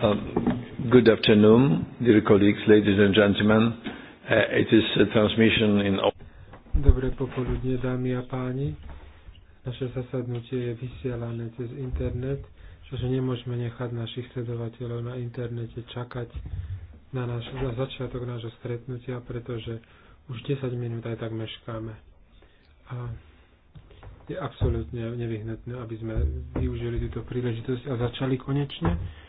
Um, good afternoon, dear colleagues, ladies and gentlemen. Uh, it is a transmission in... all. Dobre popoludnie, dámy a páni. Naše zasadnutie je vysielané cez internet, čože nemôžeme nechať našich sledovateľov na internete čakať na, náš, na začiatok nášho stretnutia, pretože už 10 minút aj tak meškáme. A je absolútne nevyhnutné, aby sme využili túto príležitosť a začali konečne.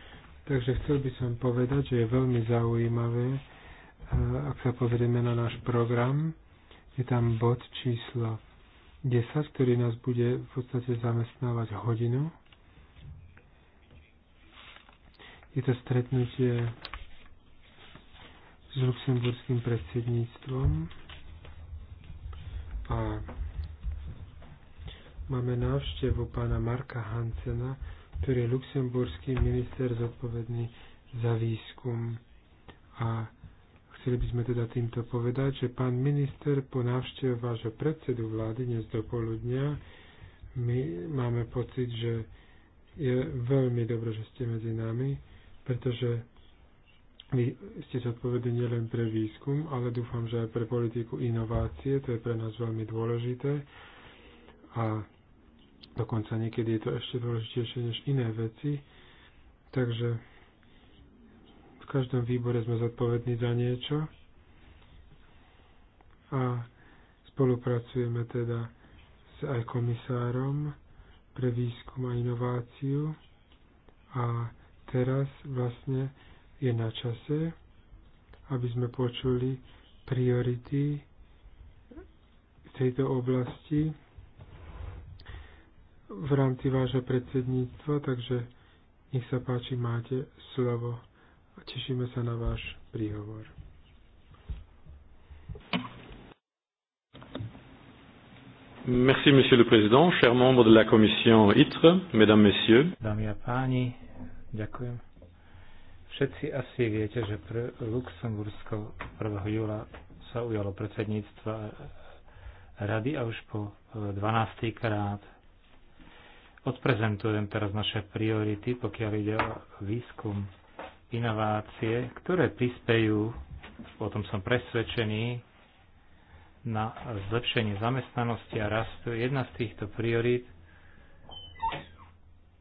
Takže chcel by som povedať, že je veľmi zaujímavé, ak sa pozrieme na náš program, je tam bod číslo 10, ktorý nás bude v podstate zamestnávať hodinu. Je to stretnutie s luxemburským predsedníctvom a máme návštevu pána Marka Hansena, ktorý je luxemburský minister zodpovedný za výskum. A chceli by sme teda týmto povedať, že pán minister po návšteve vášho predsedu vlády dnes do poludnia, my máme pocit, že je veľmi dobré, že ste medzi nami, pretože vy ste zodpovední nielen pre výskum, ale dúfam, že aj pre politiku inovácie, to je pre nás veľmi dôležité. A Dokonca niekedy je to ešte dôležitejšie než iné veci. Takže v každom výbore sme zodpovední za niečo a spolupracujeme teda s aj komisárom pre výskum a inováciu a teraz vlastne je na čase, aby sme počuli priority v tejto oblasti v rámci vášho predsedníctva, takže nech sa páči, máte slovo a tešíme sa na váš príhovor. Merci, Monsieur le Président, chers membres de la Commission ITRE, Mesdames, Messieurs. Dámy a páni, ďakujem. Všetci asi viete, že pre Luxembursko 1. júla sa ujalo predsedníctva rady a už po 12. E, krát Odprezentujem teraz naše priority, pokiaľ ide o výskum, inovácie, ktoré prispejú, o tom som presvedčený, na zlepšenie zamestnanosti a rastu. Jedna z týchto priorít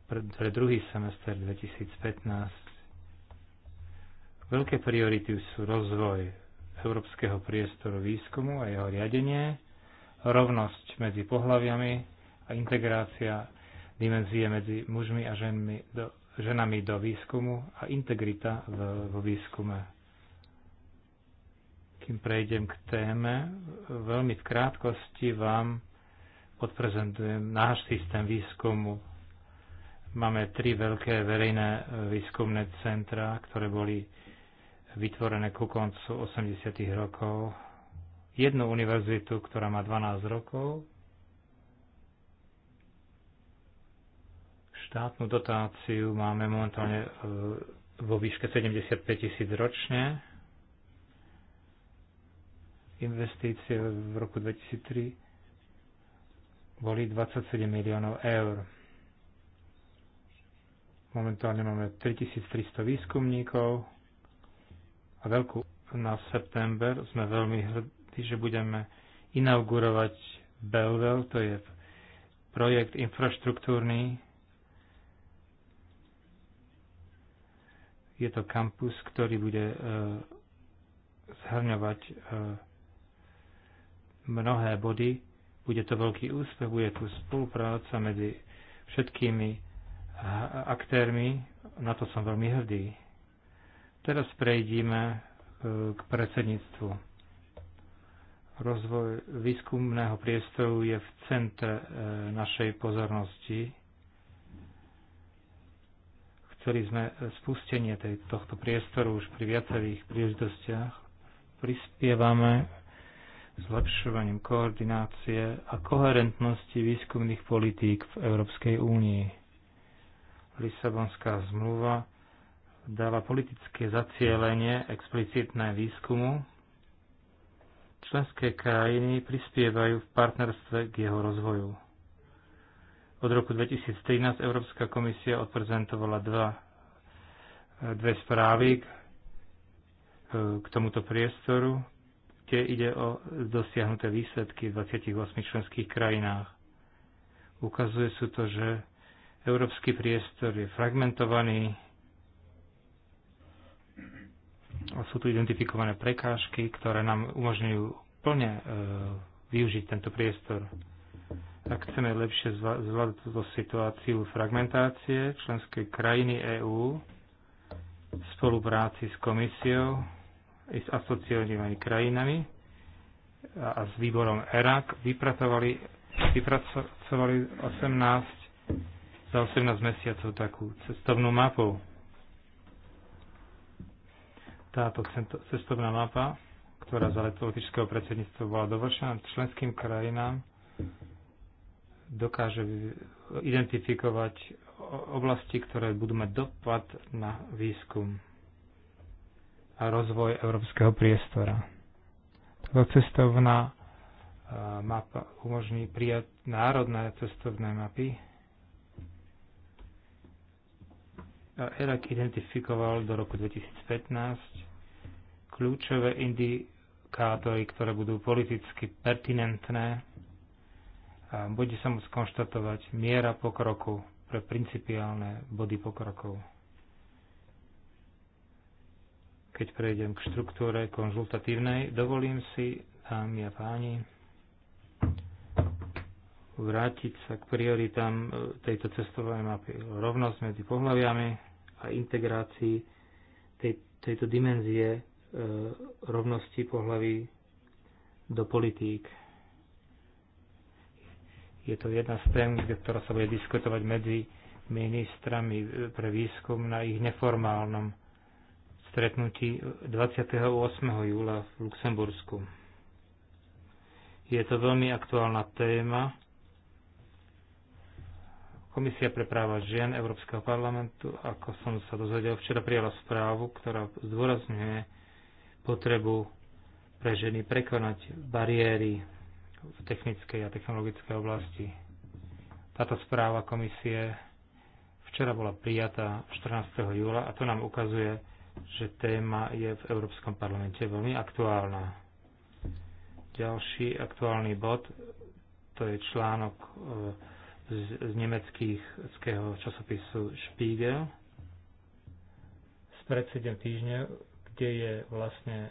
pre druhý semester 2015. Veľké priority sú rozvoj európskeho priestoru výskumu a jeho riadenie, rovnosť medzi pohľaviami a integrácia dimenzie medzi mužmi a ženmi, do, ženami do výskumu a integrita v, vo výskume. Kým prejdem k téme, veľmi v krátkosti vám odprezentujem náš systém výskumu. Máme tri veľké verejné e, výskumné centra, ktoré boli vytvorené ku koncu 80. rokov. Jednu univerzitu, ktorá má 12 rokov, Štátnu dotáciu máme momentálne e, vo výške 75 tisíc ročne. Investície v roku 2003 boli 27 miliónov eur. Momentálne máme 3300 výskumníkov a veľkú na september sme veľmi hrdí, že budeme inaugurovať Belvel, to je projekt infraštruktúrny, Je to kampus, ktorý bude e, zhrňovať e, mnohé body. Bude to veľký úspech, bude tu spolupráca medzi všetkými e, aktérmi. Na to som veľmi hrdý. Teraz prejdime k predsedníctvu. Rozvoj výskumného priestoru je v centre našej pozornosti. Chceli sme spustenie tej, tohto priestoru už pri viacerých príležitostiach. Prispievame zlepšovaním koordinácie a koherentnosti výskumných politík v Európskej únii. Lisabonská zmluva dáva politické zacielenie explicitné výskumu. Členské krajiny prispievajú v partnerstve k jeho rozvoju. Od roku 2013 Európska komisia odprezentovala dva, e, dve správy k, e, k tomuto priestoru, kde ide o dosiahnuté výsledky v 28 členských krajinách. Ukazuje sú to, že európsky priestor je fragmentovaný a sú tu identifikované prekážky, ktoré nám umožňujú plne e, využiť tento priestor. Ak chceme lepšie zvládať túto situáciu fragmentácie členskej krajiny EÚ v spolupráci s komisiou i s asociovanými krajinami a s výborom ERAK vypracovali, vypracovali 18, za 18 mesiacov takú cestovnú mapu táto cestovná mapa, ktorá za leto predsedníctva bola dovršená členským krajinám, dokáže identifikovať oblasti, ktoré budú mať dopad na výskum a rozvoj európskeho priestora. Táto cestovná e, mapa umožní prijať národné cestovné mapy. A ERAC identifikoval do roku 2015 kľúčové indikátory, ktoré budú politicky pertinentné a bude sa môcť konštatovať miera pokroku pre principiálne body pokrokov. Keď prejdem k štruktúre konzultatívnej, dovolím si, dámy a páni, vrátiť sa k prioritám e, tejto cestovej mapy. Rovnosť medzi pohľaviami a integrácii tej, tejto dimenzie e, rovnosti pohľavy do politík. Je to jedna z tém, ktorá sa bude diskutovať medzi ministrami pre výskum na ich neformálnom stretnutí 28. júla v Luxembursku. Je to veľmi aktuálna téma. Komisia pre práva žien Európskeho parlamentu, ako som sa dozvedel, včera prijala správu, ktorá zdôrazňuje potrebu pre ženy prekonať bariéry v technickej a technologickej oblasti. Táto správa komisie včera bola prijatá 14. júla a to nám ukazuje, že téma je v Európskom parlamente veľmi aktuálna. Ďalší aktuálny bod to je článok e, z, z nemeckého časopisu Spiegel z predsedem 7 týždňov, kde je vlastne e,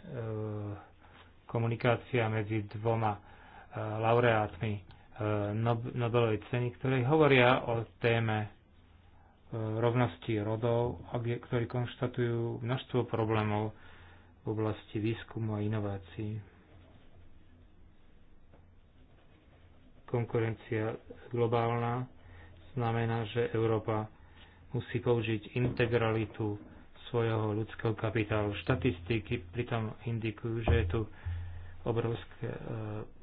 komunikácia medzi dvoma Eh, laureátmi eh, Nobelovej ceny, ktorí hovoria o téme eh, rovnosti rodov, ktorí konštatujú množstvo problémov v oblasti výskumu a inovácií. Konkurencia globálna znamená, že Európa musí použiť integralitu svojho ľudského kapitálu. Štatistiky pritom indikujú, že je tu obrovské e,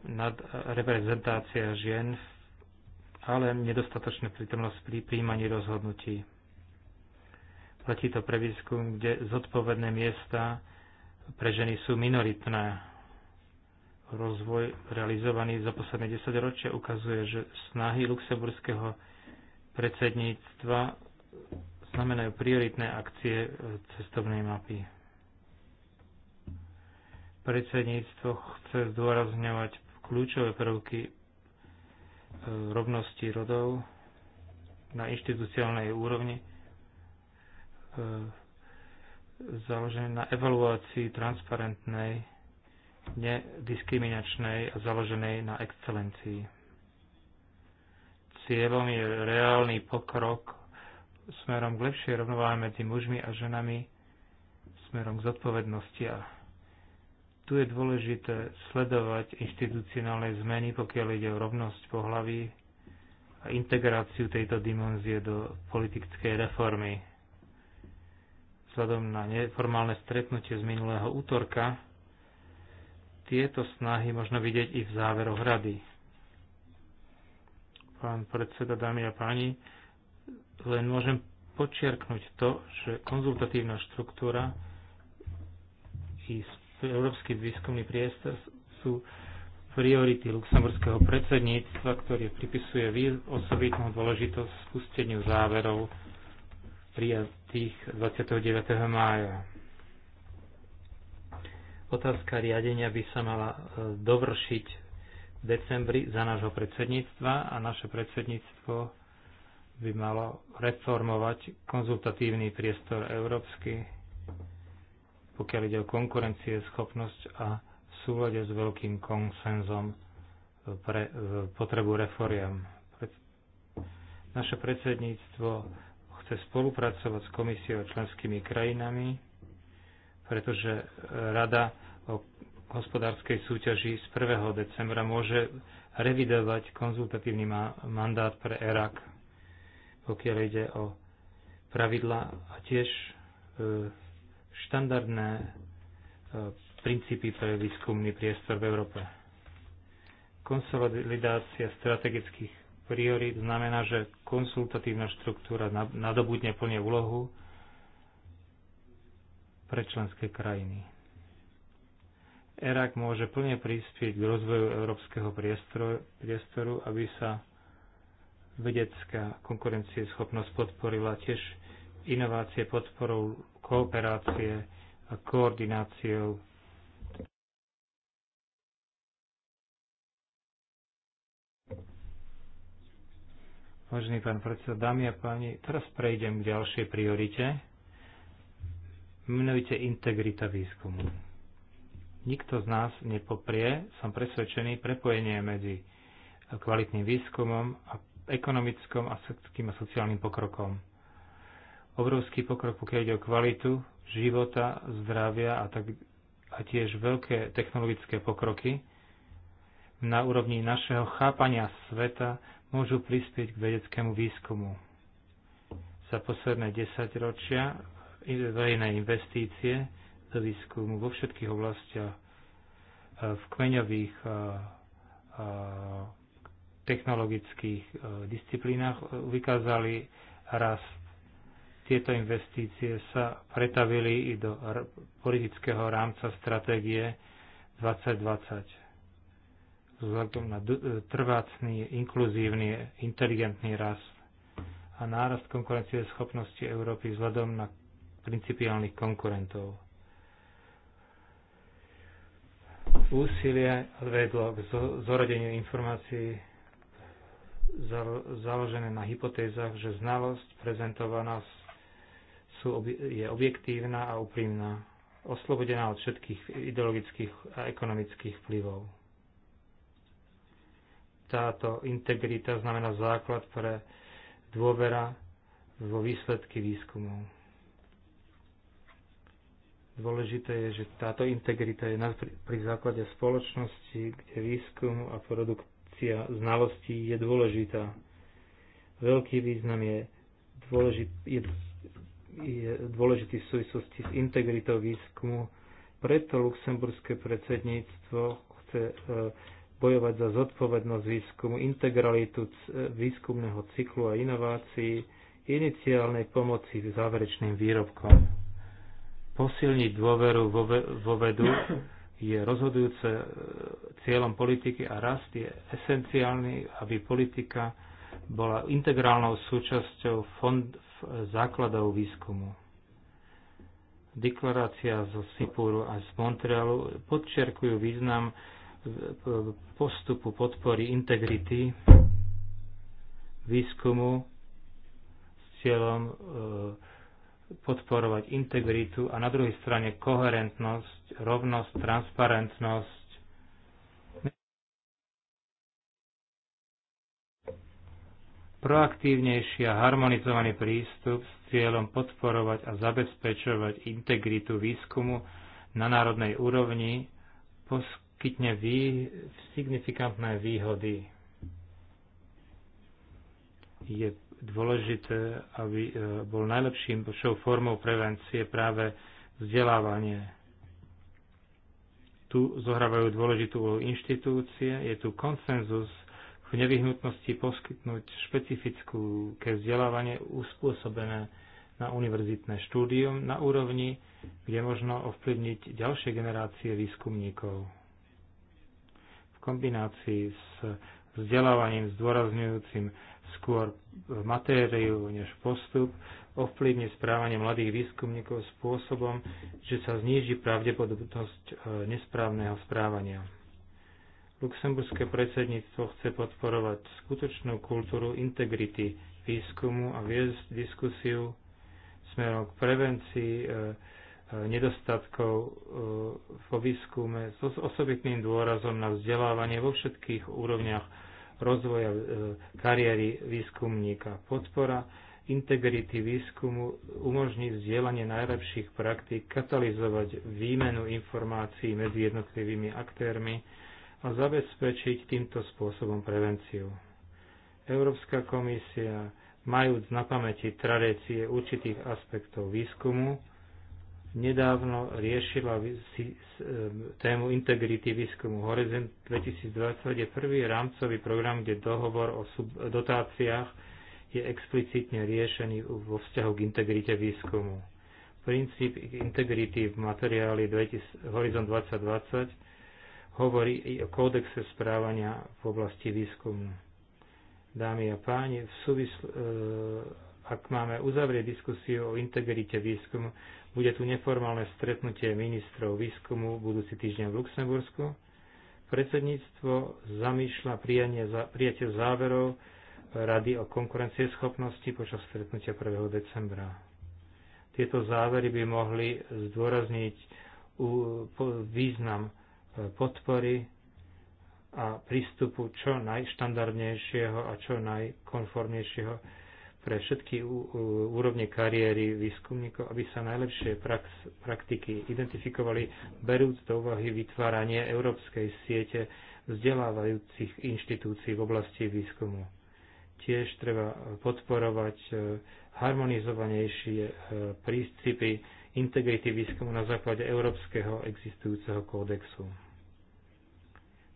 e, reprezentácia žien, ale nedostatočná prítomnosť pri príjmaní rozhodnutí. Platí to pre výskum, kde zodpovedné miesta pre ženy sú minoritné. Rozvoj realizovaný za posledné 10 ročia ukazuje, že snahy luxemburského predsedníctva znamenajú prioritné akcie e, cestovnej mapy. Predsedníctvo chce zdôrazňovať kľúčové prvky e, rovnosti rodov na inštitucionálnej úrovni e, založené na evaluácii transparentnej, nediskriminačnej a založenej na excelencii. Cieľom je reálny pokrok smerom k lepšej rovnováhe medzi mužmi a ženami, smerom k zodpovednosti a tu je dôležité sledovať inštitucionálne zmeny, pokiaľ ide o rovnosť pohlaví a integráciu tejto dimenzie do politickej reformy. Vzhľadom na neformálne stretnutie z minulého útorka, tieto snahy možno vidieť i v záveroch rady. Pán predseda, dámy a páni, len môžem počiarknúť to, že konzultatívna štruktúra i európsky výskumný priestor sú priority luxemburského predsedníctva, ktoré pripisuje osobitnú dôležitosť spusteniu záverov prijatých 29. mája. Otázka riadenia by sa mala e, dovršiť v decembri za nášho predsedníctva a naše predsedníctvo by malo reformovať konzultatívny priestor európsky pokiaľ ide o konkurencie, schopnosť a v súlade s veľkým konsenzom pre potrebu reforiem. Naše predsedníctvo chce spolupracovať s komisiou a členskými krajinami, pretože Rada o hospodárskej súťaži z 1. decembra môže revidovať konzultatívny mandát pre ERAK, pokiaľ ide o pravidla a tiež e, štandardné e, princípy pre výskumný priestor v Európe. Konsolidácia strategických priorít znamená, že konsultatívna štruktúra nadobudne plne úlohu pre členské krajiny. ERAK môže plne prispieť k rozvoju európskeho priestoru, aby sa vedecká konkurencieschopnosť podporila tiež inovácie podporou kooperácie a koordináciou Vážený pán predseda, dámy a páni, teraz prejdem k ďalšej priorite. Menujte integrita výskumu. Nikto z nás nepoprie, som presvedčený, prepojenie medzi kvalitným výskumom a ekonomickým a sociálnym pokrokom obrovský pokrok, pokiaľ ide o kvalitu života, zdravia a, tak, a tiež veľké technologické pokroky na úrovni našeho chápania sveta môžu prispieť k vedeckému výskumu. Za posledné 10 ročia verejné investície do výskumu vo všetkých oblastiach e, v kmeňových e, e, technologických disciplínach vykázali rast tieto investície sa pretavili i do politického rámca stratégie 2020 vzhľadom na e, trvácný, inkluzívny, inteligentný rast a nárast konkurencie schopnosti Európy vzhľadom na principiálnych konkurentov. Úsilie vedlo k zoradeniu informácií založené na hypotézach, že znalosť prezentovaná sú, je objektívna a úprimná, oslobodená od všetkých ideologických a ekonomických vplyvov. Táto integrita znamená základ pre dôvera vo výsledky výskumov. Dôležité je, že táto integrita je pri základe spoločnosti, kde výskum a produkcia znalostí je dôležitá. Veľký význam je, dôležit, je je dôležitý v súvislosti s integritou výskumu. Preto luxemburské predsedníctvo chce e, bojovať za zodpovednosť výskumu, integralitu e, výskumného cyklu a inovácií, iniciálnej pomoci záverečným výrobkom. Posilniť dôveru vo vedu je rozhodujúce e, cieľom politiky a rast je esenciálny, aby politika bola integrálnou súčasťou fond, základov výskumu. Deklarácia zo Sipuru a z Montrealu podčerkujú význam postupu podpory integrity výskumu s cieľom e, podporovať integritu a na druhej strane koherentnosť, rovnosť, transparentnosť proaktívnejší a harmonizovaný prístup s cieľom podporovať a zabezpečovať integritu výskumu na národnej úrovni poskytne vý... signifikantné výhody. Je dôležité, aby e, bol najlepším formou prevencie práve vzdelávanie. Tu zohrávajú dôležitú úlohu inštitúcie, je tu konsenzus v nevyhnutnosti poskytnúť špecifickú ke vzdelávanie uspôsobené na univerzitné štúdium na úrovni, kde možno ovplyvniť ďalšie generácie výskumníkov. V kombinácii s vzdelávaním zdôrazňujúcim skôr matériu než postup ovplyvne správanie mladých výskumníkov spôsobom, že sa zníži pravdepodobnosť e, nesprávneho správania. Luxemburské predsedníctvo chce podporovať skutočnú kultúru integrity výskumu a viesť diskusiu smerom k prevencii e, e, nedostatkov e, vo výskume s osobitným dôrazom na vzdelávanie vo všetkých úrovniach rozvoja kariéry výskumníka. Podpora integrity výskumu umožní vzdielanie najlepších praktík, katalizovať výmenu informácií medzi jednotlivými aktérmi, a zabezpečiť týmto spôsobom prevenciu. Európska komisia, majúc na pamäti tradície určitých aspektov výskumu, nedávno riešila e, tému integrity výskumu. Horizont 2020 je prvý rámcový program, kde dohovor o dotáciách je explicitne riešený vo vzťahu k integrite výskumu. Princíp integrity v materiáli Horizon 2020 hovorí i o kódexe správania v oblasti výskumu. Dámy a páni, v súvisl- e, ak máme uzavrieť diskusiu o integrite výskumu, bude tu neformálne stretnutie ministrov výskumu budúci týždeň v Luxembursku. Predsedníctvo zamýšľa prijanie, prijatie záverov Rady o konkurencieschopnosti počas stretnutia 1. decembra. Tieto závery by mohli zdôrazniť význam podpory a prístupu čo najštandardnejšieho a čo najkonformnejšieho pre všetky úrovne kariéry výskumníkov, aby sa najlepšie prax, praktiky identifikovali, berúc do úvahy vytváranie európskej siete vzdelávajúcich inštitúcií v oblasti výskumu. Tiež treba podporovať e, harmonizovanejšie e, prístupy integrity výskumu na základe Európskeho existujúceho kódexu.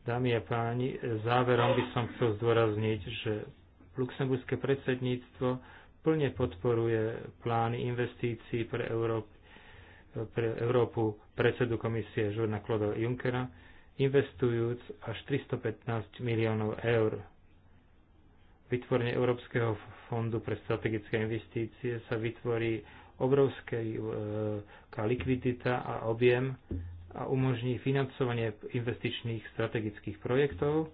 Dámy a páni, záverom by som chcel zdôrazniť, že luxemburské predsedníctvo plne podporuje plány investícií pre, Európu, pre Európu predsedu komisie Žurna Kloda Junckera, investujúc až 315 miliónov eur. Vytvorenie Európskeho fondu pre strategické investície sa vytvorí obrovská e, likvidita a objem a umožní financovanie investičných strategických projektov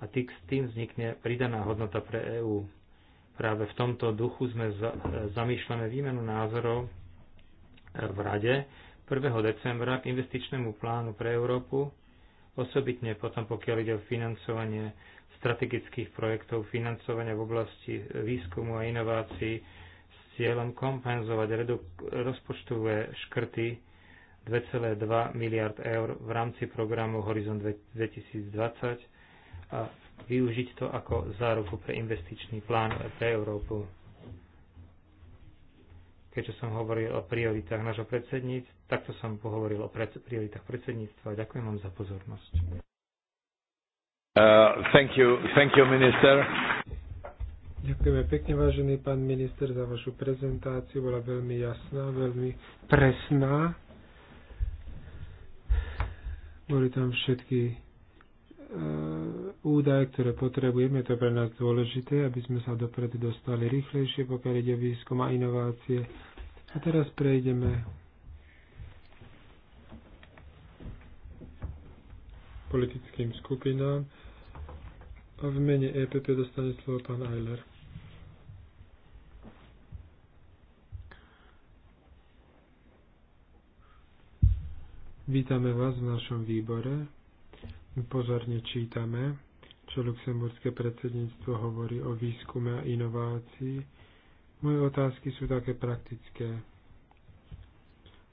a tým vznikne pridaná hodnota pre EÚ. Práve v tomto duchu sme za, zamýšľame výmenu názorov v Rade 1. decembra k investičnému plánu pre Európu, osobitne potom pokiaľ ide o financovanie strategických projektov, financovania v oblasti výskumu a inovácií s cieľom kompenzovať rozpočtové škrty 2,2 miliard eur v rámci programu Horizon 2020 a využiť to ako záruku pre investičný plán pre Európu. Keďže som hovoril o prioritách nášho predsedníctva, takto som pohovoril o prioritách predsedníctva. Ďakujem vám za pozornosť. Uh, thank you, thank you, minister. Ďakujeme pekne, vážený pán minister, za vašu prezentáciu. Bola veľmi jasná, veľmi presná boli tam všetky e, údaje, ktoré potrebujeme, je to pre nás dôležité, aby sme sa dopredu dostali rýchlejšie, pokiaľ ide výskum a inovácie. A teraz prejdeme politickým skupinám. A v mene EPP dostane slovo pán Eiler. Vítame vás v našom výbore. My pozorne čítame, čo luxemburské predsedníctvo hovorí o výskume a inovácii. Moje otázky sú také praktické.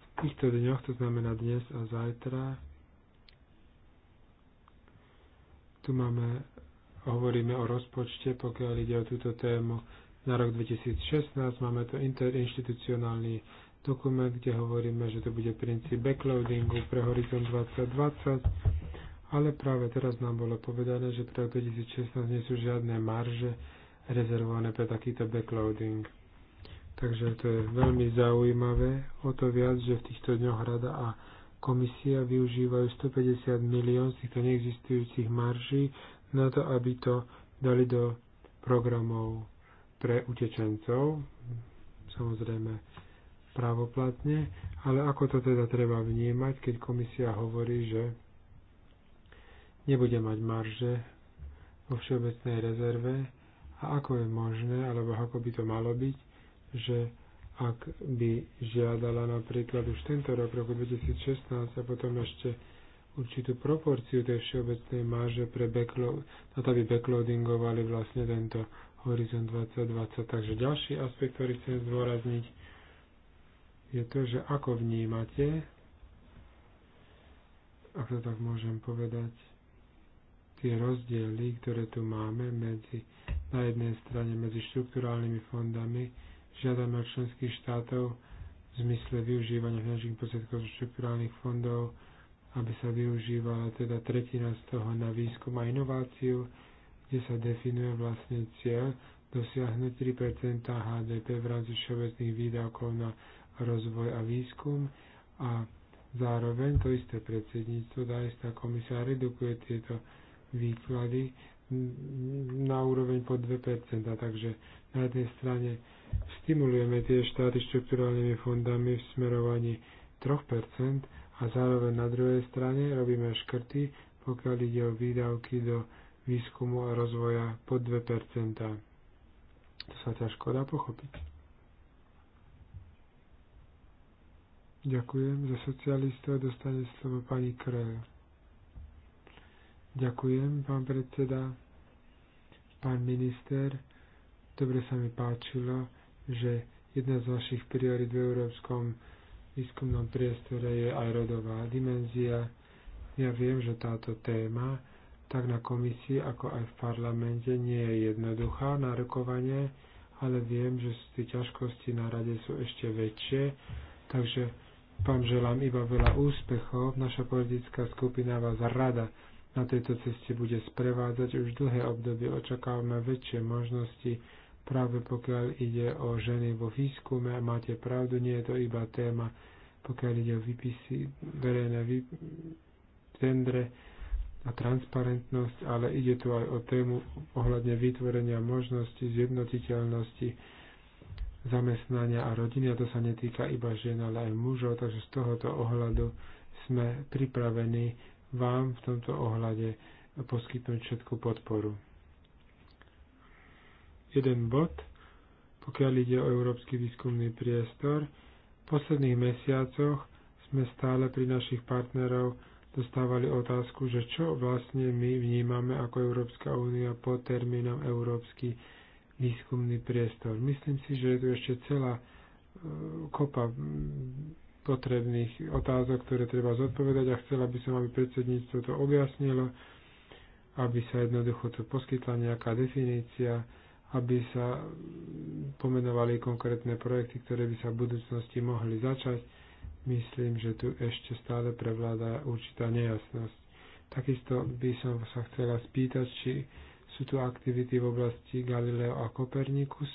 V týchto dňoch, to znamená dnes a zajtra, tu máme, hovoríme o rozpočte, pokiaľ ide o túto tému na rok 2016. Máme tu interinstitucionálny dokument, kde hovoríme, že to bude princíp backloadingu pre Horizon 2020, ale práve teraz nám bolo povedané, že pre 2016 nie sú žiadne marže rezervované pre takýto backloading. Takže to je veľmi zaujímavé, o to viac, že v týchto dňoch rada a komisia využívajú 150 milión z týchto neexistujúcich marží na to, aby to dali do programov pre utečencov. Samozrejme, právoplatne, ale ako to teda treba vnímať, keď komisia hovorí, že nebude mať marže vo všeobecnej rezerve a ako je možné, alebo ako by to malo byť, že ak by žiadala napríklad už tento rok, roku 2016 a potom ešte určitú proporciu tej všeobecnej marže pre backload, na to by backloadingovali vlastne tento Horizon 2020. Takže ďalší aspekt, ktorý chcem zdôrazniť, je to, že ako vnímate, ak to tak môžem povedať, tie rozdiely, ktoré tu máme medzi, na jednej strane medzi štruktúrálnymi fondami, žiadame od členských štátov v zmysle využívania finančných prostriedkov zo štruktúrálnych fondov, aby sa využívala teda tretina z toho na výskum a inováciu, kde sa definuje vlastne cieľ dosiahnuť 3 HDP v rámci všeobecných výdavkov na rozvoj a výskum a zároveň to isté predsedníctvo, tá istá komisia redukuje tieto výklady na úroveň po 2%. Takže na jednej strane stimulujeme tie štáty štruktúralnými fondami v smerovaní 3% a zároveň na druhej strane robíme škrty, pokiaľ ide o výdavky do výskumu a rozvoja po 2%. To sa ťažko dá pochopiť. Ďakujem. Za socialistov dostane slovo pani Krel. Ďakujem, pán predseda, pán minister. Dobre sa mi páčilo, že jedna z vašich priorit v európskom výskumnom priestore je aj rodová dimenzia. Ja viem, že táto téma tak na komisii, ako aj v parlamente nie je jednoduchá na rokovanie, ale viem, že tie ťažkosti na rade sú ešte väčšie, takže vám želám iba veľa úspechov. Naša politická skupina vás rada na tejto ceste bude sprevádzať. Už dlhé obdobie očakávame väčšie možnosti, práve pokiaľ ide o ženy vo výskume. Máte pravdu, nie je to iba téma, pokiaľ ide o výpisy, verejné vý... tendre a transparentnosť, ale ide tu aj o tému ohľadne vytvorenia možností, zjednotiteľnosti zamestnania a rodiny, a to sa netýka iba žien, ale aj mužov, takže z tohoto ohľadu sme pripravení vám v tomto ohľade poskytnúť všetku podporu. Jeden bod, pokiaľ ide o európsky výskumný priestor, v posledných mesiacoch sme stále pri našich partnerov dostávali otázku, že čo vlastne my vnímame ako Európska únia pod termínom Európsky výskumný priestor. Myslím si, že je tu ešte celá e, kopa potrebných otázok, ktoré treba zodpovedať a chcela by som, aby predsedníctvo to objasnilo, aby sa jednoducho tu poskytla nejaká definícia, aby sa pomenovali konkrétne projekty, ktoré by sa v budúcnosti mohli začať. Myslím, že tu ešte stále prevláda určitá nejasnosť. Takisto by som sa chcela spýtať, či sú tu aktivity v oblasti Galileo a Kopernikus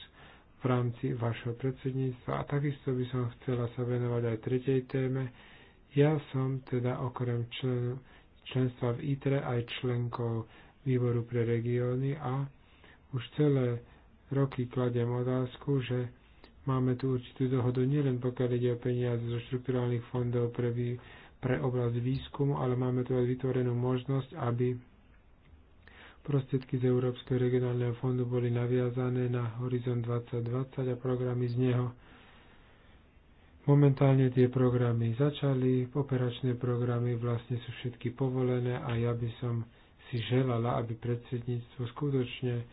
v rámci vašho predsedníctva a takisto by som chcela sa venovať aj tretej téme. Ja som teda okrem člen, členstva v ITRE aj členkou výboru pre regióny a už celé roky kladiem otázku, že máme tu určitú dohodu nielen pokiaľ ide o peniaze zo štrukturálnych fondov pre, vý, pre oblasť výskumu, ale máme tu aj vytvorenú možnosť, aby Prostriedky z Európskeho regionálneho fondu boli naviazané na Horizon 2020 a programy z neho. Momentálne tie programy začali, operačné programy vlastne sú všetky povolené a ja by som si želala, aby predsedníctvo skutočne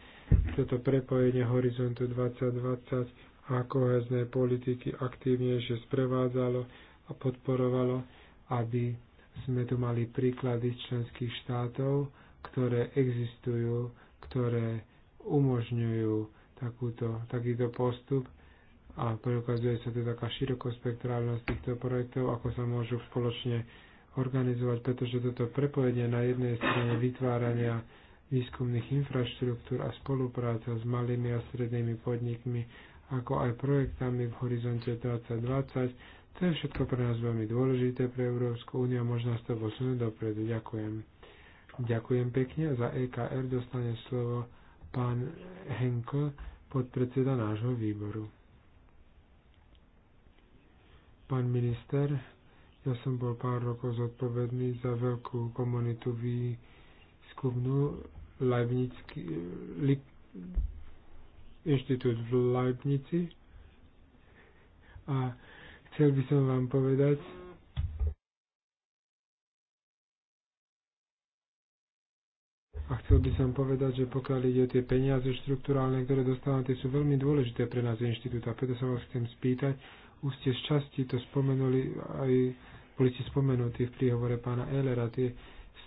toto prepojenie Horizontu 2020 a koheznej politiky aktívnejšie sprevádzalo a podporovalo, aby sme tu mali príklady členských štátov, ktoré existujú, ktoré umožňujú takúto, takýto postup a preukazuje sa tu taká širokospektrálnosť týchto projektov, ako sa môžu spoločne organizovať, pretože toto prepojenie na jednej strane vytvárania výskumných infraštruktúr a spolupráca s malými a strednými podnikmi, ako aj projektami v horizonte 2020, to je všetko pre nás veľmi dôležité pre Európsku úniu a možno z toho posunúť dopredu. Ďakujem. Ďakujem pekne. Za EKR dostane slovo pán Henko, podpredseda nášho výboru. Pán minister, ja som bol pár rokov zodpovedný za veľkú komunitu výskumnú Leibnický, Lip, inštitút v Leibnici a chcel by som vám povedať, A chcel by som povedať, že pokiaľ ide o tie peniaze štruktúrálne, ktoré dostávame, tie sú veľmi dôležité pre nás inštitút. A preto sa vás chcem spýtať, už ste z časti to spomenuli, aj boli ste spomenutí v príhovore pána Ehlera, tie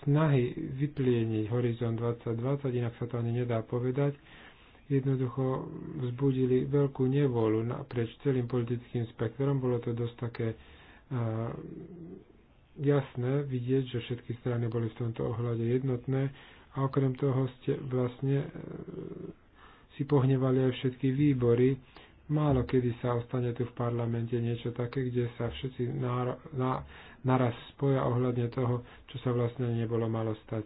snahy vyplieniť Horizon 2020, inak sa to ani nedá povedať, jednoducho vzbudili veľkú nevolu naprieč celým politickým spektrom. Bolo to dosť také uh, jasné vidieť, že všetky strany boli v tomto ohľade jednotné a okrem toho ste vlastne e, si pohnevali aj všetky výbory. Málo kedy sa ostane tu v parlamente niečo také, kde sa všetci nára, na, naraz spoja ohľadne toho, čo sa vlastne nebolo malo stať.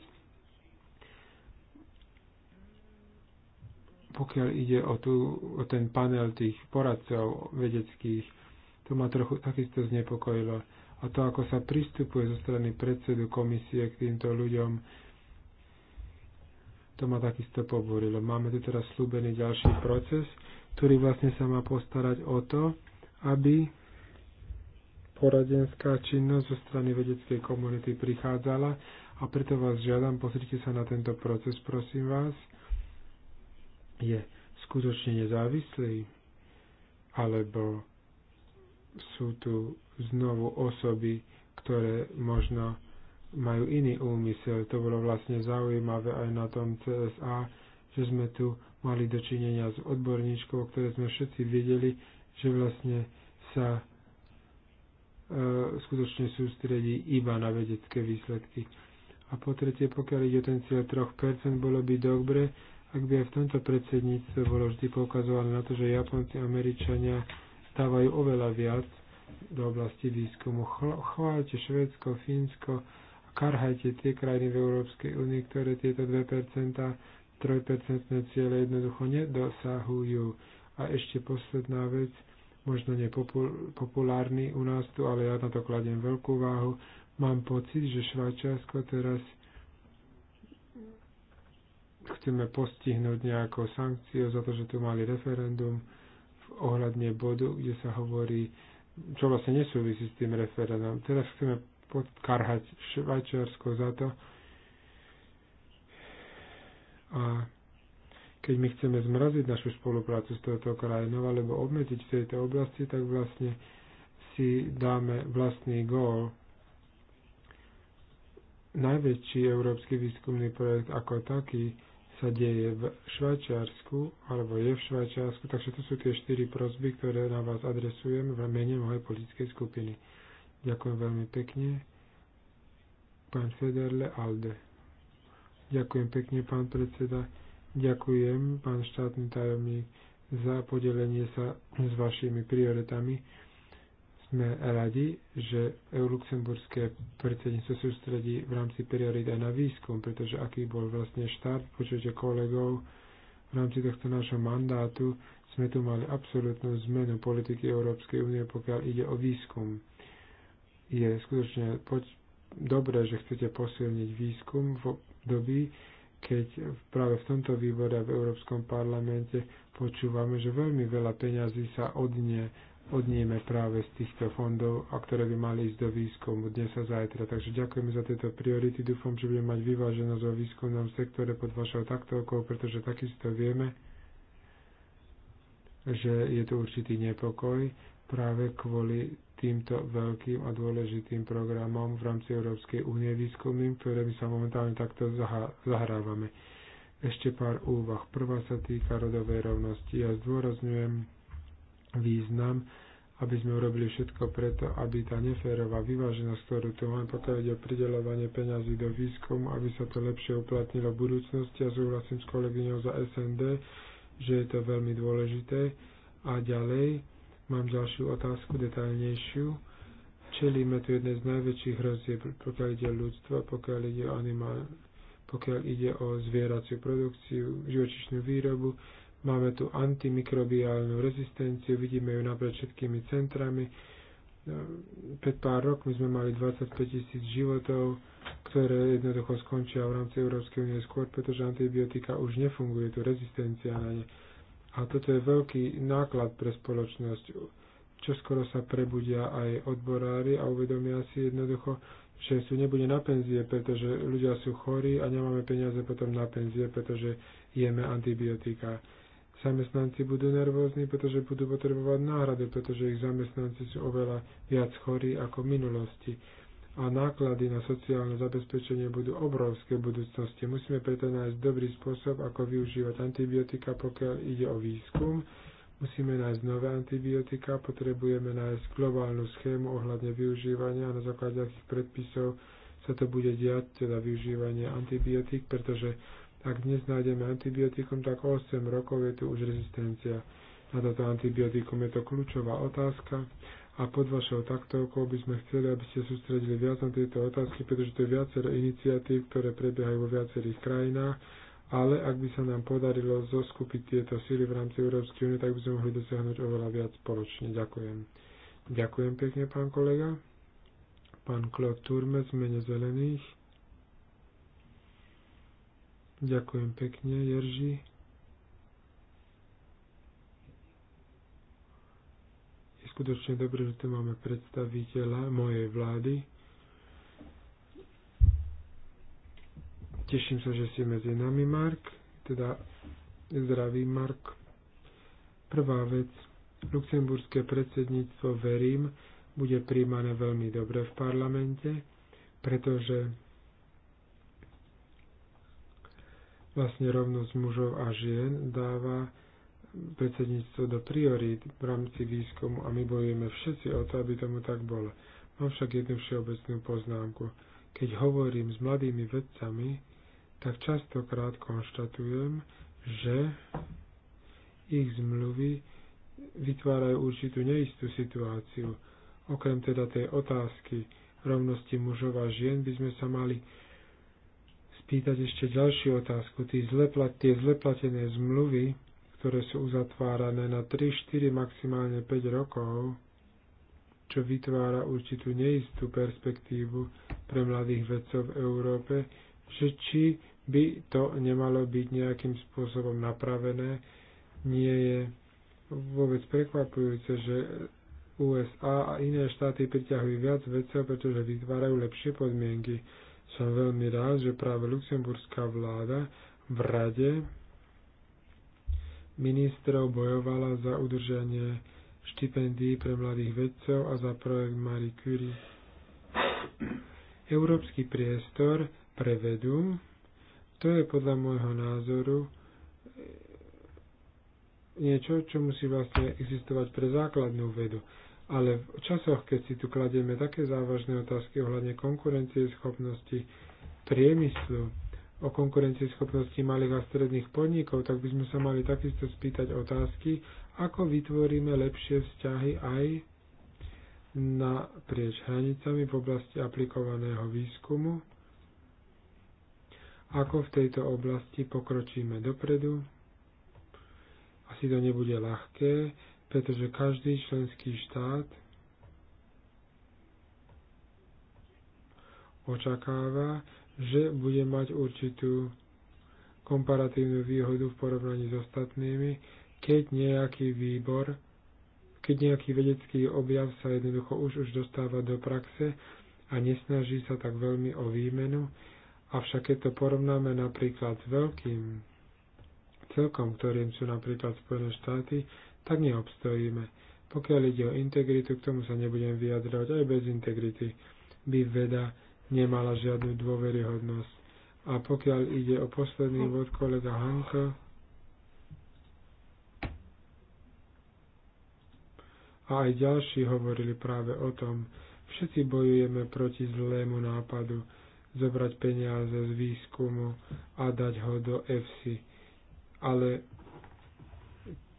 Pokiaľ ide o, tú, o ten panel tých poradcov vedeckých, to ma trochu takisto znepokojilo. A to, ako sa pristupuje zo strany predsedu komisie k týmto ľuďom, to ma takisto pobúrilo. Máme tu teraz slúbený ďalší proces, ktorý vlastne sa má postarať o to, aby poradenská činnosť zo strany vedeckej komunity prichádzala a preto vás žiadam, pozrite sa na tento proces, prosím vás. Je skutočne nezávislý? Alebo sú tu znovu osoby, ktoré možno majú iný úmysel. To bolo vlastne zaujímavé aj na tom CSA, že sme tu mali dočinenia s odborníčkou, ktoré sme všetci videli, že vlastne sa e, skutočne sústredí iba na vedecké výsledky. A po tretie, pokiaľ ide ten cieľ 3%, bolo by dobre, ak by aj v tomto predsedníctve bolo vždy poukazované na to, že Japonci a Američania dávajú oveľa viac do oblasti výskumu. Chváľte Švédsko, Fínsko, karhajte tie krajiny v Európskej únii, ktoré tieto 2%, 3% ciele jednoducho nedosahujú. A ešte posledná vec, možno nepopulárny u nás tu, ale ja na to kladiem veľkú váhu. Mám pocit, že Švajčiarsko teraz chceme postihnúť nejakou sankciou za to, že tu mali referendum v ohľadne bodu, kde sa hovorí, čo vlastne nesúvisí s tým referendum. Teraz chceme podkarhať Švajčiarsko za to. A keď my chceme zmraziť našu spoluprácu s touto krajinou alebo obmedziť v tejto oblasti, tak vlastne si dáme vlastný gól. Najväčší európsky výskumný projekt ako taký sa deje v Švajčiarsku, alebo je v Švajčiarsku, takže to sú tie štyri prosby, ktoré na vás adresujem v mene mojej politickej skupiny. Ďakujem veľmi pekne. Pán Federle Alde. Ďakujem pekne, pán predseda. Ďakujem, pán štátny tajomník, za podelenie sa s vašimi prioritami. Sme radi, že luxemburské predsedníctvo sústredí v rámci priorit aj na výskum, pretože aký bol vlastne štát, počujete kolegov, v rámci tohto nášho mandátu sme tu mali absolútnu zmenu politiky Európskej únie, pokiaľ ide o výskum je skutočne poď, dobré, že chcete posilniť výskum v období, keď práve v tomto výbore a v Európskom parlamente počúvame, že veľmi veľa peňazí sa odnie, odnieme práve z týchto fondov, a ktoré by mali ísť do výskumu dnes a zajtra. Takže ďakujeme za tieto priority. Dúfam, že budeme mať vyváženosť vo výskumnom sektore pod vašou taktovkou, pretože takisto vieme, že je tu určitý nepokoj práve kvôli týmto veľkým a dôležitým programom v rámci Európskej únie výskumným, my sa momentálne takto zahrávame. Ešte pár úvah. Prvá sa týka rodovej rovnosti. Ja zdôrazňujem význam, aby sme urobili všetko preto, aby tá neférová vyváženosť, ktorú tu máme, pokiaľ ide o pridelovanie peňazí do výskumu, aby sa to lepšie uplatnilo v budúcnosti. Ja súhlasím s kolegyňou za SND, že je to veľmi dôležité. A ďalej, Mám ďalšiu otázku, detaľnejšiu. Čelíme tu jedné z najväčších hrozieb, pokiaľ ide o ľudstvo, pokiaľ ide o animál, pokiaľ ide o zvieraciu produkciu, živočišnú výrobu. Máme tu antimikrobiálnu rezistenciu, vidíme ju napred všetkými centrami. Pred pár rokmi sme mali 25 tisíc životov, ktoré jednoducho skončia v rámci Európskej únie skôr, pretože antibiotika už nefunguje tu rezistencia na ne. A toto je veľký náklad pre spoločnosť. Čo skoro sa prebudia aj odborári a uvedomia si jednoducho, že sú nebude na penzie, pretože ľudia sú chorí a nemáme peniaze potom na penzie, pretože jeme antibiotika. Zamestnanci budú nervózni, pretože budú potrebovať náhrady, pretože ich zamestnanci sú oveľa viac chorí ako v minulosti a náklady na sociálne zabezpečenie budú obrovské v budúcnosti. Musíme preto nájsť dobrý spôsob, ako využívať antibiotika, pokiaľ ide o výskum. Musíme nájsť nové antibiotika, potrebujeme nájsť globálnu schému ohľadne využívania a na základe akých predpisov sa to bude diať, teda využívanie antibiotik, pretože ak dnes nájdeme antibiotikum, tak 8 rokov je tu už rezistencia na toto antibiotikum. Je to kľúčová otázka a pod vašou taktovkou by sme chceli, aby ste sústredili viac na tieto otázky, pretože to je viacero iniciatív, ktoré prebiehajú vo viacerých krajinách, ale ak by sa nám podarilo zoskupiť tieto síly v rámci Európskej únie, tak by sme mohli dosiahnuť oveľa viac spoločne. Ďakujem. Ďakujem pekne, pán kolega. Pán Claude Turmec, mene zelených. Ďakujem pekne, Jerži. skutočne dobre, že tu máme predstaviteľa mojej vlády. Teším sa, že si medzi nami, Mark. Teda zdravý Mark. Prvá vec. Luxemburské predsedníctvo, verím, bude príjmané veľmi dobre v parlamente, pretože vlastne rovnosť mužov a žien dáva predsedníctvo do priorít v rámci výskumu a my bojujeme všetci o to, aby tomu tak bolo. Mám však jednu všeobecnú poznámku. Keď hovorím s mladými vedcami, tak častokrát konštatujem, že ich zmluvy vytvárajú určitú neistú situáciu. Okrem teda tej otázky rovnosti mužov a žien by sme sa mali spýtať ešte ďalšiu otázku. Tí tie zleplatené zmluvy ktoré sú uzatvárané na 3, 4, maximálne 5 rokov, čo vytvára určitú neistú perspektívu pre mladých vedcov v Európe, že či by to nemalo byť nejakým spôsobom napravené, nie je vôbec prekvapujúce, že USA a iné štáty priťahujú viac vedcov, pretože vytvárajú lepšie podmienky. Som veľmi rád, že práve luxemburská vláda v rade ministrov bojovala za udržanie štipendií pre mladých vedcov a za projekt Marie Curie. Európsky priestor pre vedu, to je podľa môjho názoru eh, niečo, čo musí vlastne existovať pre základnú vedu. Ale v časoch, keď si tu kladieme také závažné otázky ohľadne konkurencie schopnosti priemyslu, o konkurencieschopnosti malých a stredných podnikov, tak by sme sa mali takisto spýtať otázky, ako vytvoríme lepšie vzťahy aj prieč hranicami v oblasti aplikovaného výskumu, ako v tejto oblasti pokročíme dopredu. Asi to nebude ľahké, pretože každý členský štát očakáva, že bude mať určitú komparatívnu výhodu v porovnaní s ostatnými, keď nejaký výbor, keď nejaký vedecký objav sa jednoducho už už dostáva do praxe a nesnaží sa tak veľmi o výmenu, avšak keď to porovnáme napríklad s veľkým celkom, ktorým sú napríklad Spojené štáty, tak neobstojíme. Pokiaľ ide o integritu, k tomu sa nebudem vyjadrovať, aj bez integrity by veda nemala žiadnu dôveryhodnosť. A pokiaľ ide o posledný vod kolega Hanka, a aj ďalší hovorili práve o tom, všetci bojujeme proti zlému nápadu zobrať peniaze z výskumu a dať ho do EFSI. Ale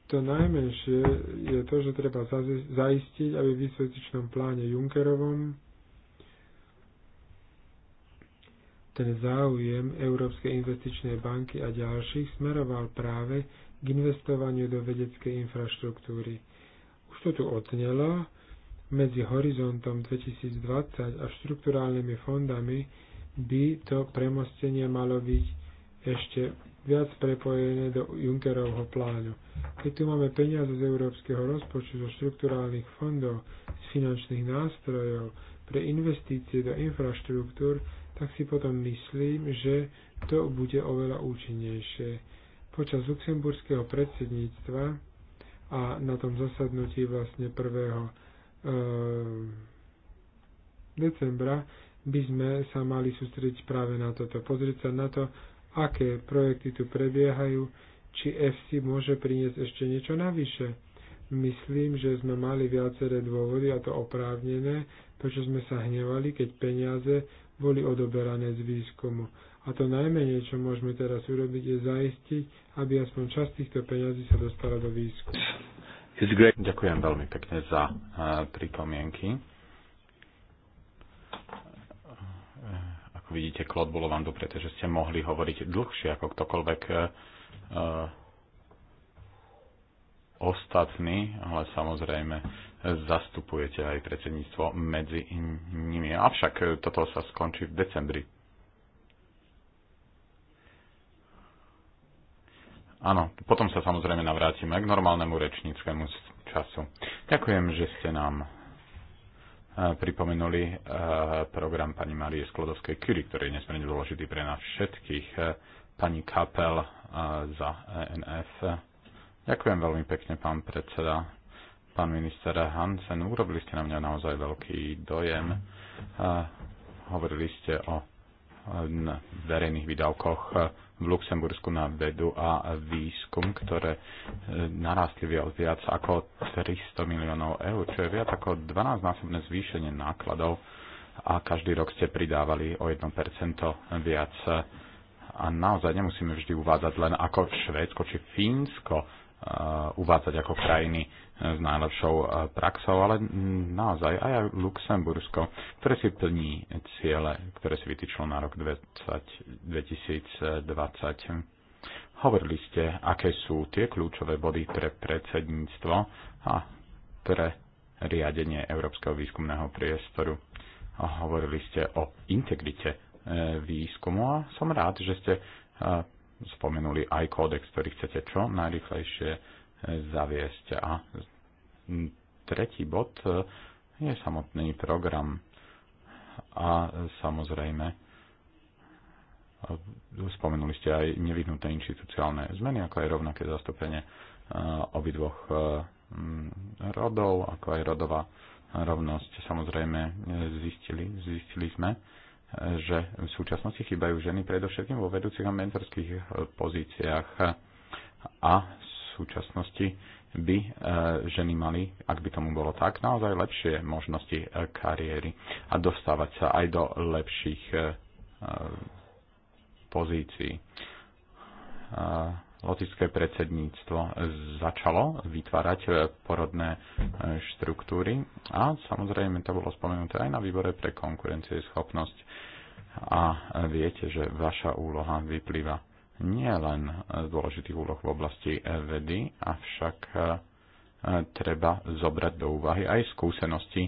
to najmenšie je to, že treba zaistiť, aby v výsledičnom pláne Junckerovom ten záujem Európskej investičnej banky a ďalších smeroval práve k investovaniu do vedeckej infraštruktúry. Už to tu odznelo, medzi horizontom 2020 a štruktúrálnymi fondami by to premostenie malo byť ešte viac prepojené do Junckerovho plánu. Keď tu máme peniaze z európskeho rozpočtu, zo štruktúrálnych fondov, z finančných nástrojov pre investície do infraštruktúr, tak si potom myslím, že to bude oveľa účinnejšie. Počas luxemburského predsedníctva a na tom zasadnutí vlastne 1. Ehm, decembra by sme sa mali sústrediť práve na toto. Pozrieť sa na to, aké projekty tu prebiehajú, či FC môže priniesť ešte niečo navyše. Myslím, že sme mali viaceré dôvody, a to oprávnené, prečo sme sa hnevali, keď peniaze boli odoberané z výskumu. A to najmenej, čo môžeme teraz urobiť, je zaistiť, aby aspoň časť týchto peňazí sa dostala do výskumu. Ďakujem veľmi pekne za eh, pripomienky. Eh, ako vidíte, Klod, bolo vám dobre, že ste mohli hovoriť dlhšie ako ktokoľvek eh, ostatný, ale samozrejme zastupujete aj predsedníctvo medzi nimi. Avšak toto sa skončí v decembri. Áno, potom sa samozrejme navrátime k normálnemu rečníckému času. Ďakujem, že ste nám e, pripomenuli e, program pani Marie Sklodovskej Curie, ktorý je nesmierne dôležitý pre nás všetkých. E, pani Kapel za ENF. Ďakujem veľmi pekne, pán predseda pán minister Hansen, urobili ste na mňa naozaj veľký dojem. A hovorili ste o verejných výdavkoch e, v Luxembursku na vedu a výskum, ktoré e, narastli viac ako 300 miliónov eur, čo je viac ako 12-násobné zvýšenie nákladov a každý rok ste pridávali o 1% viac. A naozaj nemusíme vždy uvádzať len ako Švédsko či Fínsko Eh, uvádzať ako krajiny eh, s najlepšou eh, praxou, ale mm, naozaj aj, aj Luxembursko, ktoré si plní ciele, ktoré si vytýčilo na rok 20, 2020. Hovorili ste, aké sú tie kľúčové body pre predsedníctvo a pre riadenie Európskeho výskumného priestoru. Hovorili ste o integrite výskumu a som rád, že ste spomenuli aj kódex, ktorý chcete čo najrychlejšie e, zaviesť. A tretí bod e, je samotný program a samozrejme e, spomenuli ste aj nevyhnuté inštitucionálne zmeny, ako aj rovnaké zastúpenie obidvoch rodov, ako aj rodová rovnosť. Samozrejme zistili, zistili sme, že v súčasnosti chýbajú ženy predovšetkým vo vedúcich a mentorských eh, pozíciách a v súčasnosti by eh, ženy mali, ak by tomu bolo tak, naozaj lepšie možnosti eh, kariéry a dostávať sa aj do lepších pozícií Lotické predsedníctvo začalo vytvárať e, porodné e, štruktúry a samozrejme to bolo spomenuté aj na výbore pre schopnosť A e, viete, že vaša úloha vyplýva nielen z dôležitých úloh v oblasti vedy, avšak treba zobrať do úvahy aj skúsenosti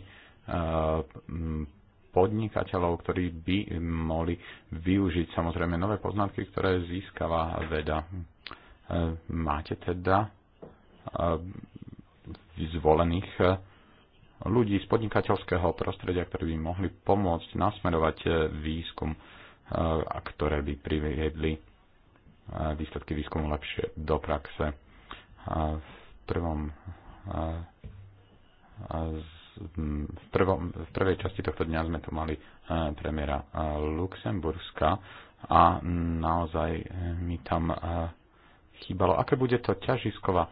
podnikateľov, ktorí by mohli využiť samozrejme nové poznatky, ktoré získava veda, máte teda e, zvolených e, ľudí z podnikateľského prostredia, ktorí by mohli pomôcť nasmerovať e, výskum a ktoré by priviedli výsledky výskumu lepšie do praxe. V prvom v, prvom, v prvej časti tohto dňa sme tu mali premiéra Luxemburska a naozaj mi tam chýbalo. Aké bude to ťažisková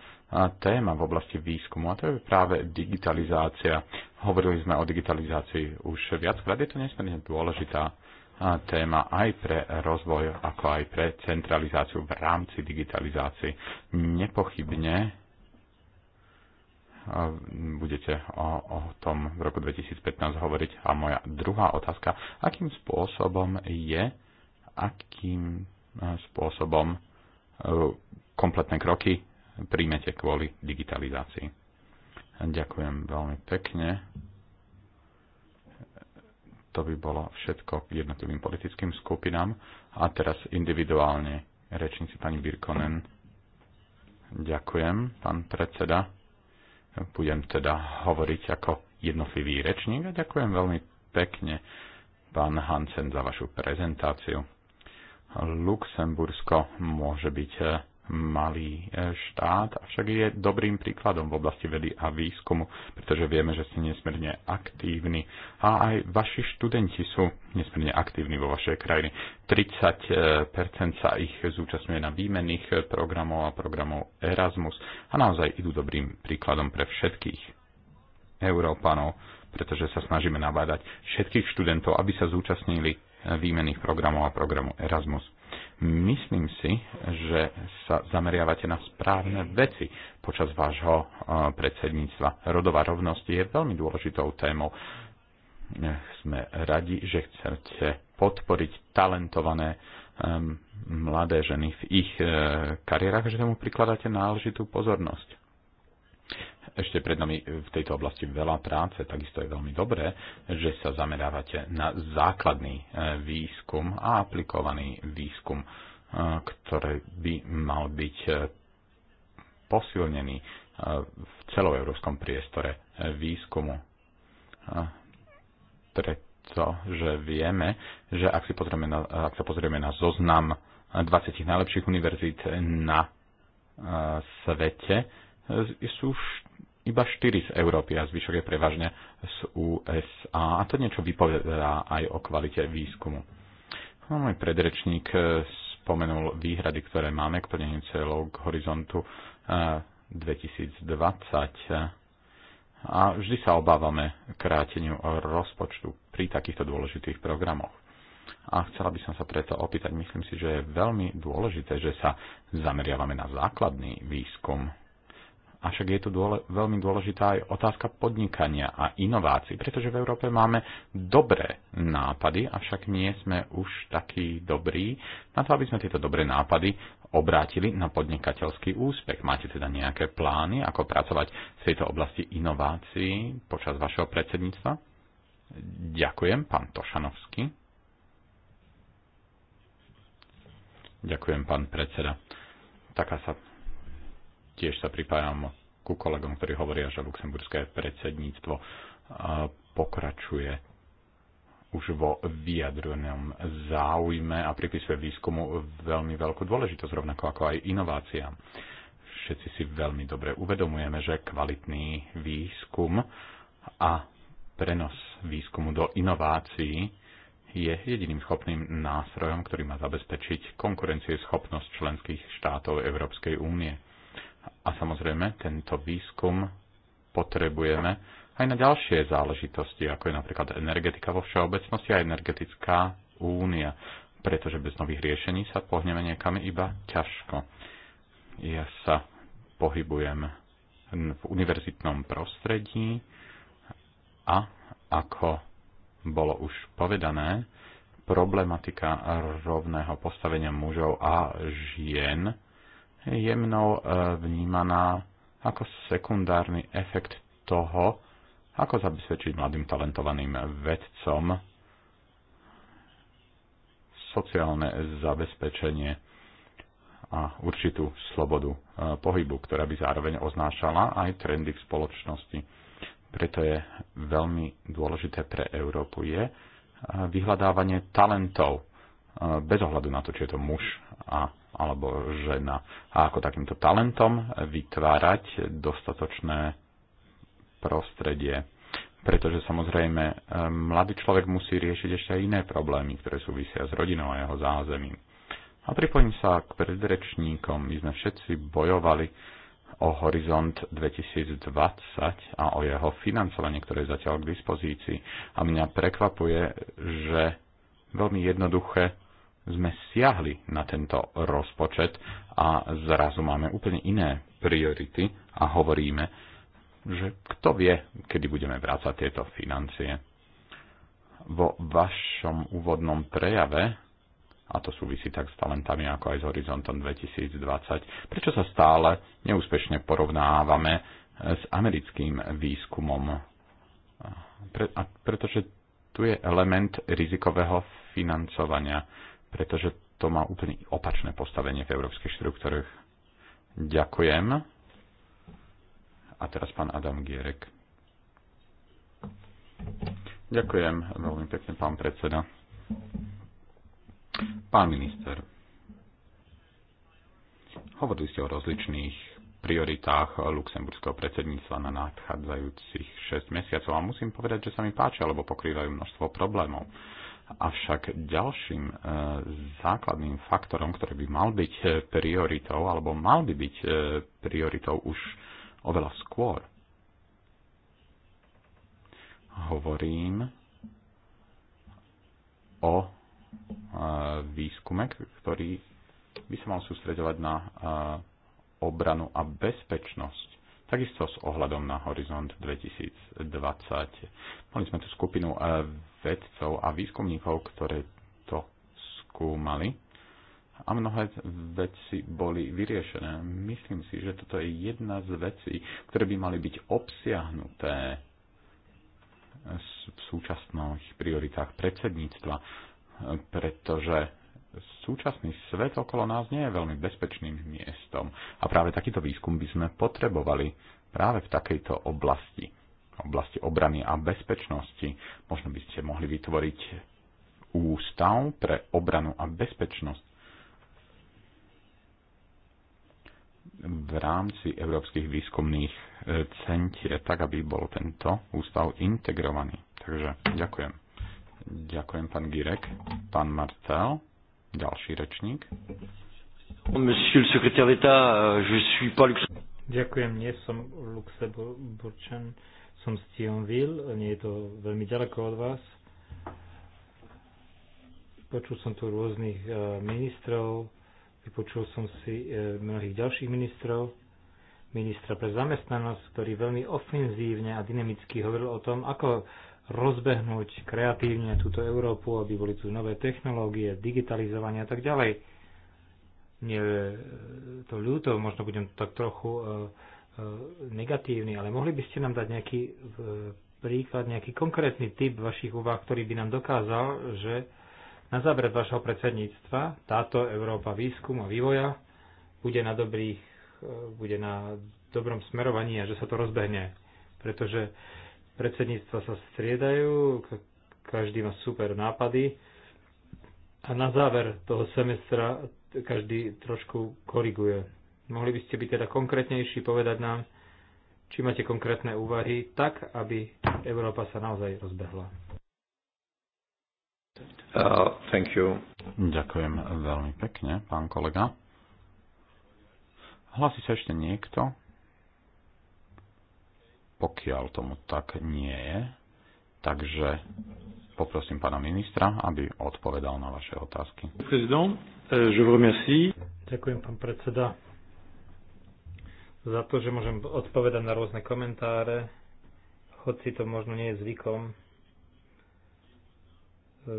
téma v oblasti výskumu? A to je práve digitalizácia. Hovorili sme o digitalizácii už viackrát. Je to nesmierne dôležitá téma aj pre rozvoj, ako aj pre centralizáciu v rámci digitalizácie. Nepochybne budete o, o tom v roku 2015 hovoriť. A moja druhá otázka, akým spôsobom je, akým spôsobom kompletné kroky príjmete kvôli digitalizácii. Ďakujem veľmi pekne. To by bolo všetko k jednotlivým politickým skupinám. A teraz individuálne rečníci pani Birkonen. Ďakujem, pán predseda. Budem teda hovoriť ako jednotlivý rečník a ďakujem veľmi pekne, pán Hansen, za vašu prezentáciu Luxembursko môže byť e, malý e, štát, avšak je dobrým príkladom v oblasti vedy a výskumu, pretože vieme, že ste nesmierne aktívni a aj vaši študenti sú nesmierne aktívni vo vašej krajine. 30% e, sa ich zúčastňuje na výmenných programov a programov Erasmus a naozaj idú dobrým príkladom pre všetkých Európanov, pretože sa snažíme nabádať všetkých študentov, aby sa zúčastnili výmených programov a programu Erasmus. Myslím si, že sa zameriavate na správne veci počas vášho eh, predsedníctva. Rodová rovnosť je veľmi dôležitou témou. Sme radi, že chcete podporiť talentované eh, mladé ženy v ich eh, kariérach, že tomu prikladáte náležitú pozornosť ešte pred nami v tejto oblasti veľa práce, takisto je veľmi dobré, že sa zamerávate na základný e, výskum a aplikovaný výskum, e, ktorý by mal byť e, posilnený v celoeurópskom priestore výskumu. Pretože vieme, že ak, si pozrieme na, ak sa pozrieme na zoznam 20 najlepších univerzít na svete, E, sú iba 4 z Európy a zvyšok je prevažne z USA. A to niečo vypovedá aj o kvalite výskumu. No, môj predrečník e, spomenul výhrady, ktoré máme k plneniu cieľov k horizontu 2020 e, a vždy sa obávame kráteniu rozpočtu pri takýchto dôležitých programoch. A chcela by som sa preto opýtať, myslím si, že je veľmi dôležité, že sa zameriavame na základný výskum Avšak je tu dôle, veľmi dôležitá aj otázka podnikania a inovácií, pretože v Európe máme dobré nápady, avšak nie sme už takí dobrí na to, aby sme tieto dobré nápady obrátili na podnikateľský úspech. Máte teda nejaké plány, ako pracovať v tejto oblasti inovácií počas vašeho predsedníctva? Ďakujem, pán Tošanovský. Ďakujem, pán predseda. Taká sa tiež sa pripájam ku kolegom, ktorí hovoria, že luxemburské predsedníctvo pokračuje už vo vyjadrenom záujme a pripisuje výskumu veľmi veľkú dôležitosť, rovnako ako aj inováciám. Všetci si veľmi dobre uvedomujeme, že kvalitný výskum a prenos výskumu do inovácií je jediným schopným nástrojom, ktorý má zabezpečiť konkurencieschopnosť členských štátov Európskej únie. A samozrejme, tento výskum potrebujeme aj na ďalšie záležitosti, ako je napríklad energetika vo všeobecnosti a energetická únia, pretože bez nových riešení sa pohneme niekam iba ťažko. Ja sa pohybujem v univerzitnom prostredí a ako bolo už povedané, problematika rovného postavenia mužov a žien je mnou e, vnímaná ako sekundárny efekt toho, ako zabezpečiť mladým talentovaným vedcom sociálne zabezpečenie a určitú slobodu e, pohybu, ktorá by zároveň oznášala aj trendy v spoločnosti. Preto je veľmi dôležité pre Európu je e, vyhľadávanie talentov bez ohľadu na to, či je to muž a alebo žena a ako takýmto talentom vytvárať dostatočné prostredie. Pretože samozrejme e, mladý človek musí riešiť ešte aj iné problémy, ktoré súvisia s rodinou a jeho zázemím. A pripojím sa k predrečníkom. My sme všetci bojovali o Horizont 2020 a o jeho financovanie, ktoré je zatiaľ k dispozícii. A mňa prekvapuje, že veľmi jednoduché sme siahli na tento rozpočet a zrazu máme úplne iné priority a hovoríme, že kto vie, kedy budeme vrácať tieto financie. Vo vašom úvodnom prejave, a to súvisí tak s talentami ako aj s Horizontom 2020, prečo sa stále neúspešne porovnávame s americkým výskumom? Pre, a pretože tu je element rizikového financovania pretože to má úplne opačné postavenie v európskych štruktúrach. Ďakujem. A teraz pán Adam Gierek. Ďakujem veľmi pekne, pán predseda. Pán minister, hovorili ste o rozličných prioritách luxemburského predsedníctva na nadchádzajúcich 6 mesiacov a musím povedať, že sa mi páčia, lebo pokrývajú množstvo problémov. Avšak ďalším e, základným faktorom, ktorý by mal byť e, prioritou, alebo mal by byť e, prioritou už oveľa skôr, hovorím o výskume, ktorý by sa mal sústredovať na obranu a bezpečnosť. Takisto s ohľadom na Horizont 2020. Mali sme tu skupinu vedcov a výskumníkov, ktoré to skúmali a mnohé veci boli vyriešené. Myslím si, že toto je jedna z vecí, ktoré by mali byť obsiahnuté v súčasných prioritách predsedníctva, pretože súčasný svet okolo nás nie je veľmi bezpečným miestom a práve takýto výskum by sme potrebovali práve v takejto oblasti oblasti obrany a bezpečnosti. Možno by ste mohli vytvoriť ústav pre obranu a bezpečnosť v rámci európskych výskumných e, centier, tak aby bol tento ústav integrovaný. Takže ďakujem. Ďakujem pán Girek. Pán Marcel, ďalší rečník. Monsieur le secrétaire d'État, euh, je suis pas Ďakujem, nie som Luxemburčan. Som z Thionville, nie je to veľmi ďaleko od vás. Počul som tu rôznych e, ministrov, vypočul som si e, mnohých ďalších ministrov, ministra pre zamestnanosť, ktorý veľmi ofenzívne a dynamicky hovoril o tom, ako rozbehnúť kreatívne túto Európu, aby boli tu nové technológie, digitalizovanie a tak ďalej. Nie e, to ľúto, možno budem tak trochu E, negatívny, ale mohli by ste nám dať nejaký e, príklad, nejaký konkrétny typ vašich úvah, ktorý by nám dokázal, že na záver vašho predsedníctva táto Európa výskumu a vývoja bude na dobrých, e, bude na dobrom smerovaní a že sa to rozbehne. Pretože predsedníctva sa striedajú, každý má super nápady a na záver toho semestra každý trošku koriguje Mohli by ste byť teda konkrétnejší, povedať nám, či máte konkrétne úvahy, tak, aby Európa sa naozaj rozbehla. Uh, thank you. Ďakujem veľmi pekne, pán kolega. Hlasí sa ešte niekto? Pokiaľ tomu tak nie je, takže poprosím pána ministra, aby odpovedal na vaše otázky. Prezident, uh, je vous remercie. Ďakujem, pán predseda za to, že môžem odpovedať na rôzne komentáre, hoci to možno nie je zvykom.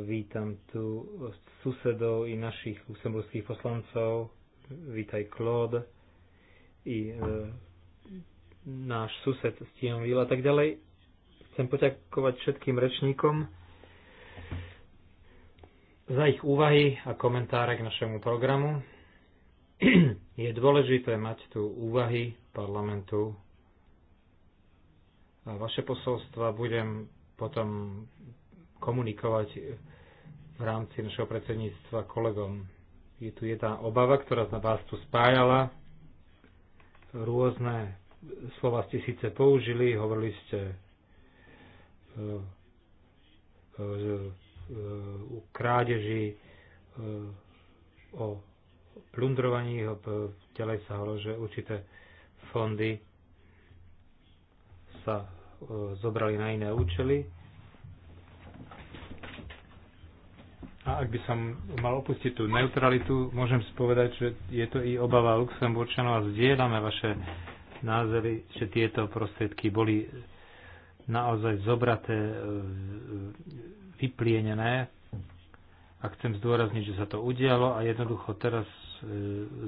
Vítam tu susedov i našich luxemburských poslancov. Vítaj Claude i e, náš sused Stianville a tak ďalej. Chcem poďakovať všetkým rečníkom za ich úvahy a komentáre k našemu programu. Je dôležité mať tu úvahy parlamentu a vaše posolstva budem potom komunikovať v rámci našeho predsedníctva kolegom. Je tu jedna obava, ktorá na vás tu spájala. Rôzne slova ste síce použili, hovorili ste e, e, e, o krádeži, o plundrovaní. E, ďalej sa hovorilo, že určité fondy sa e, zobrali na iné účely. A ak by som mal opustiť tú neutralitu, môžem spovedať, že je to i obava Luxemburčanov a zdieľame vaše názory, že tieto prostriedky boli naozaj zobraté, e, vyplienené a chcem zdôrazniť, že sa to udialo a jednoducho teraz e,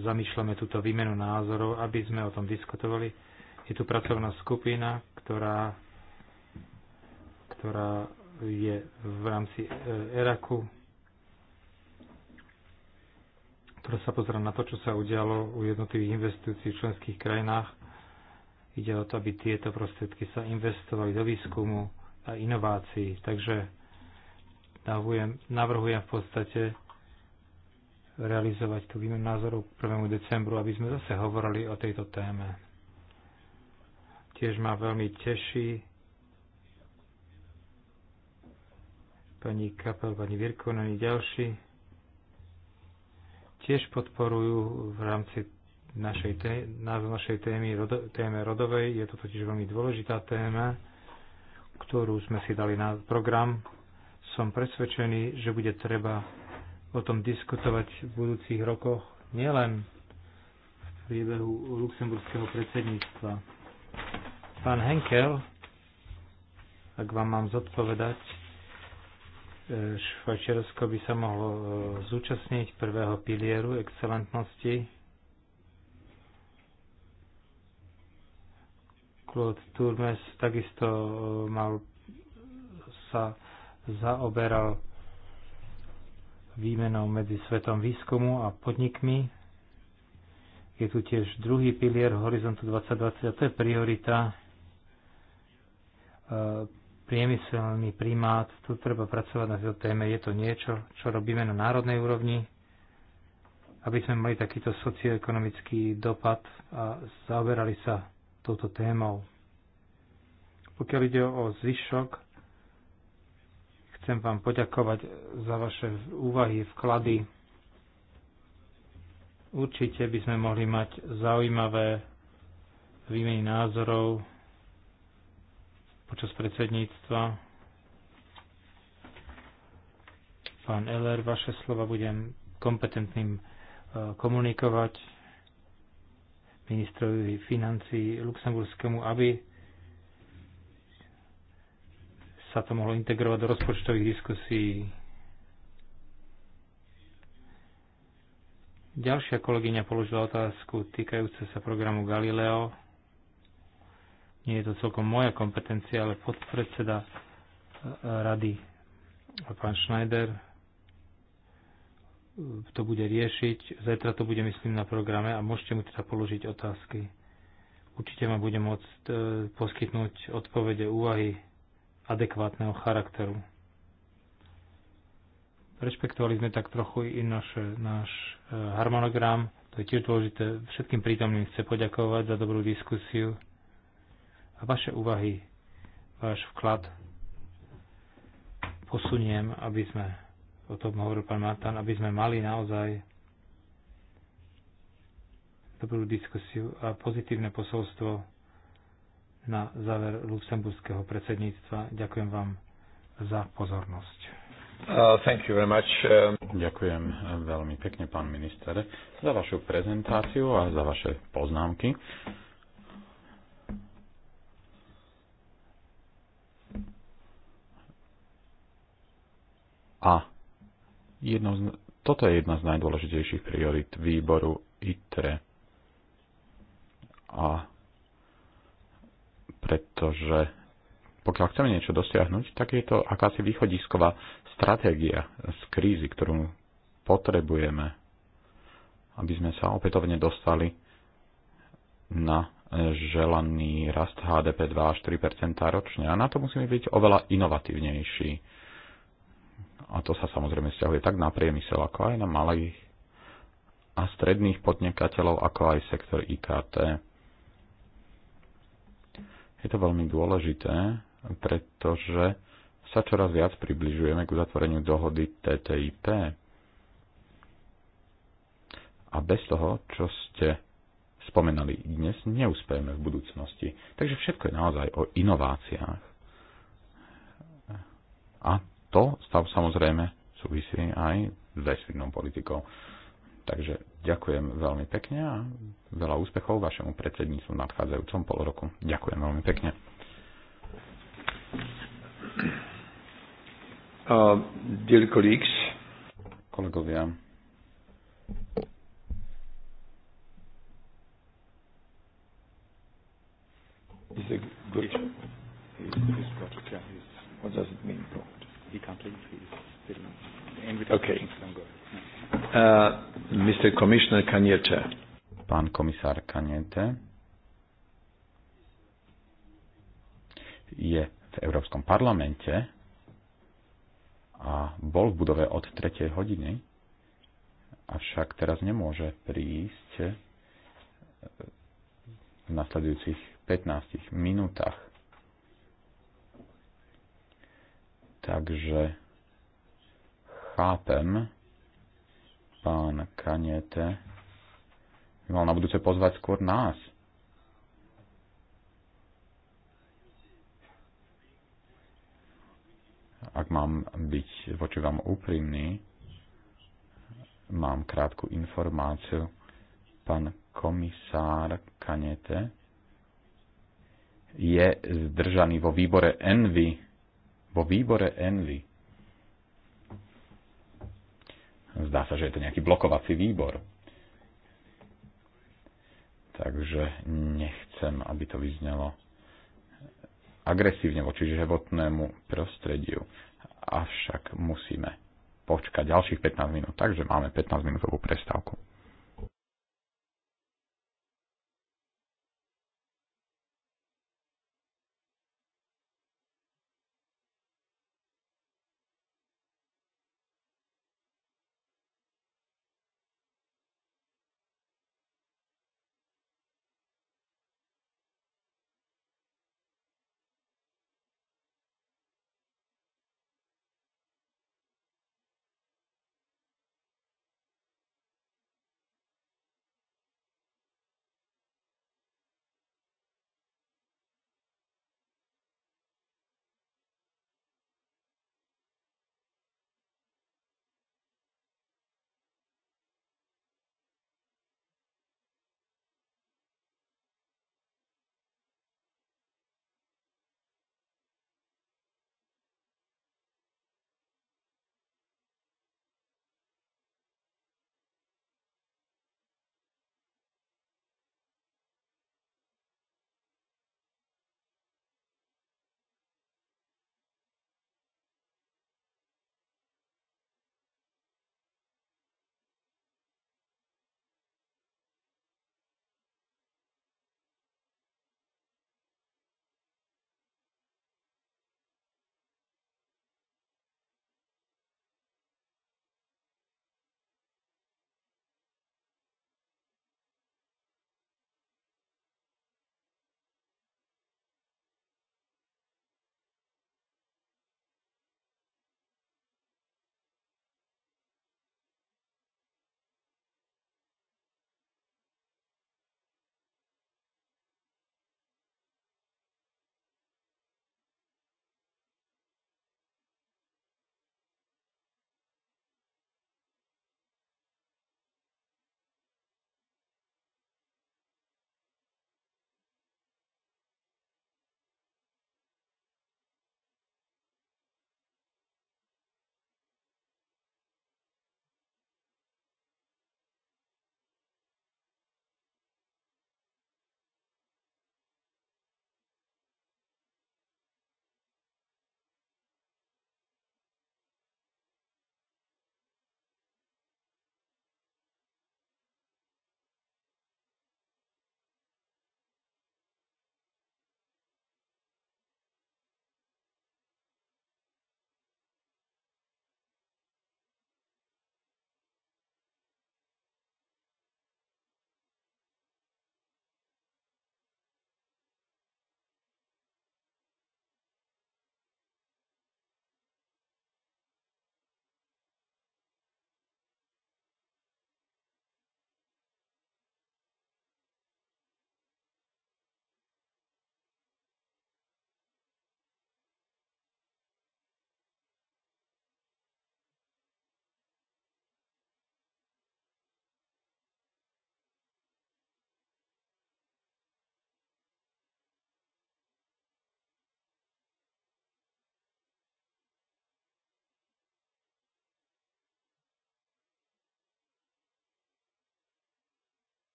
zamýšľame túto výmenu názorov, aby sme o tom diskutovali. Je tu pracovná skupina, ktorá, ktorá je v rámci e, ERAKu, ktorá sa pozera na to, čo sa udialo u jednotlivých investícií v členských krajinách. Ide o to, aby tieto prostriedky sa investovali do výskumu a inovácií. Takže navrhujem, navrhujem v podstate realizovať tú výmenu názoru k 1. decembru, aby sme zase hovorili o tejto téme. Tiež ma veľmi teší pani Kapel, pani Virkonen i ďalší tiež podporujú v rámci našej, té, našej témy, rodo, téme rodovej. Je to totiž veľmi dôležitá téma, ktorú sme si dali na program som presvedčený, že bude treba o tom diskutovať v budúcich rokoch, nielen v priebehu luxemburského predsedníctva. Pán Henkel, ak vám mám zodpovedať, e, Švajčiarsko by sa mohlo e, zúčastniť prvého pilieru excelentnosti. Claude Turmes takisto e, mal sa zaoberal výmenou medzi svetom výskumu a podnikmi. Je tu tiež druhý pilier Horizontu 2020 a to je priorita e, priemyselný primát. Tu treba pracovať na tejto téme. Je to niečo, čo robíme na národnej úrovni, aby sme mali takýto socioekonomický dopad a zaoberali sa touto témou. Pokiaľ ide o zvyšok Chcem vám poďakovať za vaše úvahy, vklady. Určite by sme mohli mať zaujímavé výmeny názorov počas predsedníctva. Pán Eller, vaše slova budem kompetentným e, komunikovať ministrovi financí Luxemburskému, aby sa to mohlo integrovať do rozpočtových diskusí. Ďalšia kolegyňa položila otázku týkajúce sa programu Galileo. Nie je to celkom moja kompetencia, ale podpredseda eh, rady pán Schneider to bude riešiť. Zajtra to bude, myslím, na programe a môžete mu teda položiť otázky. Určite ma bude môcť eh, poskytnúť odpovede, úvahy adekvátneho charakteru. Rešpektovali sme tak trochu i náš, náš e, harmonogram, to je tiež dôležité. Všetkým prítomným chcem poďakovať za dobrú diskusiu a vaše úvahy, váš vklad posuniem, aby sme, o tom hovoril pán Martan, aby sme mali naozaj dobrú diskusiu a pozitívne posolstvo na záver luxemburského predsedníctva. Ďakujem vám za pozornosť. Uh, thank you very much. Um... Ďakujem veľmi pekne, pán minister, za vašu prezentáciu a za vaše poznámky. A jedno z, toto je jedna z najdôležitejších priorit výboru ITRE. A pretože pokiaľ chceme niečo dosiahnuť, tak je to akási východisková stratégia z krízy, ktorú potrebujeme, aby sme sa opätovne dostali na želaný rast HDP 2 až 3 ročne. A na to musíme byť oveľa inovatívnejší. A to sa samozrejme vzťahuje tak na priemysel, ako aj na malých a stredných podnikateľov, ako aj sektor IKT. Je to veľmi dôležité, pretože sa čoraz viac približujeme k uzatvoreniu dohody TTIP. A bez toho, čo ste spomenali dnes, neúspejeme v budúcnosti. Takže všetko je naozaj o inováciách. A to stav samozrejme súvisí aj s vesmírnou politikou. Takže ďakujem veľmi pekne a veľa úspechov vašemu predsedníctvu v nadchádzajúcom pol roku. Ďakujem veľmi pekne. Uh, dear colleagues, kolegovia, Is it good? He's, he's got it, yeah, he's, what does it mean? He can't leave. He's still in. Okay. Go. Uh, Mr. Commissioner Kaniete. Pán komisár Kaniete je v Európskom parlamente a bol v budove od 3. hodiny, avšak teraz nemôže prísť eh, v nasledujúcich 15 minútach. Takže chápem, Pán Kanete by mal na budúce pozvať skôr nás. Ak mám byť voči vám úprimný, mám krátku informáciu. Pán komisár Kanete je zdržaný vo výbore Envy. Vo výbore Envy. Zdá sa, že je to nejaký blokovací výbor. Takže nechcem, aby to vyznelo agresívne voči životnému prostrediu. Avšak musíme počkať ďalších 15 minút, takže máme 15 minútovú prestávku.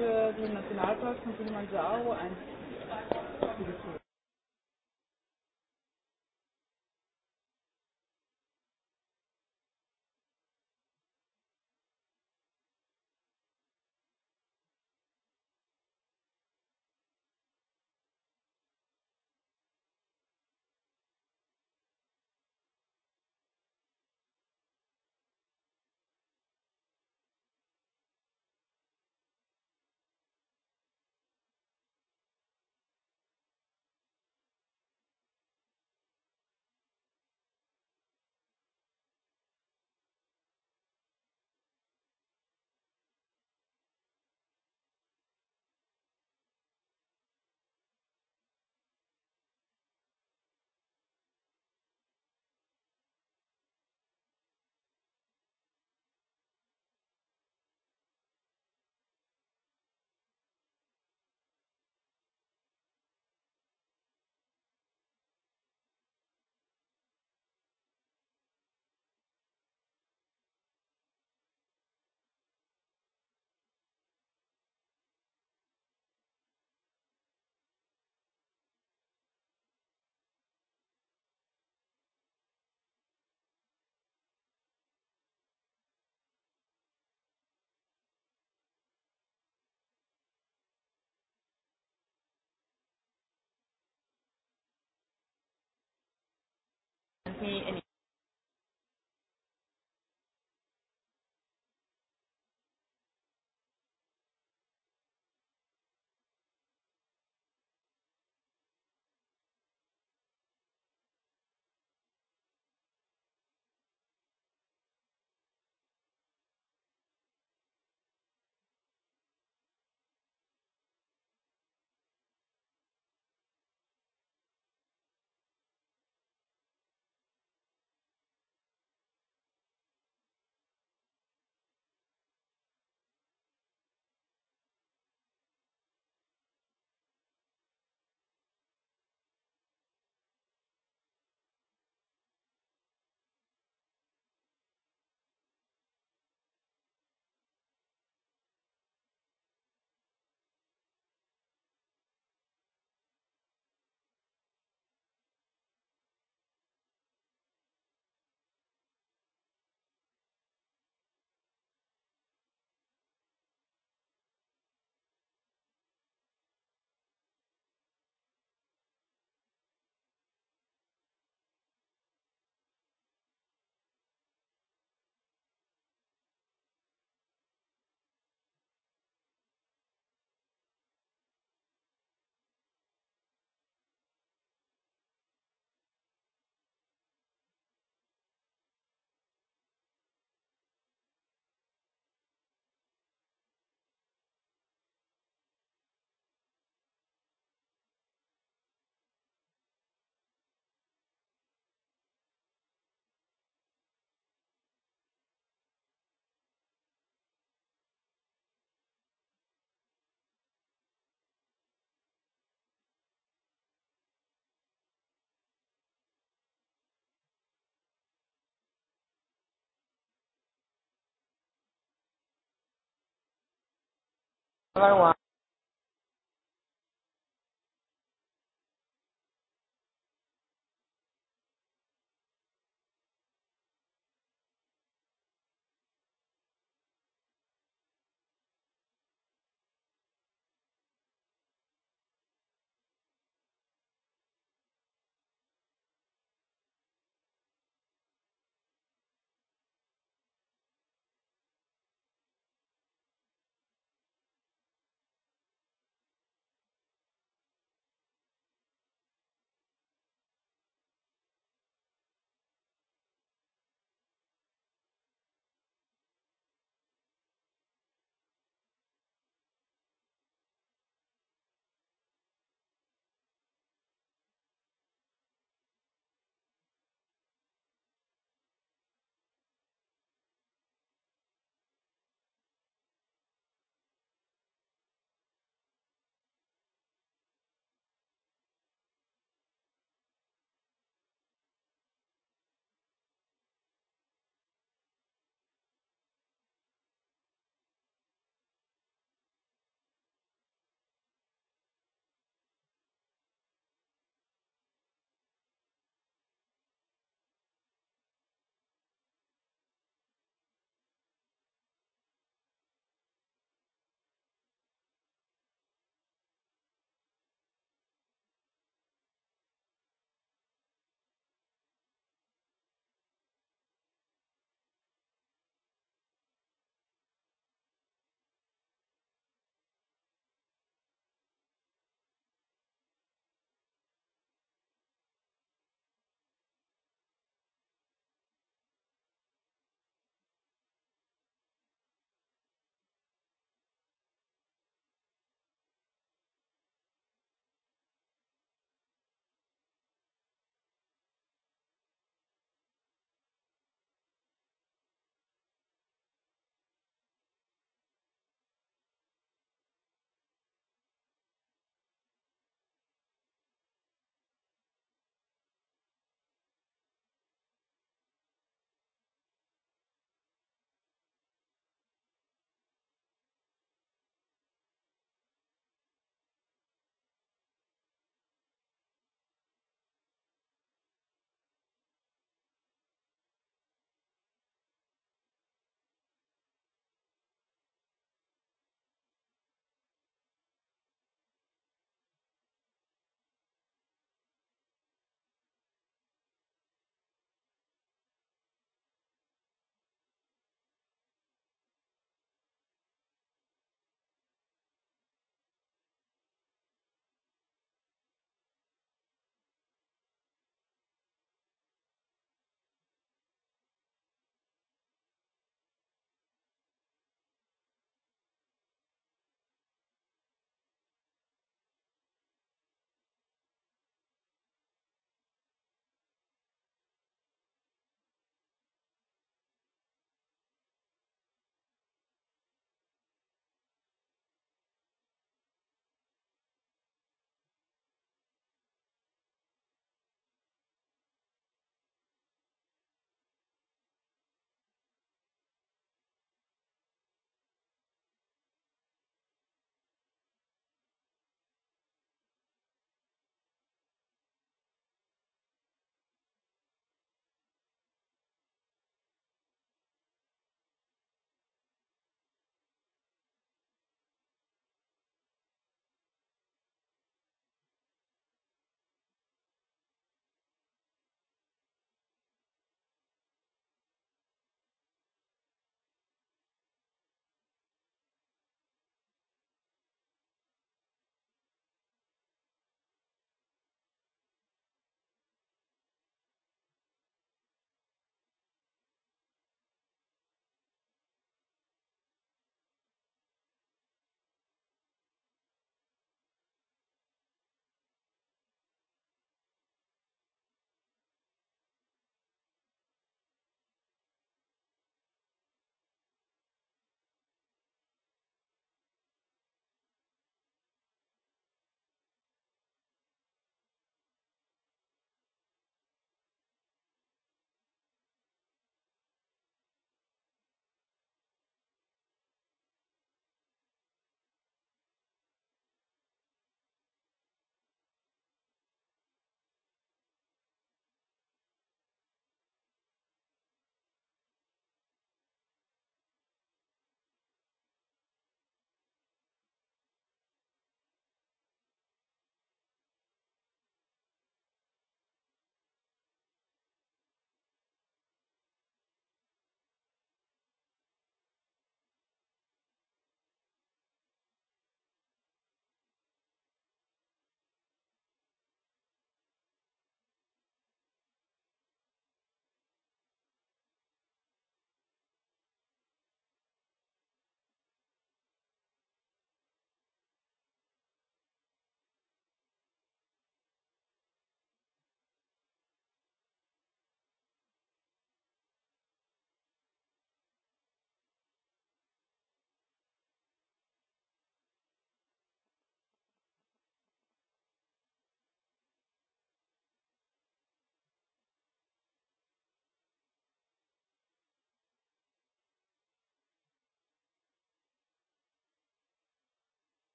für den Nationalpark von Kilimanjaro ein. any, any Hello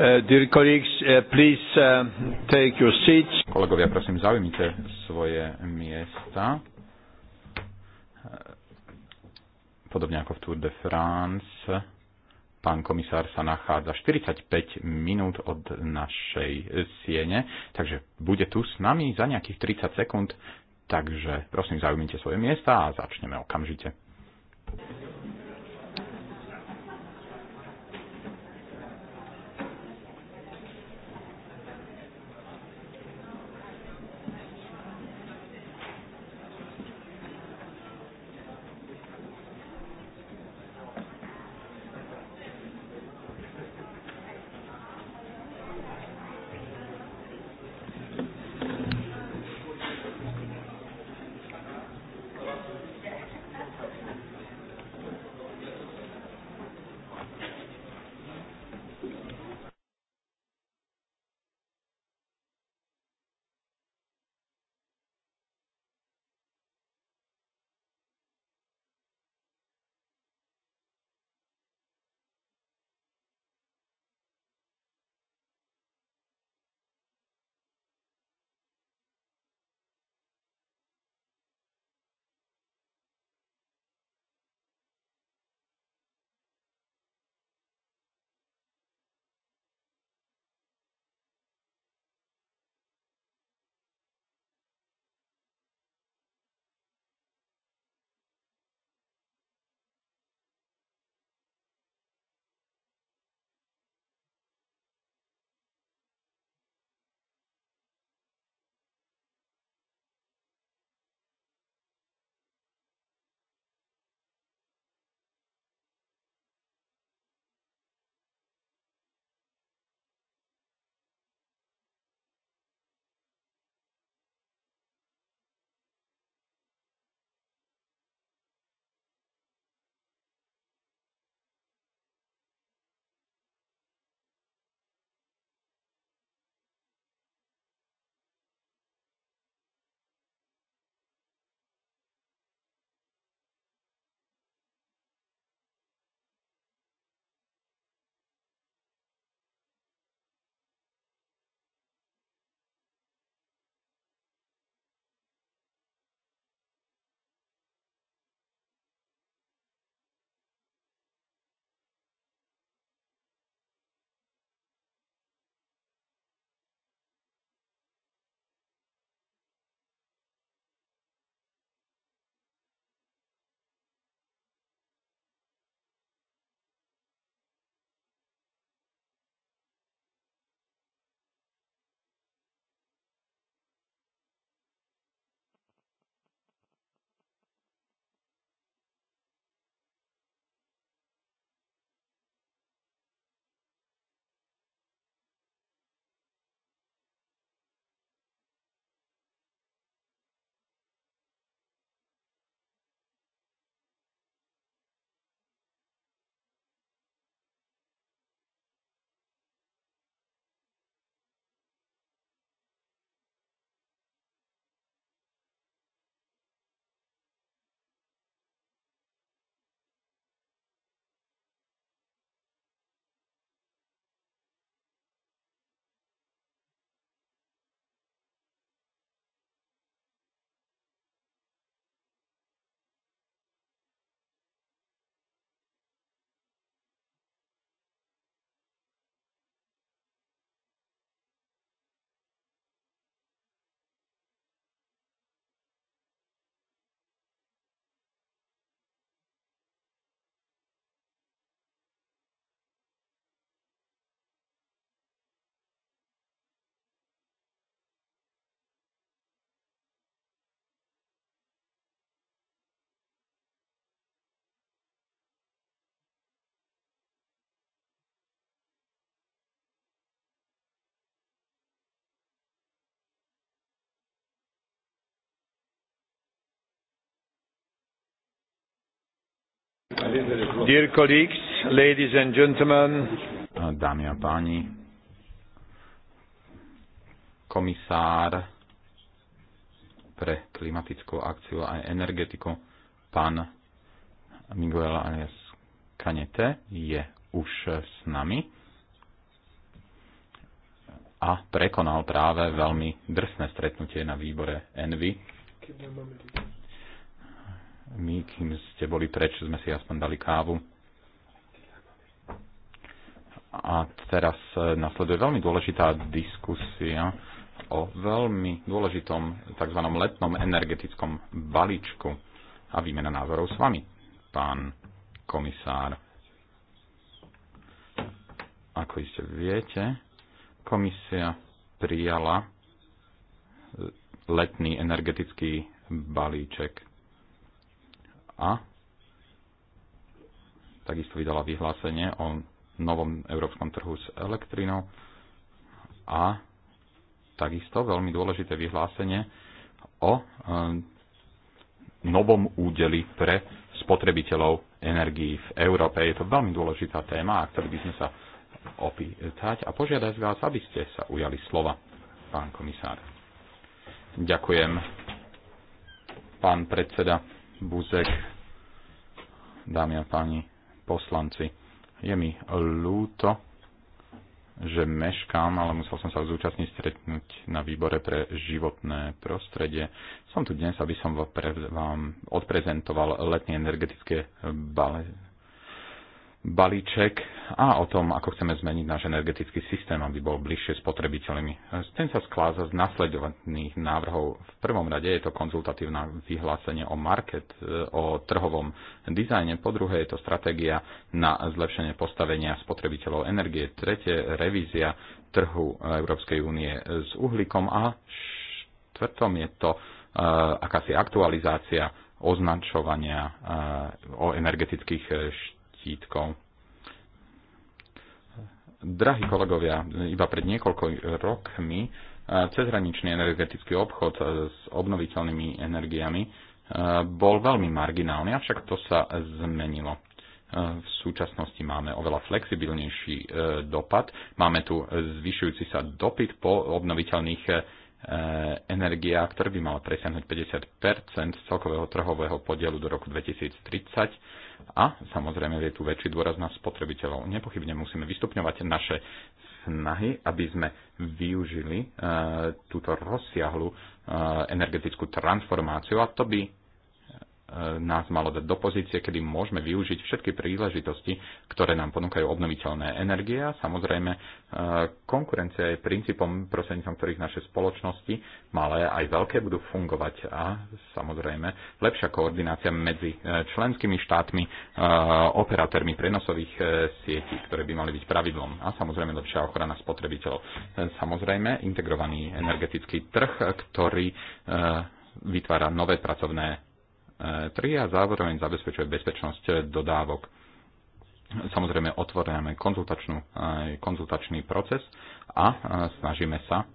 Uh, dear colleagues, uh, please uh, take your seats. Kolegovia, prosím, zaujmite svoje miesta. Podobne ako v Tour de France, pán komisár sa nachádza 45 minút od našej siene, takže bude tu s nami za nejakých 30 sekúnd, takže prosím, zaujmite svoje miesta a začneme okamžite. Dear colleagues, ladies and gentlemen. Dámy a páni, komisár pre klimatickú akciu a energetiku, pán Miguel Arias Kanete, je už s nami a prekonal práve veľmi drsné stretnutie na výbore Envy my, kým ste boli preč, sme si aspoň dali kávu. A teraz e, nasleduje veľmi dôležitá diskusia o veľmi dôležitom tzv. letnom energetickom balíčku a výmena názorov s vami, pán komisár. Ako iste viete, komisia prijala letný energetický balíček a takisto vydala vyhlásenie o novom európskom trhu s elektrinou a takisto veľmi dôležité vyhlásenie o e, novom údeli pre spotrebiteľov energií v Európe. Je to veľmi dôležitá téma, a ktorý by sme sa opýtať a požiadať vás, aby ste sa ujali slova, pán komisár. Ďakujem, pán predseda. Buzek, dámy a páni poslanci. Je mi ľúto, že meškám, ale musel som sa zúčastniť stretnúť na výbore pre životné prostredie. Som tu dnes, aby som vám odprezentoval letný energetické bale, balíček a o tom, ako chceme zmeniť náš energetický systém, aby bol bližšie potrebiteľmi. Ten sa skláza z nasledovaných návrhov. V prvom rade je to konzultatívne vyhlásenie o market, e, o trhovom dizajne. Po druhé je to stratégia na zlepšenie postavenia spotrebiteľov energie. Tretie, revízia trhu Európskej únie s uhlíkom. A štvrtom je to e, akási aktualizácia označovania e, o energetických štítkom. Drahí kolegovia, iba pred niekoľko rokmi eh, cezhraničný energetický obchod eh, s obnoviteľnými energiami eh, bol veľmi marginálny, avšak to sa zmenilo. V súčasnosti máme oveľa flexibilnejší dopad. Máme tu zvyšujúci sa dopyt po obnoviteľných energiách, ktoré by mala presiahnuť 50 z celkového trhového podielu do roku 2030 a samozrejme je tu väčší dôraz na spotrebiteľov. Nepochybne musíme vystupňovať naše snahy, aby sme využili e, túto rozsiahlu e, energetickú transformáciu a to by E, nás malo dať do pozície, kedy môžeme využiť všetky príležitosti, ktoré nám ponúkajú obnoviteľné energie a samozrejme e, konkurencia je princípom, prosenicom ktorých naše spoločnosti, malé aj veľké, budú fungovať a samozrejme lepšia koordinácia medzi e, členskými štátmi, operátormi prenosových sietí, ktoré by mali byť pravidlom a samozrejme lepšia ochrana spotrebiteľov. Samozrejme integrovaný energetický trh, ktorý vytvára nové pracovné a zároveň zabezpečuje bezpečnosť dodávok. Samozrejme, otvoríme konzultačnú, konzultačný proces a e, snažíme sa e,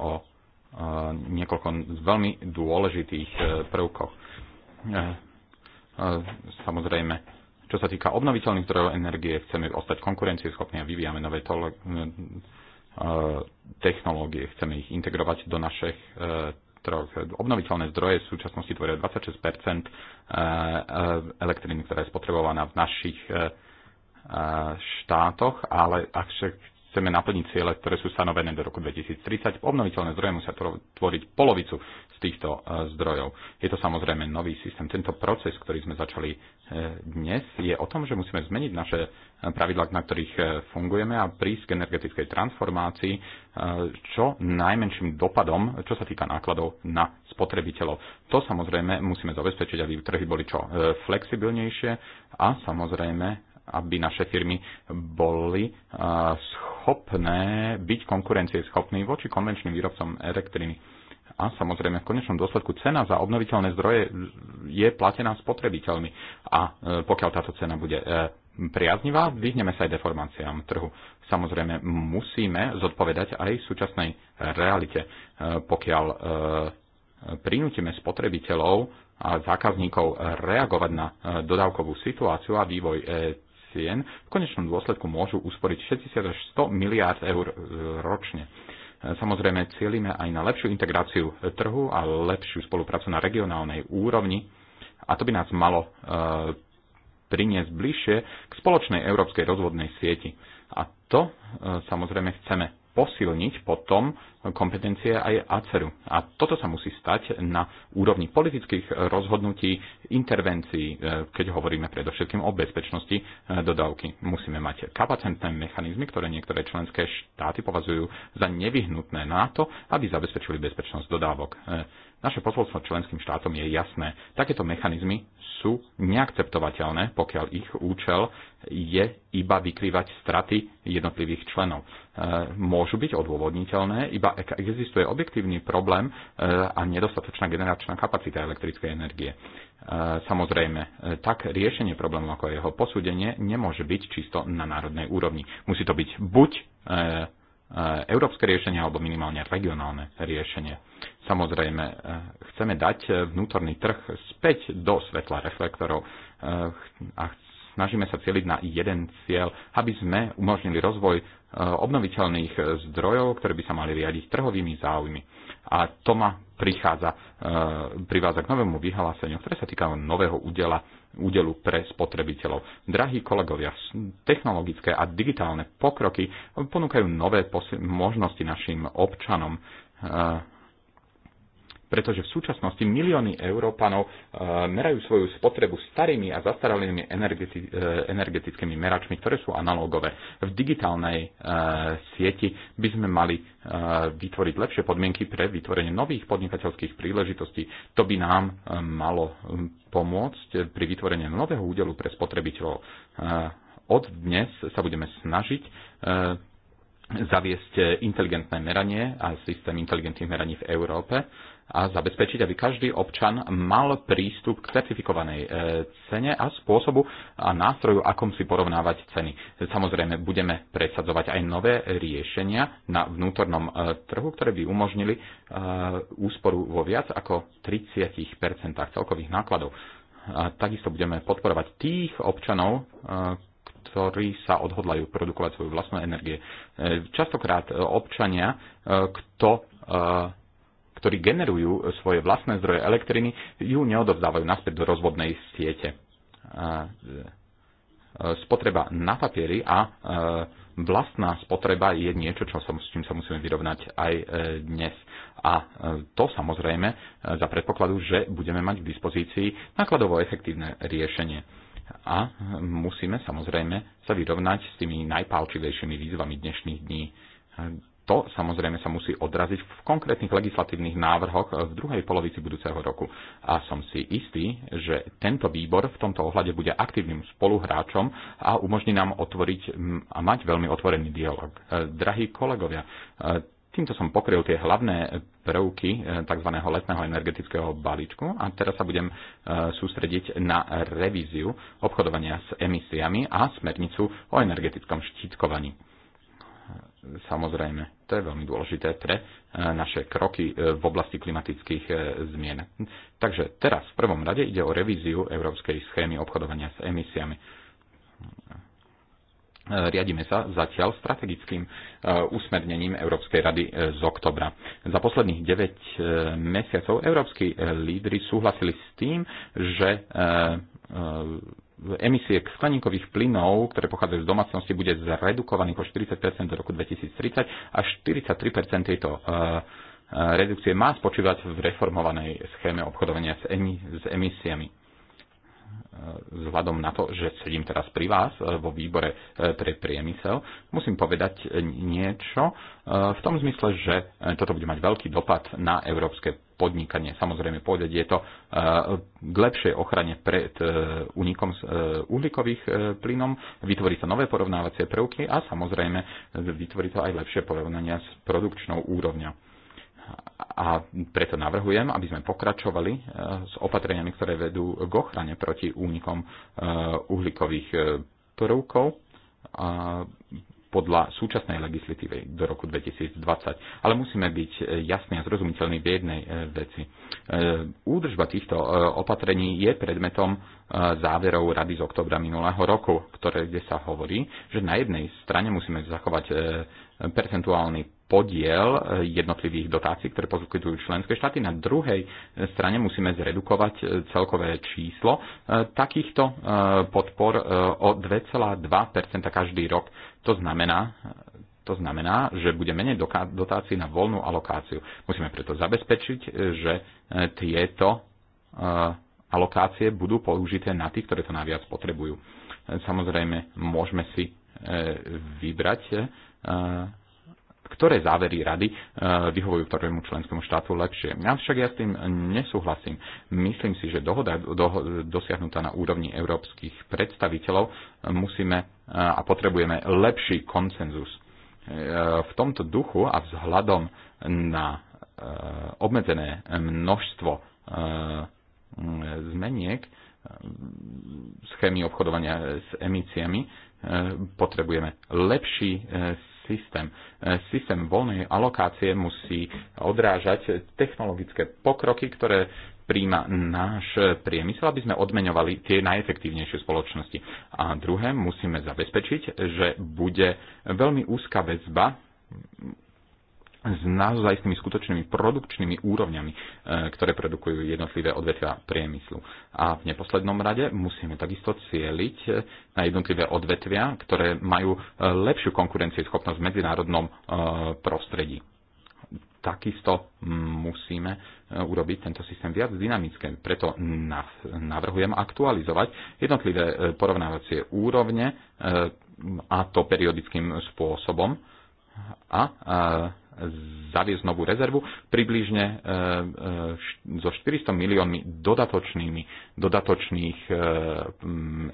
o e, niekoľko veľmi dôležitých prvkoch. Samozrejme, čo sa týka obnoviteľných zdrojov energie, chceme ostať konkurencieschopní a vyvíjame nové technológie, chceme ich integrovať do našich troch. Obnoviteľné zdroje v súčasnosti tvoria 26 eh, eh, elektriny, ktorá je spotrebovaná v našich eh, štátoch, ale ak však chceme naplniť ciele, ktoré sú stanovené do roku 2030, obnoviteľné zdroje musia tvoriť polovicu z týchto zdrojov. Je to samozrejme nový systém. Tento proces, ktorý sme začali dnes, je o tom, že musíme zmeniť naše pravidlách, na ktorých e, fungujeme a prísť k energetickej transformácii e, čo najmenším dopadom, čo sa týka nákladov na spotrebiteľov. To samozrejme musíme zabezpečiť, aby trhy boli čo e, flexibilnejšie a samozrejme aby naše firmy boli schopné byť schopný voči konvenčným výrobcom elektriny. A samozrejme, v konečnom dôsledku cena za obnoviteľné zdroje je platená spotrebiteľmi. A pokiaľ táto cena bude priaznivá, vyhneme sa aj deformáciám trhu. Samozrejme, musíme zodpovedať aj súčasnej realite. E, pokiaľ e, prinútime spotrebiteľov a zákazníkov reagovať na e, dodávkovú situáciu a vývoj cien, v konečnom dôsledku môžu usporiť 60 až 100 miliárd eur ročne. Samozrejme, cieľime aj na lepšiu integráciu trhu a lepšiu spoluprácu na regionálnej úrovni a to by nás malo priniesť bližšie k spoločnej európskej rozvodnej sieti. A to e, samozrejme chceme posilniť potom kompetencie aj ACERu. A toto sa musí stať na úrovni politických rozhodnutí, intervencií, e, keď hovoríme predovšetkým o bezpečnosti e, dodávky. Musíme mať kapacentné mechanizmy, ktoré niektoré členské štáty považujú za nevyhnutné na to, aby zabezpečili bezpečnosť dodávok naše posolstvo členským štátom je jasné. Takéto mechanizmy sú neakceptovateľné, pokiaľ ich účel je iba vykrývať straty jednotlivých členov. E, môžu byť odôvodniteľné, iba ak existuje objektívny problém e, a nedostatočná generačná kapacita elektrickej energie. E, samozrejme, tak riešenie problému ako jeho posúdenie nemôže byť čisto na národnej úrovni. Musí to byť buď európske riešenie alebo minimálne regionálne riešenie Samozrejme, e, chceme dať e, vnútorný trh späť do svetla reflektorov e, a snažíme sa cieliť na jeden cieľ, aby sme umožnili rozvoj obnoviteľných zdrojov, ktoré by sa mali riadiť trhovými záujmy. A to ma prichádza, privádza k novému vyhláseniu, ktoré sa týka nového údela, údelu pre spotrebiteľov. Drahí kolegovia, technologické a digitálne pokroky ponúkajú nové možnosti našim občanom pretože v súčasnosti milióny Európanov e, merajú svoju spotrebu starými a zastaralými energeti- e, energetickými meračmi, ktoré sú analógové. V digitálnej e, sieti by sme mali vytvoriť lepšie podmienky pre vytvorenie nových podnikateľských príležitostí. To by nám malo pomôcť pri vytvorení nového údelu pre spotrebiteľov. Od dnes sa budeme snažiť zaviesť inteligentné meranie a systém inteligentných meraní v Európe a zabezpečiť, aby každý občan mal prístup k certifikovanej e, cene a spôsobu a nástroju, akom si porovnávať ceny. Samozrejme, budeme presadzovať aj nové riešenia na vnútornom e, trhu, ktoré by umožnili e, úsporu vo viac ako 30 celkových nákladov. A takisto budeme podporovať tých občanov, ktorí sa odhodlajú produkovať svoju vlastnú energie. Častokrát občania, kto ktorí generujú svoje vlastné zdroje elektriny, ju neodovzdávajú naspäť do rozvodnej siete. E, e, spotreba na papieri a e, vlastná spotreba je niečo, čo som, s čím sa musíme vyrovnať aj dnes. A to samozrejme za predpokladu, že budeme mať k dispozícii nákladovo efektívne riešenie. A musíme samozrejme sa vyrovnať s tými najpálčivejšími výzvami dnešných dní to samozrejme sa musí odraziť v konkrétnych legislatívnych návrhoch eh, v druhej polovici budúceho roku. A som si istý, že tento výbor v tomto ohľade bude aktívnym spoluhráčom a umožní nám otvoriť mm, a mať veľmi otvorený dialog. Eh, drahí kolegovia, eh, Týmto som pokryl tie hlavné prvky tzv. letného energetického balíčku a teraz sa budem sústrediť na revíziu obchodovania s emisiami a smernicu o energetickom štítkovaní samozrejme, to je veľmi dôležité pre e, naše kroky e, v oblasti klimatických e, zmien. Takže teraz v prvom rade ide o revíziu európskej schémy obchodovania s emisiami. Riadime sa zatiaľ strategickým usmernením Európskej rady z oktobra. Za posledných 9 mesiacov európsky lídry súhlasili s tým, že emisie skleníkových plynov, ktoré pochádzajú z domácnosti, bude zredukovaný po 40 do roku 2030 a 43 tejto e, e, redukcie má spočívať v reformovanej schéme obchodovania s, emi- s emisiami vzhľadom na to, že sedím teraz pri vás e, vo výbore e, pre priemysel, musím povedať niečo e, v tom zmysle, že toto bude mať veľký dopad na európske podnikanie. Samozrejme, povedať je to k lepšej ochrane pred únikom uhlíkových plynom, vytvorí sa nové porovnávacie prvky a samozrejme vytvorí to aj lepšie porovnania s produkčnou úrovňou a preto navrhujem, aby sme pokračovali e, s opatreniami, ktoré vedú k ochrane proti únikom e, uhlíkových e, prvkov podľa súčasnej legislatívy do roku 2020. Ale musíme byť e, jasní a zrozumiteľní v jednej e, veci. E, údržba týchto opatrení je predmetom záverov Rady z oktobra minulého roku, ktoré, kde sa hovorí, že na jednej strane musíme zachovať percentuálny podiel jednotlivých dotácií, ktoré poskytujú členské štáty. Na druhej strane musíme zredukovať celkové číslo takýchto podpor o 2,2 každý rok to znamená, to znamená, že bude menej dotácií na voľnú alokáciu. Musíme preto zabezpečiť, e, že e, tieto e, alokácie budú použité na tých, ktoré to najviac potrebujú. Samozrejme, môžeme si vybrať, ktoré závery rady vyhovujú ktorému členskému štátu lepšie. Ja však ja s tým nesúhlasím. Myslím si, že dohoda dosiahnutá na úrovni európskych predstaviteľov musíme a potrebujeme lepší koncenzus. E, v tomto duchu a vzhľadom na e, obmedzené množstvo e, zmeniek schémy obchodovania s emisiami potrebujeme lepší systém. Systém voľnej alokácie musí odrážať technologické pokroky, ktoré príjma náš priemysel, aby sme odmeňovali tie najefektívnejšie spoločnosti. A druhé, musíme zabezpečiť, že bude veľmi úzka väzba s naozaj s tými skutočnými produkčnými úrovňami, e, ktoré produkujú jednotlivé odvetvia priemyslu. A v neposlednom rade musíme takisto cieliť na jednotlivé odvetvia, ktoré majú e, lepšiu konkurencieschopnosť v medzinárodnom e, prostredí takisto musíme e, urobiť tento systém viac dynamické. Preto navrhujem aktualizovať jednotlivé e, porovnávacie úrovne e, a to periodickým spôsobom a zaviesť novú rezervu približne so 400 miliónmi dodatočnými, dodatočných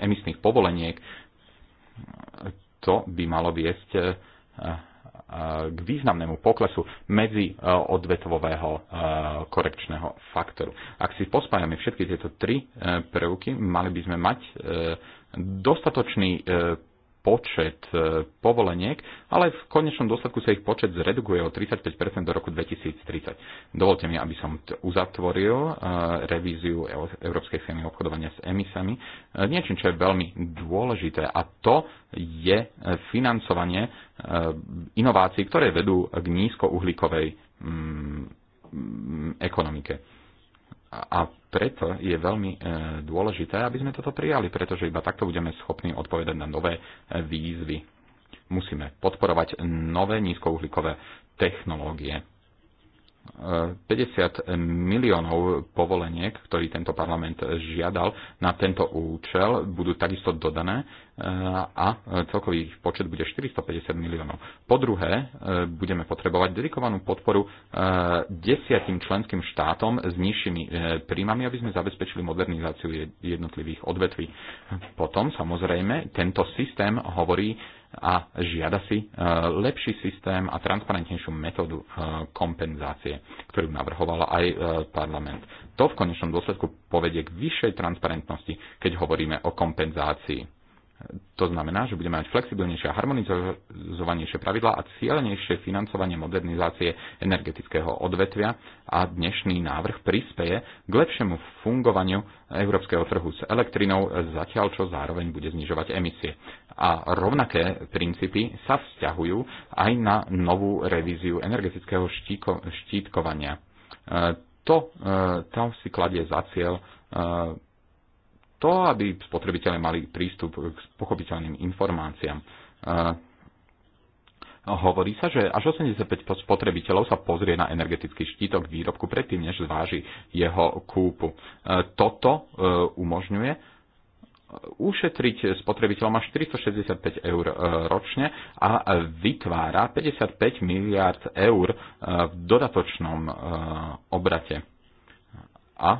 emisných povoleniek. To by malo viesť k významnému poklesu medzi e, odvetvového e, korekčného faktoru. Ak si pospájame všetky tieto tri e, prvky, mali by sme mať dostatočný počet e, povoleniek, ale v konečnom dôsledku sa ich počet zredukuje o 35 do roku 2030. Dovolte mi, aby som uzatvoril e, revíziu Európskej schémy obchodovania s emisami e, niečím, čo je veľmi dôležité a to je financovanie inovácií, ktoré vedú k nízkouhlíkovej mm, mm, ekonomike a preto je veľmi e, dôležité, aby sme toto prijali, pretože iba takto budeme schopní odpovedať na nové e, výzvy. Musíme podporovať nové nízkouhlíkové technológie. 50 miliónov povoleniek, ktorý tento parlament žiadal na tento účel, budú takisto dodané e, a celkový ich počet bude 450 miliónov. Po druhé, e, budeme potrebovať dedikovanú podporu e, desiatim členským štátom s nižšími príjmami, aby sme zabezpečili modernizáciu jednotlivých odvetví. Potom, samozrejme, tento systém hovorí a žiada si e, lepší systém a transparentnejšiu metódu e, kompenzácie, ktorú navrhovala aj e, parlament. To v konečnom dôsledku povedie k vyššej transparentnosti, keď hovoríme o kompenzácii. To znamená, že budeme mať flexibilnejšie a harmonizovanejšie pravidlá a cieľnejšie financovanie modernizácie energetického odvetvia a dnešný návrh prispeje k lepšiemu fungovaniu európskeho trhu s elektrinou, zatiaľ čo zároveň bude znižovať emisie. A rovnaké princípy sa vzťahujú aj na novú revíziu energetického štíko- štítkovania. To, to si kladie za cieľ to, aby spotrebitelia mali prístup k pochopiteľným informáciám. E, hovorí sa, že až 85 spotrebiteľov sa pozrie na energetický štítok výrobku predtým, než zváži jeho kúpu. E, toto e, umožňuje ušetriť spotrebiteľom až 465 eur ročne a vytvára 55 miliard eur v dodatočnom obrate. A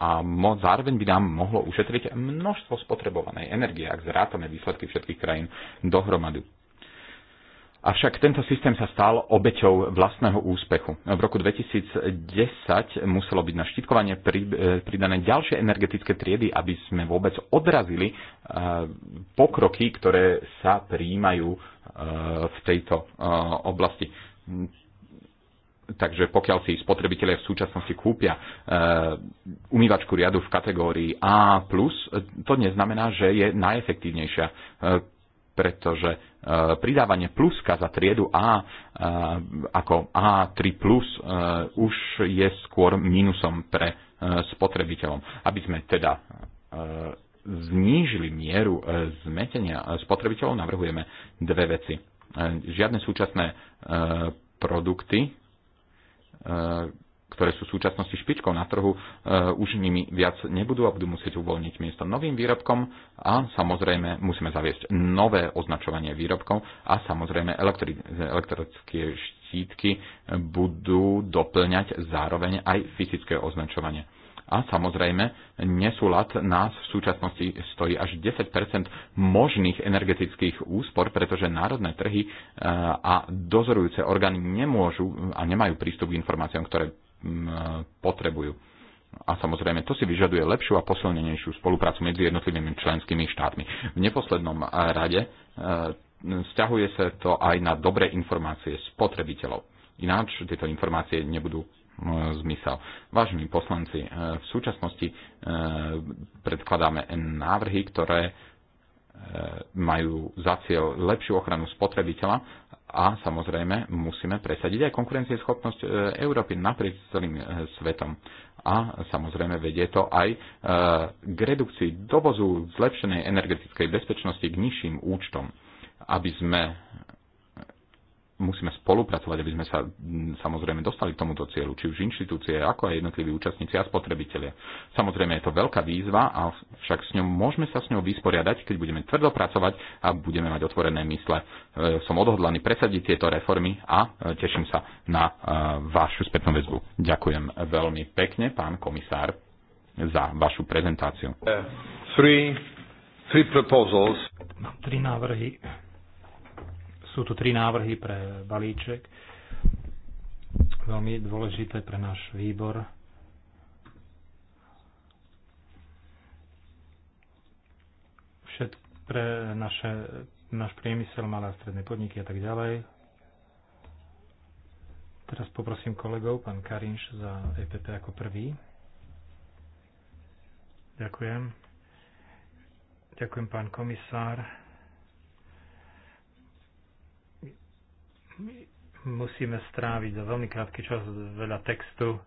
a mo, zároveň by nám mohlo ušetriť množstvo spotrebovanej energie, ak zrátame výsledky všetkých krajín dohromady. Avšak tento systém sa stal obeťou vlastného úspechu. V roku 2010 muselo byť na štítkovanie e, pridané ďalšie energetické triedy, aby sme vôbec odrazili e, pokroky, ktoré sa príjmajú e, v tejto oblasti. Takže pokiaľ si spotrebitelia v súčasnosti kúpia e, umývačku riadu v kategórii A+, eh, to neznamená, že je najefektívnejšia, e, pretože e, pridávanie pluska za triedu A e, ako A3+, e, už je skôr mínusom pre e, spotrebiteľom. Aby sme teda e, znížili mieru zmetenia spotrebiteľov, navrhujeme dve veci. Žiadne súčasné produkty E, ktoré sú v súčasnosti špičkou na trhu, e, už nimi viac nebudú a budú musieť uvoľniť miesto novým výrobkom a samozrejme musíme zaviesť nové označovanie výrobkov a samozrejme elektrické štítky budú doplňať zároveň aj fyzické označovanie. A samozrejme, nesúlad nás v súčasnosti stojí až 10 možných energetických úspor, pretože národné trhy e, a dozorujúce orgány nemôžu a nemajú prístup k informáciám, ktoré potrebujú. A samozrejme, to si vyžaduje lepšiu a posilnenejšiu spoluprácu medzi jednotlivými členskými štátmi. V neposlednom e, rade e, vzťahuje sa to aj na dobré informácie spotrebiteľov. Ináč tieto informácie nebudú E, zmysel. Vážení poslanci, e, v súčasnosti e, predkladáme návrhy, ktoré majú za cieľ lepšiu ochranu spotrebiteľa a samozrejme musíme presadiť aj konkurencieschopnosť Európy napriek celým svetom. A samozrejme vedie to aj k redukcii dovozu zlepšenej energetickej bezpečnosti k nižším účtom, aby sme musíme spolupracovať, aby sme sa samozrejme dostali k tomuto cieľu, či už inštitúcie, ako aj jednotliví účastníci a spotrebitelia. Samozrejme je to veľká výzva, a však s ňou môžeme sa s ňou vysporiadať, keď budeme tvrdo pracovať a budeme mať otvorené mysle. E, som odhodlaný presadiť tieto reformy a e, teším sa na e, vašu spätnú väzbu. Ďakujem veľmi pekne, pán komisár, za vašu prezentáciu. Uh, three, three proposals. Mám tri návrhy sú tu tri návrhy pre balíček. Veľmi dôležité pre náš výbor. Všet, pre naše, náš priemysel, malé a stredné podniky a tak ďalej. Teraz poprosím kolegov, pán Karinš za EPP ako prvý. Ďakujem. Ďakujem, pán komisár. musíme stráviť za veľmi krátky čas veľa textu,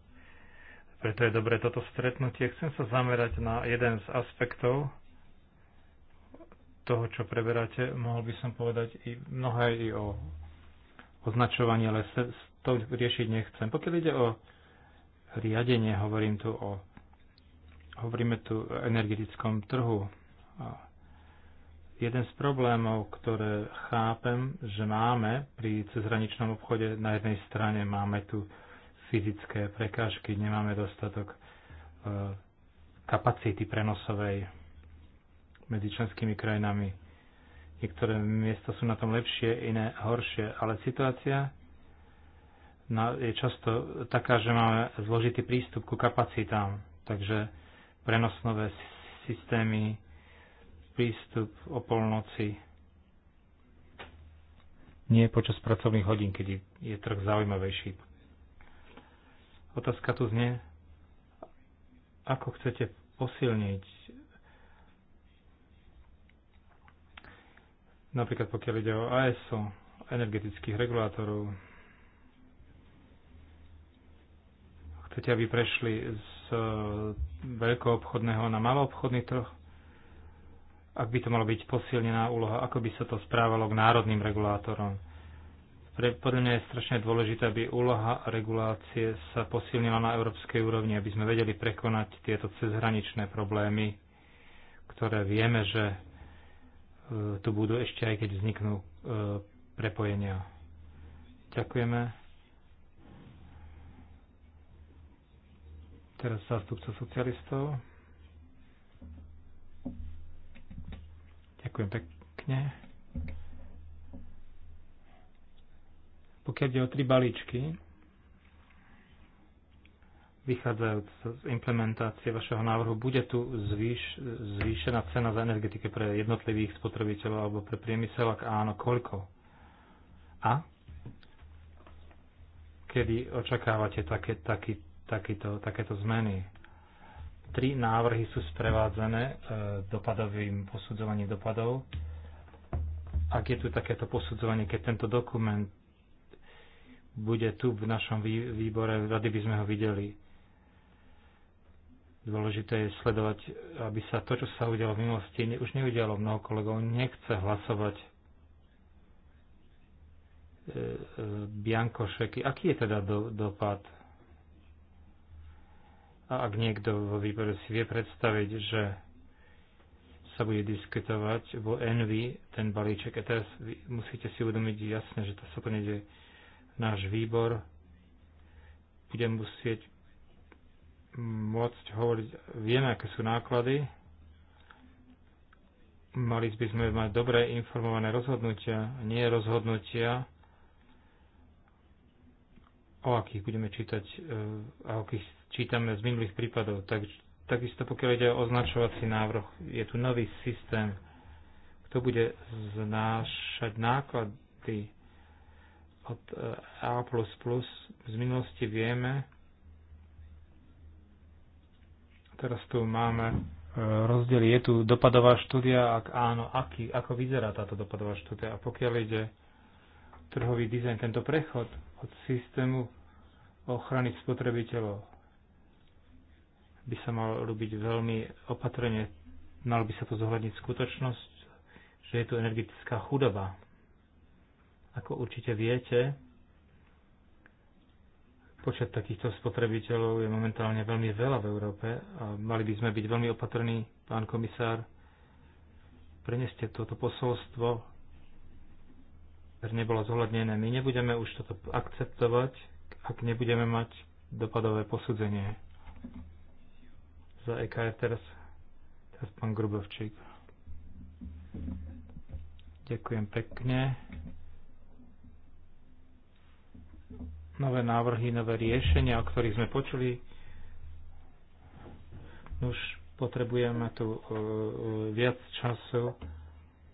preto je dobré toto stretnutie. Chcem sa zamerať na jeden z aspektov toho, čo preberáte. Mohol by som povedať i mnohé i o označovaní, ale to riešiť nechcem. Pokiaľ ide o riadenie, hovorím tu o hovoríme tu o energetickom trhu. A Jeden z problémov, ktoré chápem, že máme pri cezhraničnom obchode, na jednej strane máme tu fyzické prekážky, nemáme dostatok e, kapacity prenosovej medzi členskými krajinami. Niektoré miesta sú na tom lepšie, iné horšie, ale situácia je často taká, že máme zložitý prístup ku kapacitám, takže prenosnové systémy prístup o polnoci, nie počas pracovných hodín, keď je trh zaujímavejší. Otázka tu znie, ako chcete posilniť napríklad pokiaľ ide o ASO, energetických regulátorov. Chcete, aby prešli z e, veľkoobchodného na maloobchodný trh? ak by to malo byť posilnená úloha, ako by sa to správalo k národným regulátorom. Pre, podľa mňa je strašne dôležité, aby úloha regulácie sa posilnila na európskej úrovni, aby sme vedeli prekonať tieto cezhraničné problémy, ktoré vieme, že e, tu budú ešte aj keď vzniknú e, prepojenia. Ďakujeme. Teraz zástupca socialistov. Ďakujem pekne. Pokiaľ ide o tri balíčky, vychádzajúc z implementácie vašeho návrhu, bude tu zvýš, zvýšená cena za energetike pre jednotlivých spotrebiteľov alebo pre priemysel, ak áno, koľko? A? Kedy očakávate také, taký, takýto, takéto zmeny? Tri návrhy sú sprevádzané e, dopadovým posudzovaním dopadov. Ak je tu takéto posudzovanie, keď tento dokument bude tu v našom výbore, rady by sme ho videli. Dôležité je sledovať, aby sa to, čo sa udialo v minulosti, už neudialo. Mnoho kolegov nechce hlasovať e, e, biankošeky. Aký je teda do, dopad a ak niekto vo výbore si vie predstaviť, že sa bude diskutovať vo Envy, ten balíček ETS, musíte si uvedomiť jasne, že to sa to Náš výbor budem musieť môcť hovoriť, vieme, aké sú náklady, mali by sme mať dobre informované rozhodnutia, nie rozhodnutia, o akých budeme čítať, e, o akých čítame z minulých prípadov. Tak, takisto pokiaľ ide o označovací návrh, je tu nový systém, kto bude znášať náklady od eh, A++. Z minulosti vieme, teraz tu máme eh, rozdiel. Je tu dopadová štúdia, ak áno, aký, ako vyzerá táto dopadová štúdia. A pokiaľ ide trhový dizajn, tento prechod od systému ochrany spotrebiteľov by sa mal robiť veľmi opatrne. Mal by sa to zohľadniť skutočnosť, že je tu energetická chudoba. Ako určite viete, počet takýchto spotrebiteľov je momentálne veľmi veľa v Európe a mali by sme byť veľmi opatrní, pán komisár. Preneste toto posolstvo, ktoré nebolo zohľadnené. My nebudeme už toto akceptovať, ak nebudeme mať dopadové posudzenie za EKR teraz, teraz pán Grubovčík. Ďakujem pekne. Nové návrhy, nové riešenia, o ktorých sme počuli. Už potrebujeme tu viac času,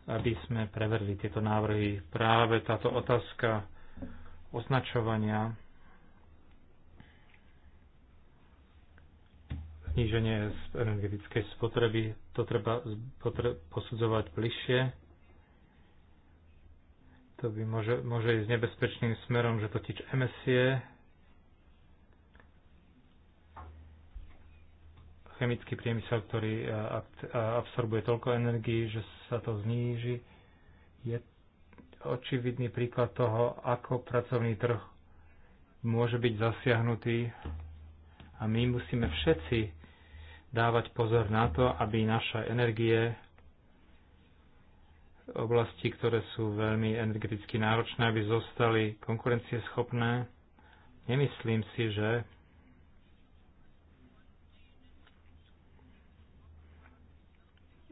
aby sme preverili tieto návrhy. Práve táto otázka označovania Zníženie energetickej spotreby, to treba posudzovať bližšie. To by môže, môže ísť nebezpečným smerom, že totiž emisie chemický priemysel, ktorý e, e, absorbuje toľko energii, že sa to zníži, je očividný príklad toho, ako pracovný trh môže byť zasiahnutý a my musíme všetci dávať pozor na to, aby naše energie oblasti, ktoré sú veľmi energeticky náročné, aby zostali konkurencieschopné. Nemyslím si, že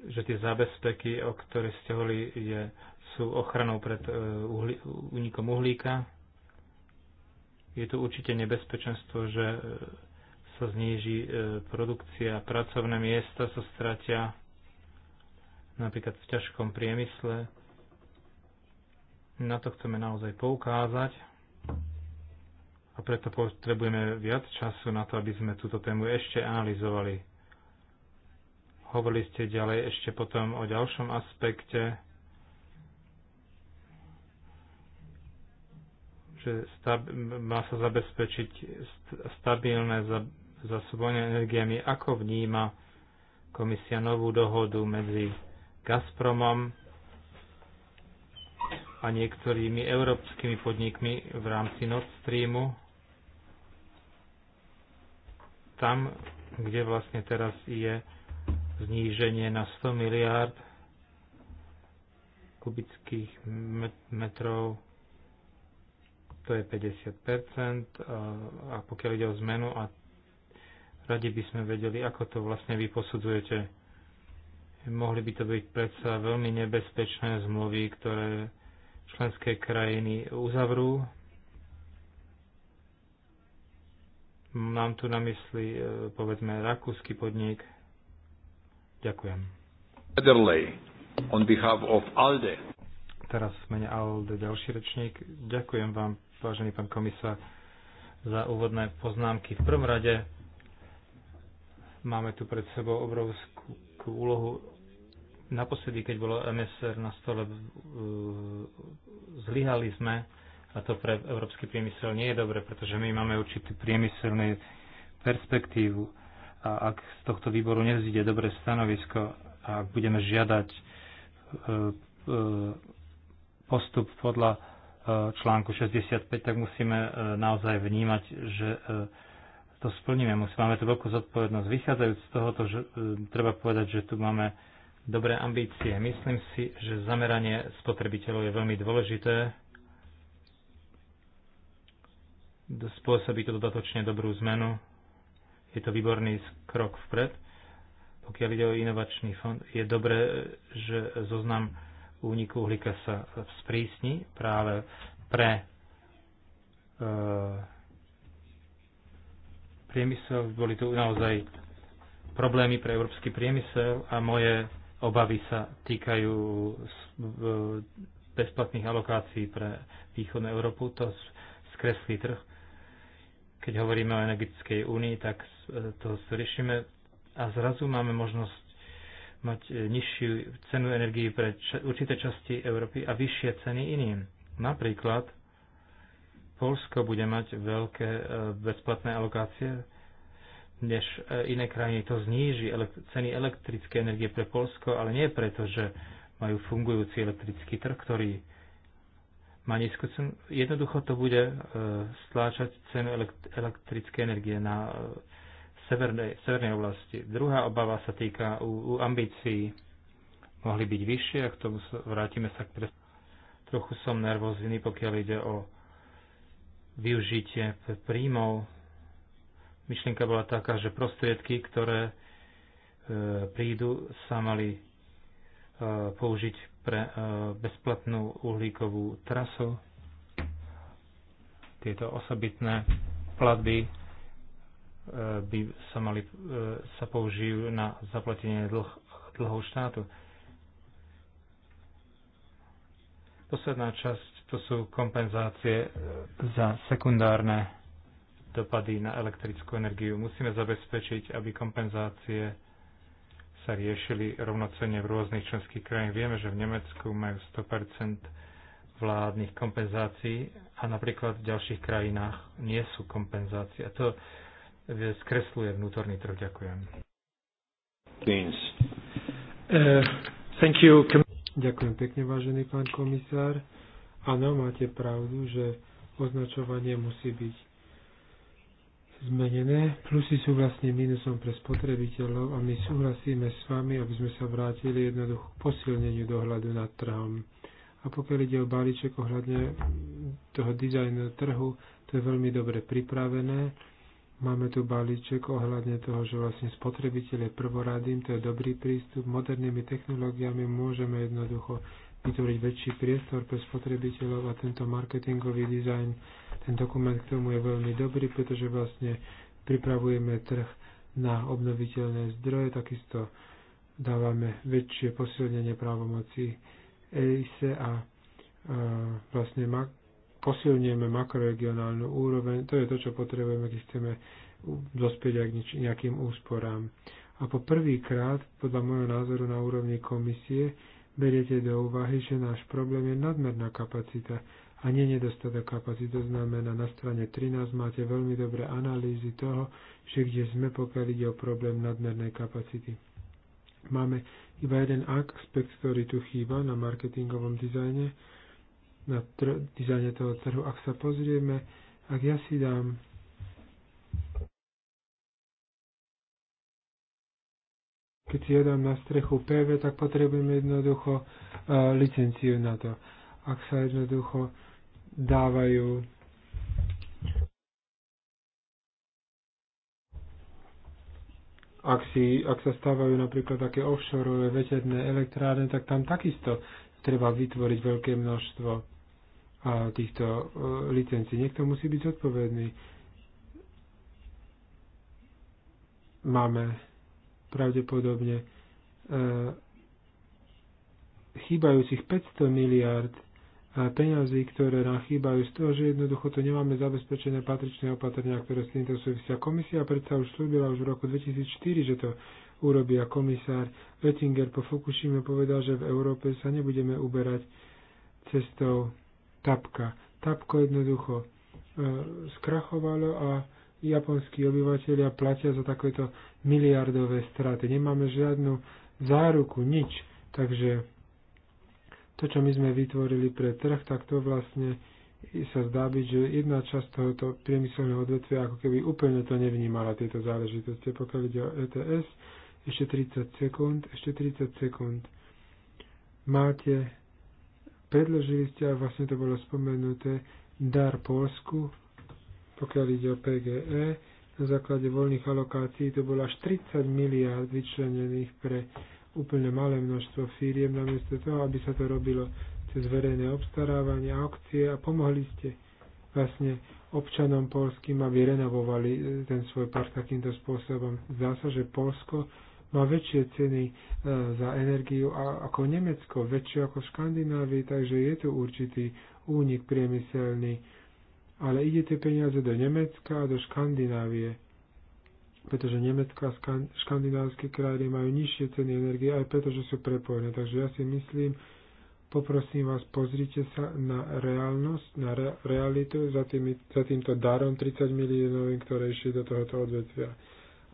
že tie zábezpeky, o ktoré ste hovorili, je, sú ochranou pred e, únikom unikom uhlíka. Je tu určite nebezpečenstvo, že e, sa zníži e, produkcia, pracovné miesta sa stratia napríklad v ťažkom priemysle. Na to chceme naozaj poukázať a preto potrebujeme viac času na to, aby sme túto tému ešte analyzovali. Hovorili ste ďalej ešte potom o ďalšom aspekte, že má sa zabezpečiť stabilné so svojimi energiami, ako vníma komisia novú dohodu medzi Gazpromom a niektorými európskymi podnikmi v rámci Nord Streamu, tam, kde vlastne teraz je zníženie na 100 miliárd kubických metrov, to je 50 a pokiaľ ide o zmenu a Radi by sme vedeli, ako to vlastne vy posudzujete. Mohli by to byť predsa veľmi nebezpečné zmluvy, ktoré členské krajiny uzavrú. Mám tu na mysli, e, povedzme, rakúsky podnik. Ďakujem. on behalf of ALDE. Teraz v mene ALDE ďalší rečník. Ďakujem vám, vážený pán komisár, za úvodné poznámky. V prvom rade Máme tu pred sebou obrovskú úlohu. Naposledy, keď bolo MSR na stole, zlyhali sme a to pre európsky priemysel nie je dobre, pretože my máme určitú priemyselnú perspektívu a ak z tohto výboru nevzíde dobré stanovisko a ak budeme žiadať e, e, postup podľa e, článku 65, tak musíme naozaj vnímať, že to splníme. Máme tu veľkú zodpovednosť. Vychádzajúc z tohoto, že, e, treba povedať, že tu máme dobré ambície. Myslím si, že zameranie spotrebiteľov je veľmi dôležité. Spôsobí to dodatočne dobrú zmenu. Je to výborný krok vpred. Pokiaľ ide o inovačný fond, je dobré, že zoznam úniku uhlíka sa sprísni práve pre e, priemysel, boli tu naozaj problémy pre európsky priemysel a moje obavy sa týkajú bezplatných alokácií pre východnú Európu. To skreslí trh. Keď hovoríme o energetickej únii, tak to riešime a zrazu máme možnosť mať e, nižšiu cenu energii pre určité časti Európy a vyššie ceny iným. Napríklad Polsko bude mať veľké e, bezplatné alokácie, než e, iné krajiny to zníži ceny elektrické energie pre Polsko, ale nie preto, že majú fungujúci elektrický trh, ktorý má nízku cenu. Jednoducho to bude e, stláčať cenu elektrické energie na severnej, severnej oblasti. Druhá obava sa týka u, u ambícií. Mohli byť vyššie, a k tomu vrátime sa k pres... Trochu som nervózny, pokiaľ ide o využitie príjmov. Myšlienka bola taká, že prostriedky, ktoré e, prídu, sa mali e, použiť pre e, bezplatnú uhlíkovú trasu. Tieto osobitné platby by sa, mali, sa použijú na zaplatenie dlh, dlhov štátu. Posledná časť to sú kompenzácie e, za sekundárne dopady na elektrickú energiu. Musíme zabezpečiť, aby kompenzácie sa riešili rovnocene v rôznych členských krajinách. Vieme, že v Nemecku majú 100% vládnych kompenzácií a napríklad v ďalších krajinách nie sú kompenzácie. A to e, skresluje vnútorný trh. Ďakujem. Uh, thank you. Ďakujem pekne, vážený pán komisár. Áno, máte pravdu, že označovanie musí byť zmenené. Plusy sú vlastne minusom pre spotrebiteľov a my súhlasíme s vami, aby sme sa vrátili jednoducho k posilneniu dohľadu nad trhom. A pokiaľ ide o balíček ohľadne toho dizajnu trhu, to je veľmi dobre pripravené. Máme tu balíček ohľadne toho, že vlastne spotrebiteľ je prvoradým, to je dobrý prístup. Modernými technológiami môžeme jednoducho vytvoriť väčší priestor pre spotrebiteľov a tento marketingový dizajn, ten dokument k tomu je veľmi dobrý, pretože vlastne pripravujeme trh na obnoviteľné zdroje, takisto dávame väčšie posilnenie právomocí EISE a vlastne posilňujeme makroregionálnu úroveň. To je to, čo potrebujeme, keď chceme dospieť aj k nejakým úsporám. A po prvýkrát, podľa môjho názoru na úrovni komisie, beriete do úvahy, že náš problém je nadmerná kapacita a nie nedostatok kapacity. To znamená, na strane 13 máte veľmi dobré analýzy toho, že kde sme, pokiaľ ide o problém nadmernej kapacity. Máme iba jeden aspekt, ktorý tu chýba na marketingovom dizajne, na tr- dizajne toho trhu. Ak sa pozrieme, ak ja si dám Keď si ja dám na strechu PV, tak potrebujem jednoducho e, licenciu na to. Ak sa jednoducho dávajú ak, si, ak sa stávajú napríklad také offshore veterné elektrárne, tak tam takisto treba vytvoriť veľké množstvo e, týchto e, licencií. Niekto musí byť zodpovedný. Máme pravdepodobne e, chýbajúcich 500 miliárd e, peňazí, ktoré nám chýbajú z toho, že jednoducho to nemáme zabezpečené patričné opatrenia, ktoré s týmto súvisia. Komisia predsa už slúbila už v roku 2004, že to urobia komisár Oettinger po Fukushime povedal, že v Európe sa nebudeme uberať cestou tapka. Tapko jednoducho e, skrachovalo a japonskí obyvateľia platia za takéto miliardové straty. Nemáme žiadnu záruku, nič. Takže to, čo my sme vytvorili pre trh, tak to vlastne sa zdá byť, že jedna časť tohoto priemyselného odvetvia ako keby úplne to nevnímala tieto záležitosti. Pokiaľ ide o ETS, ešte 30 sekúnd, ešte 30 sekúnd. Máte, predložili ste, a vlastne to bolo spomenuté, dar Polsku pokiaľ ide o PGE, na základe voľných alokácií to bolo až 30 miliárd vyčlenených pre úplne malé množstvo firiem, namiesto toho, aby sa to robilo cez verejné obstarávanie, aukcie a pomohli ste vlastne občanom polským, aby renovovali e, ten svoj park takýmto spôsobom. Zdá sa, že Polsko má väčšie ceny e, za energiu ako Nemecko, väčšie ako Škandinávii, takže je tu určitý únik priemyselný ale ide tie peniaze do Nemecka a do Škandinávie, pretože Nemecka a škandinávské krajiny majú nižšie ceny energie, aj preto, že sú prepojené. Takže ja si myslím, poprosím vás, pozrite sa na reálnosť, na re, realitu za, tými, za týmto darom 30 miliónovým, ktoré išli do tohoto odvetvia.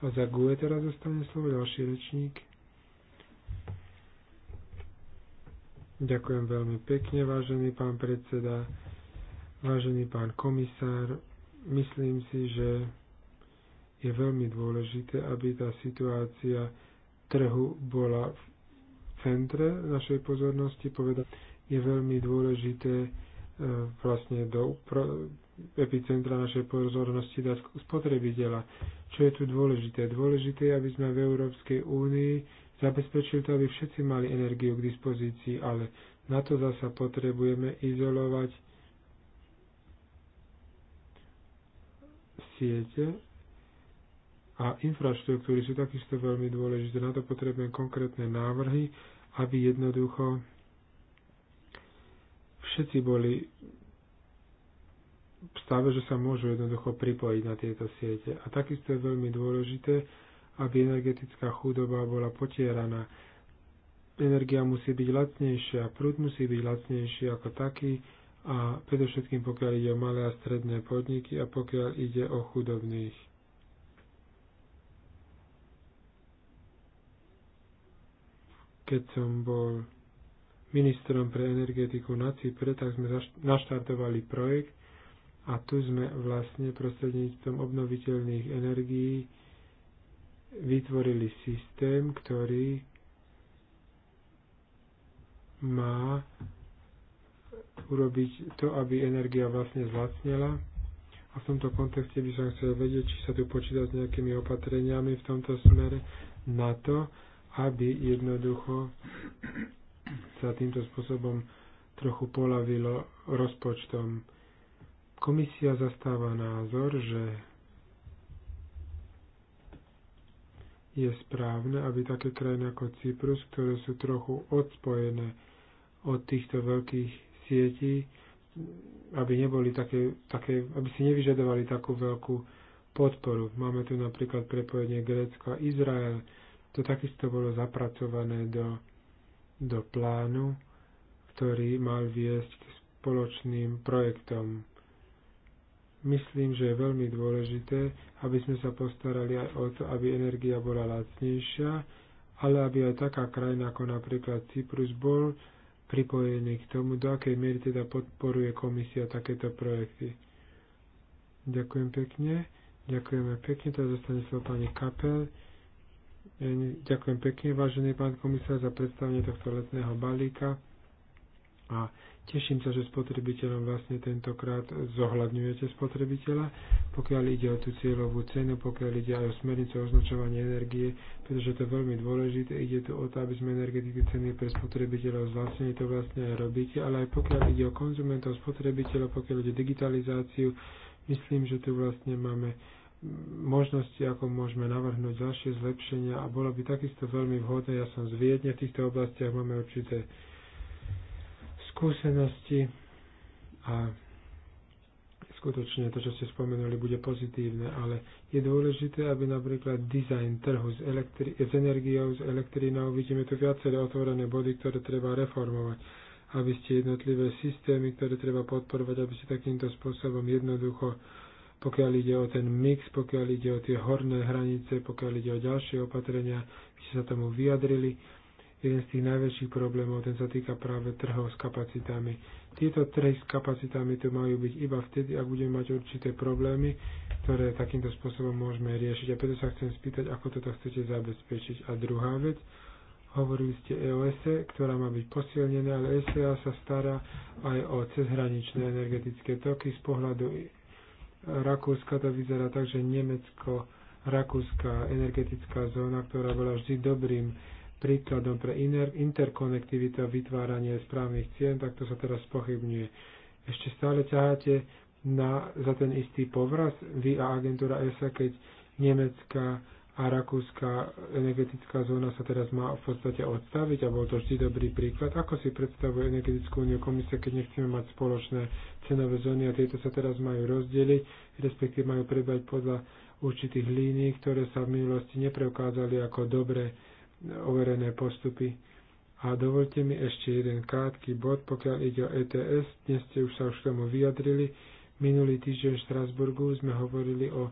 A za GUE teraz zostane slovo ďalší rečník. Ďakujem veľmi pekne, vážený pán predseda. Vážený pán komisár, myslím si, že je veľmi dôležité, aby tá situácia trhu bola v centre našej pozornosti. Povedať, je veľmi dôležité e, vlastne do epicentra našej pozornosti dať spotrebiteľa. Čo je tu dôležité? Dôležité je, aby sme v Európskej únii zabezpečili to, aby všetci mali energiu k dispozícii, ale na to zasa potrebujeme izolovať siete a infraštruktúry sú takisto veľmi dôležité. Na to potrebujem konkrétne návrhy, aby jednoducho všetci boli v stave, že sa môžu jednoducho pripojiť na tieto siete. A takisto je veľmi dôležité, aby energetická chudoba bola potieraná. Energia musí byť lacnejšia, prúd musí byť lacnejší ako taký, a predovšetkým pokiaľ ide o malé a stredné podniky a pokiaľ ide o chudobných. Keď som bol ministrom pre energetiku na Cypre, tak sme naštartovali projekt a tu sme vlastne prostredníctvom obnoviteľných energií vytvorili systém, ktorý má urobiť to, aby energia vlastne zlacnela. A v tomto kontexte by som chcel vedieť, či sa tu počíta s nejakými opatreniami v tomto smere na to, aby jednoducho sa týmto spôsobom trochu polavilo rozpočtom. Komisia zastáva názor, že je správne, aby také krajiny ako Cyprus, ktoré sú trochu odspojené od týchto veľkých sieti, aby, neboli také, také, aby si nevyžadovali takú veľkú podporu. Máme tu napríklad prepojenie Grécko a Izrael. To takisto bolo zapracované do, do plánu, ktorý mal viesť k spoločným projektom. Myslím, že je veľmi dôležité, aby sme sa postarali aj o to, aby energia bola lacnejšia, ale aby aj taká krajina ako napríklad Cyprus bol pripojený k tomu, do akej miery teda podporuje komisia takéto projekty. Ďakujem pekne. Ďakujeme pekne. Teraz zostane slovo pani Kapel. Ďakujem pekne, vážený pán komisár, za predstavenie tohto letného balíka. A teším sa, že spotrebiteľom vlastne tentokrát zohľadňujete spotrebiteľa, pokiaľ ide o tú cieľovú cenu, pokiaľ ide aj o smernicu označovania energie, pretože to je veľmi dôležité. Ide tu o to, aby sme energetické ceny pre spotrebiteľov vlastne to vlastne aj robíte, ale aj pokiaľ ide o konzumentov, spotrebiteľov, pokiaľ ide o digitalizáciu, myslím, že tu vlastne máme možnosti, ako môžeme navrhnúť ďalšie zlepšenia a bolo by takisto veľmi vhodné, ja som z Viedne, v týchto oblastiach máme určité skúsenosti a skutočne to, čo ste spomenuli, bude pozitívne, ale je dôležité, aby napríklad dizajn trhu s, elektri- s energiou, s elektrínou, vidíme tu viaceré otvorené body, ktoré treba reformovať, aby ste jednotlivé systémy, ktoré treba podporovať, aby ste takýmto spôsobom jednoducho, pokiaľ ide o ten mix, pokiaľ ide o tie horné hranice, pokiaľ ide o ďalšie opatrenia, ste sa tomu vyjadrili jeden z tých najväčších problémov, ten sa týka práve trhov s kapacitami. Tieto trhy s kapacitami tu majú byť iba vtedy, ak budeme mať určité problémy, ktoré takýmto spôsobom môžeme riešiť. A preto sa chcem spýtať, ako toto chcete zabezpečiť. A druhá vec, hovorili ste EOS, ktorá má byť posilnená, ale ESA sa stará aj o cezhraničné energetické toky. Z pohľadu Rakúska to vyzerá tak, že Nemecko, Rakúska energetická zóna, ktorá bola vždy dobrým príkladom pre interkonektivitu a vytváranie správnych cien, tak to sa teraz pochybňuje. Ešte stále ťaháte na, za ten istý povraz vy a agentúra ESA, keď nemecká a rakúska energetická zóna sa teraz má v podstate odstaviť a bol to vždy dobrý príklad. Ako si predstavuje energetickú úniu komisia, keď nechceme mať spoločné cenové zóny a tieto sa teraz majú rozdeliť, respektíve majú prebať podľa určitých línií, ktoré sa v minulosti nepreukázali ako dobre overené postupy. A dovolte mi ešte jeden krátky bod, pokiaľ ide o ETS. Dnes ste už sa už k tomu vyjadrili. Minulý týždeň v Štrasburgu sme hovorili o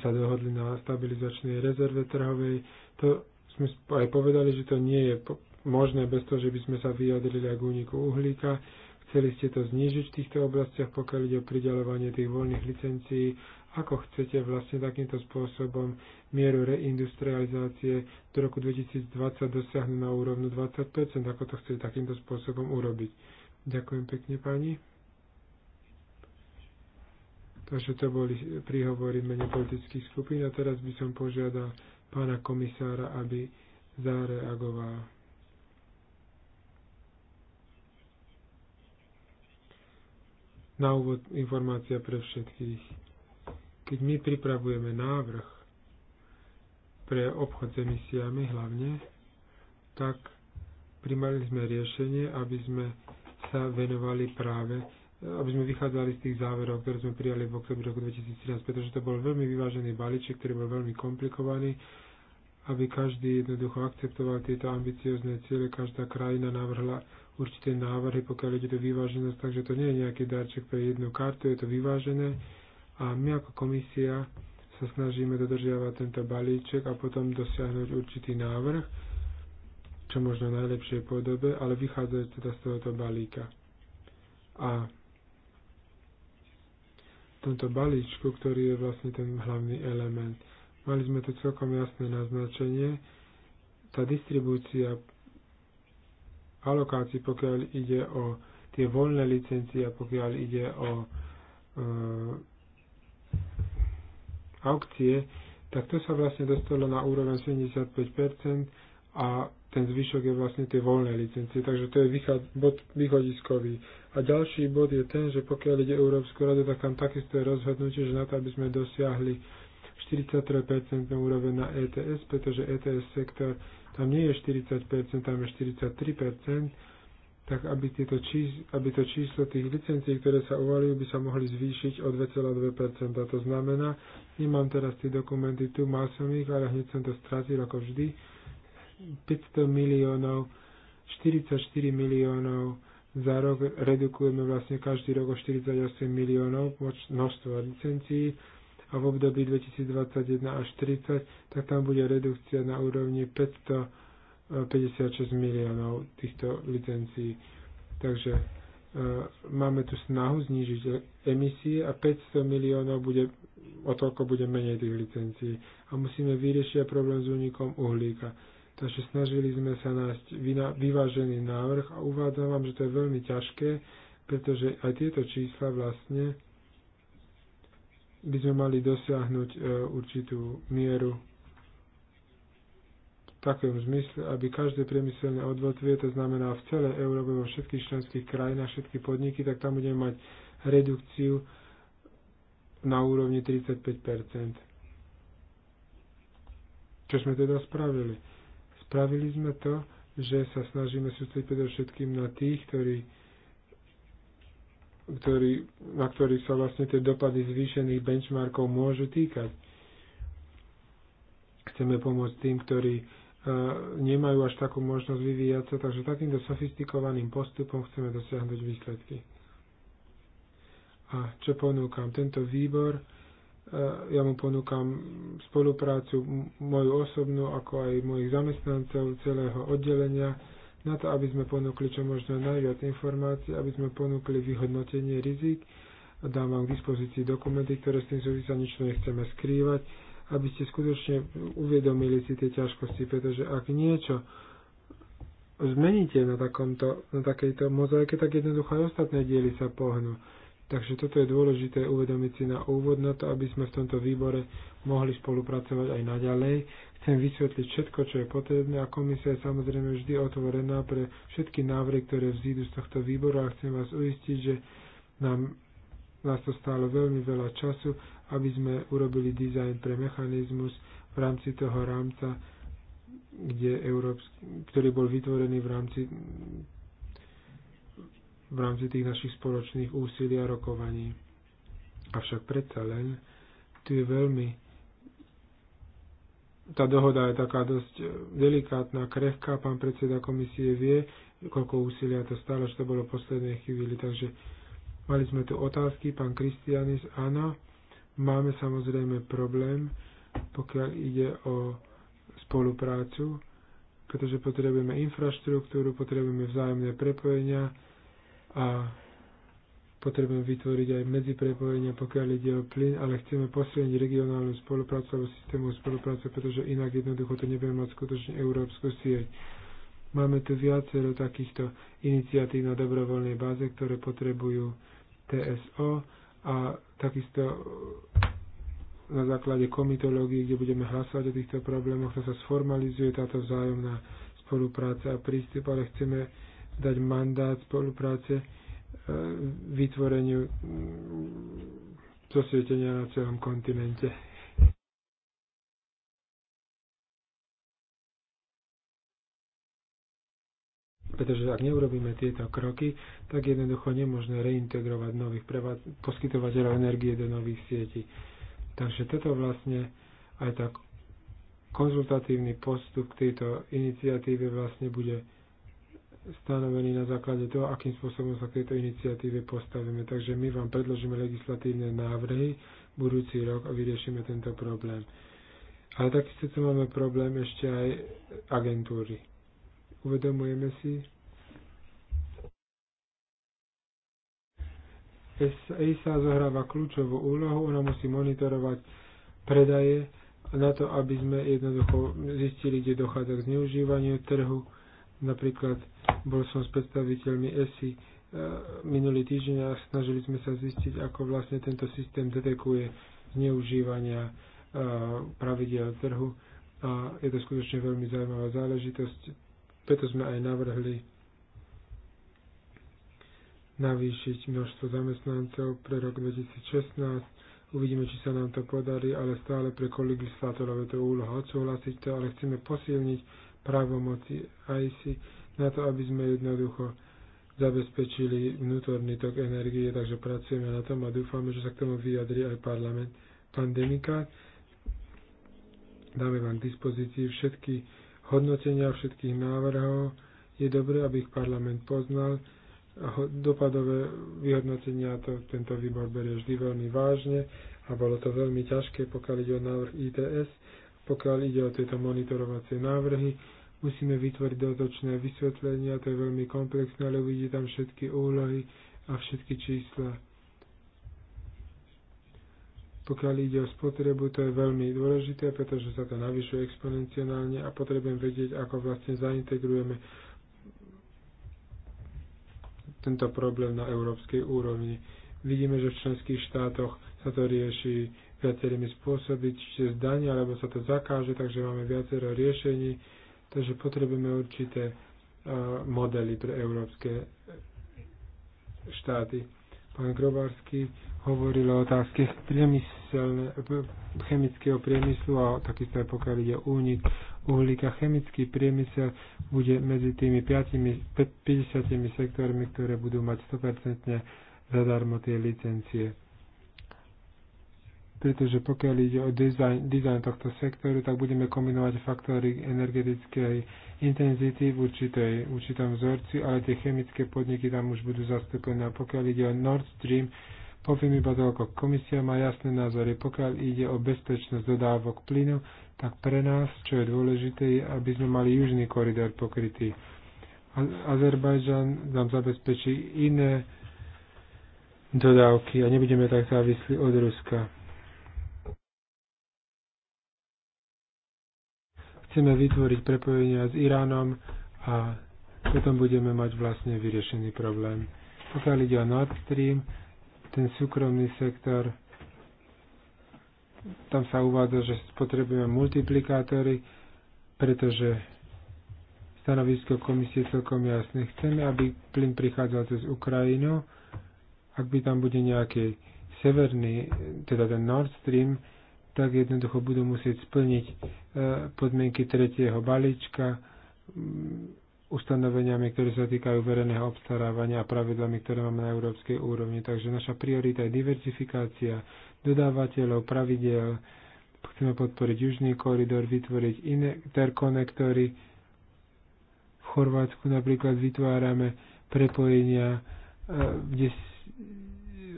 sa dohodli na stabilizačnej rezerve trhovej. To sme aj povedali, že to nie je možné bez toho, že by sme sa vyjadrili aj k úniku uhlíka. Chceli ste to znížiť v týchto oblastiach, pokiaľ ide o pridelovanie tých voľných licencií ako chcete vlastne takýmto spôsobom mieru reindustrializácie do roku 2020 dosiahnuť na úrovnu 20%? Ako to chcete takýmto spôsobom urobiť? Ďakujem pekne, pani. Takže to boli príhovory mene politických skupín a teraz by som požiadal pána komisára, aby zareagoval. Na úvod informácia pre všetkých. Keď my pripravujeme návrh pre obchod s emisiami hlavne, tak primali sme riešenie, aby sme sa venovali práve, aby sme vychádzali z tých záverov, ktoré sme prijali v oktobri roku 2013, pretože to bol veľmi vyvážený balíček, ktorý bol veľmi komplikovaný, aby každý jednoducho akceptoval tieto ambiciozne ciele, každá krajina navrhla určité návrhy, pokiaľ ide do vyváženosť, takže to nie je nejaký darček pre jednu kartu, je to vyvážené a my ako komisia sa snažíme dodržiavať tento balíček a potom dosiahnuť určitý návrh, čo možno najlepšej podobe, ale vychádzať teda z tohoto balíka. A v tomto balíčku, ktorý je vlastne ten hlavný element, mali sme tu celkom jasné naznačenie, tá distribúcia alokácií, pokiaľ ide o tie voľné licencie a pokiaľ ide o e, aukcie, tak to sa vlastne dostalo na úroveň 75% a ten zvyšok je vlastne tie voľné licencie. Takže to je východ, bod východiskový. A ďalší bod je ten, že pokiaľ ide Európsku radu, tak tam takisto je rozhodnutie, že na to, aby sme dosiahli 43% úroveň na ETS, pretože ETS sektor tam nie je 40%, tam je 43%, tak aby, tieto čís, aby to číslo tých licencií, ktoré sa uvalujú, by sa mohli zvýšiť o 2,2%. To znamená, nemám teraz tie dokumenty tu, mal som ich, ale hneď som to stratil ako vždy. 500 miliónov, 44 miliónov za rok redukujeme vlastne každý rok o 48 miliónov množstvo licencií a v období 2021 až 30, tak tam bude redukcia na úrovni 500 56 miliónov týchto licencií. Takže e, máme tu snahu znížiť emisie a 500 miliónov bude, o toľko bude menej tých licencií. A musíme vyriešiť problém s únikom uhlíka. Takže snažili sme sa nájsť vyvážený návrh a uvádzam vám, že to je veľmi ťažké, pretože aj tieto čísla vlastne by sme mali dosiahnuť e, určitú mieru takom zmysle, aby každé priemyselné odvetvie, to znamená v celej Európe, vo všetkých členských krajinách, všetky podniky, tak tam budeme mať redukciu na úrovni 35 Čo sme teda spravili? Spravili sme to, že sa snažíme sústrediť predovšetkým na tých, ktorí, ktorí, na ktorých sa vlastne tie dopady zvýšených benchmarkov môžu týkať. Chceme pomôcť tým, ktorí nemajú až takú možnosť vyvíjať sa, takže takýmto sofistikovaným postupom chceme dosiahnuť výsledky. A čo ponúkam? Tento výbor, e, ja mu ponúkam spoluprácu moju osobnú, ako aj mojich zamestnancov, celého oddelenia, na to, aby sme ponúkli čo možno najviac informácií, aby sme ponúkli vyhodnotenie rizik, dám vám k dispozícii dokumenty, ktoré s tým súvisia, nič nechceme skrývať aby ste skutočne uvedomili si tie ťažkosti, pretože ak niečo zmeníte na, takomto, na takejto mozaike, tak jednoducho aj ostatné diely sa pohnú. Takže toto je dôležité uvedomiť si na úvod na to, aby sme v tomto výbore mohli spolupracovať aj naďalej. Chcem vysvetliť všetko, čo je potrebné a komisia je samozrejme vždy otvorená pre všetky návrhy, ktoré vzídu z tohto výboru a chcem vás uistiť, že nám, nás to stálo veľmi veľa času aby sme urobili dizajn pre mechanizmus v rámci toho rámca, kde Európsky, ktorý bol vytvorený v rámci, v rámci tých našich spoločných úsilí a rokovaní. Avšak predsa len, tu je veľmi tá dohoda je taká dosť e, delikátna, krehká. Pán predseda komisie vie, koľko úsilia to stalo, že to bolo v poslednej chvíli. Takže mali sme tu otázky. Pán Kristianis, áno. Máme samozrejme problém, pokiaľ ide o spoluprácu, pretože potrebujeme infraštruktúru, potrebujeme vzájomné prepojenia a potrebujeme vytvoriť aj medziprepojenia, pokiaľ ide o plyn, ale chceme posilniť regionálnu spoluprácu alebo systému spolupráce, pretože inak jednoducho to nebudeme mať skutočne európsku sieť. Máme tu viacero takýchto iniciatív na dobrovoľnej báze, ktoré potrebujú TSO, a takisto e, na základe komitológie, kde budeme hlasovať o týchto problémoch, to sa sformalizuje táto vzájomná spolupráca a prístup, ale chceme dať mandát spolupráce e, vytvoreniu zosvietenia na celom kontinente. pretože ak neurobíme tieto kroky, tak jednoducho nemôžeme reintegrovať nových poskytovateľov energie do nových sietí. Takže toto vlastne aj tak konzultatívny postup k tejto iniciatíve vlastne bude stanovený na základe toho, akým spôsobom sa k tejto iniciatíve postavíme. Takže my vám predložíme legislatívne návrhy budúci rok a vyriešime tento problém. Ale takisto tu máme problém ešte aj agentúry. Uvedomujeme si, ESA zohráva kľúčovú úlohu, ona musí monitorovať predaje na to, aby sme jednoducho zistili, kde dochádza k zneužívaniu trhu. Napríklad bol som s predstaviteľmi ESI minulý týždeň a snažili sme sa zistiť, ako vlastne tento systém detekuje zneužívania e, pravidel trhu a je to skutočne veľmi zaujímavá záležitosť preto sme aj navrhli navýšiť množstvo zamestnancov pre rok 2016. Uvidíme, či sa nám to podarí, ale stále pre kolegislátorov je to úloha odsúhlasiť to, ale chceme posilniť právomoci IC na to, aby sme jednoducho zabezpečili vnútorný tok energie, takže pracujeme na tom a dúfame, že sa k tomu vyjadri aj parlament. Pandemika, dáme vám k dispozícii všetky hodnotenia všetkých návrhov. Je dobré, aby ich parlament poznal. Dopadové vyhodnotenia to tento výbor berie vždy veľmi vážne a bolo to veľmi ťažké, pokiaľ ide o návrh ITS, pokiaľ ide o tieto monitorovacie návrhy. Musíme vytvoriť dodatočné vysvetlenia, to je veľmi komplexné, ale uvidí tam všetky úlohy a všetky čísla pokiaľ ide o spotrebu, to je veľmi dôležité, pretože sa to navyšuje exponenciálne a potrebujem vedieť, ako vlastne zaintegrujeme tento problém na európskej úrovni. Vidíme, že v členských štátoch sa to rieši viacerými spôsoby, čiže zdanie, alebo sa to zakáže, takže máme viacero riešení, takže potrebujeme určité eh, modely pre európske štáty. Pán Grobársky hovoril o otázke chemického priemyslu a takisto aj pokiaľ ide únik uhlíka. Chemický priemysel bude medzi tými 5, 50 sektormi, ktoré budú mať 100% zadarmo tie licencie pretože pokiaľ ide o dizajn, dizajn tohto sektoru, tak budeme kombinovať faktory energetickej intenzity v určitej, určitom vzorci, ale tie chemické podniky tam už budú zastúpené. A pokiaľ ide o Nord Stream, poviem iba toľko. Komisia má jasné názory. Pokiaľ ide o bezpečnosť dodávok plynu, tak pre nás, čo je dôležité, je, aby sme mali južný koridor pokrytý. Azerbajdžan nám zabezpečí iné dodávky a nebudeme tak závislí od Ruska Chceme vytvoriť prepojenia s Iránom a potom budeme mať vlastne vyriešený problém. Pokiaľ ide o Nord Stream, ten súkromný sektor, tam sa uvádza, že potrebujeme multiplikátory, pretože stanovisko komisie celkom jasné. Chceme, aby plyn prichádzal cez Ukrajinu, ak by tam bude nejaký severný, teda ten Nord Stream, tak jednoducho budú musieť splniť e, podmienky tretieho balíčka ustanoveniami, ktoré sa týkajú verejného obstarávania a pravidlami, ktoré máme na európskej úrovni. Takže naša priorita je diverzifikácia dodávateľov, pravidel. Chceme podporiť južný koridor, vytvoriť interkonektory. V Chorvátsku napríklad vytvárame prepojenia, e, kde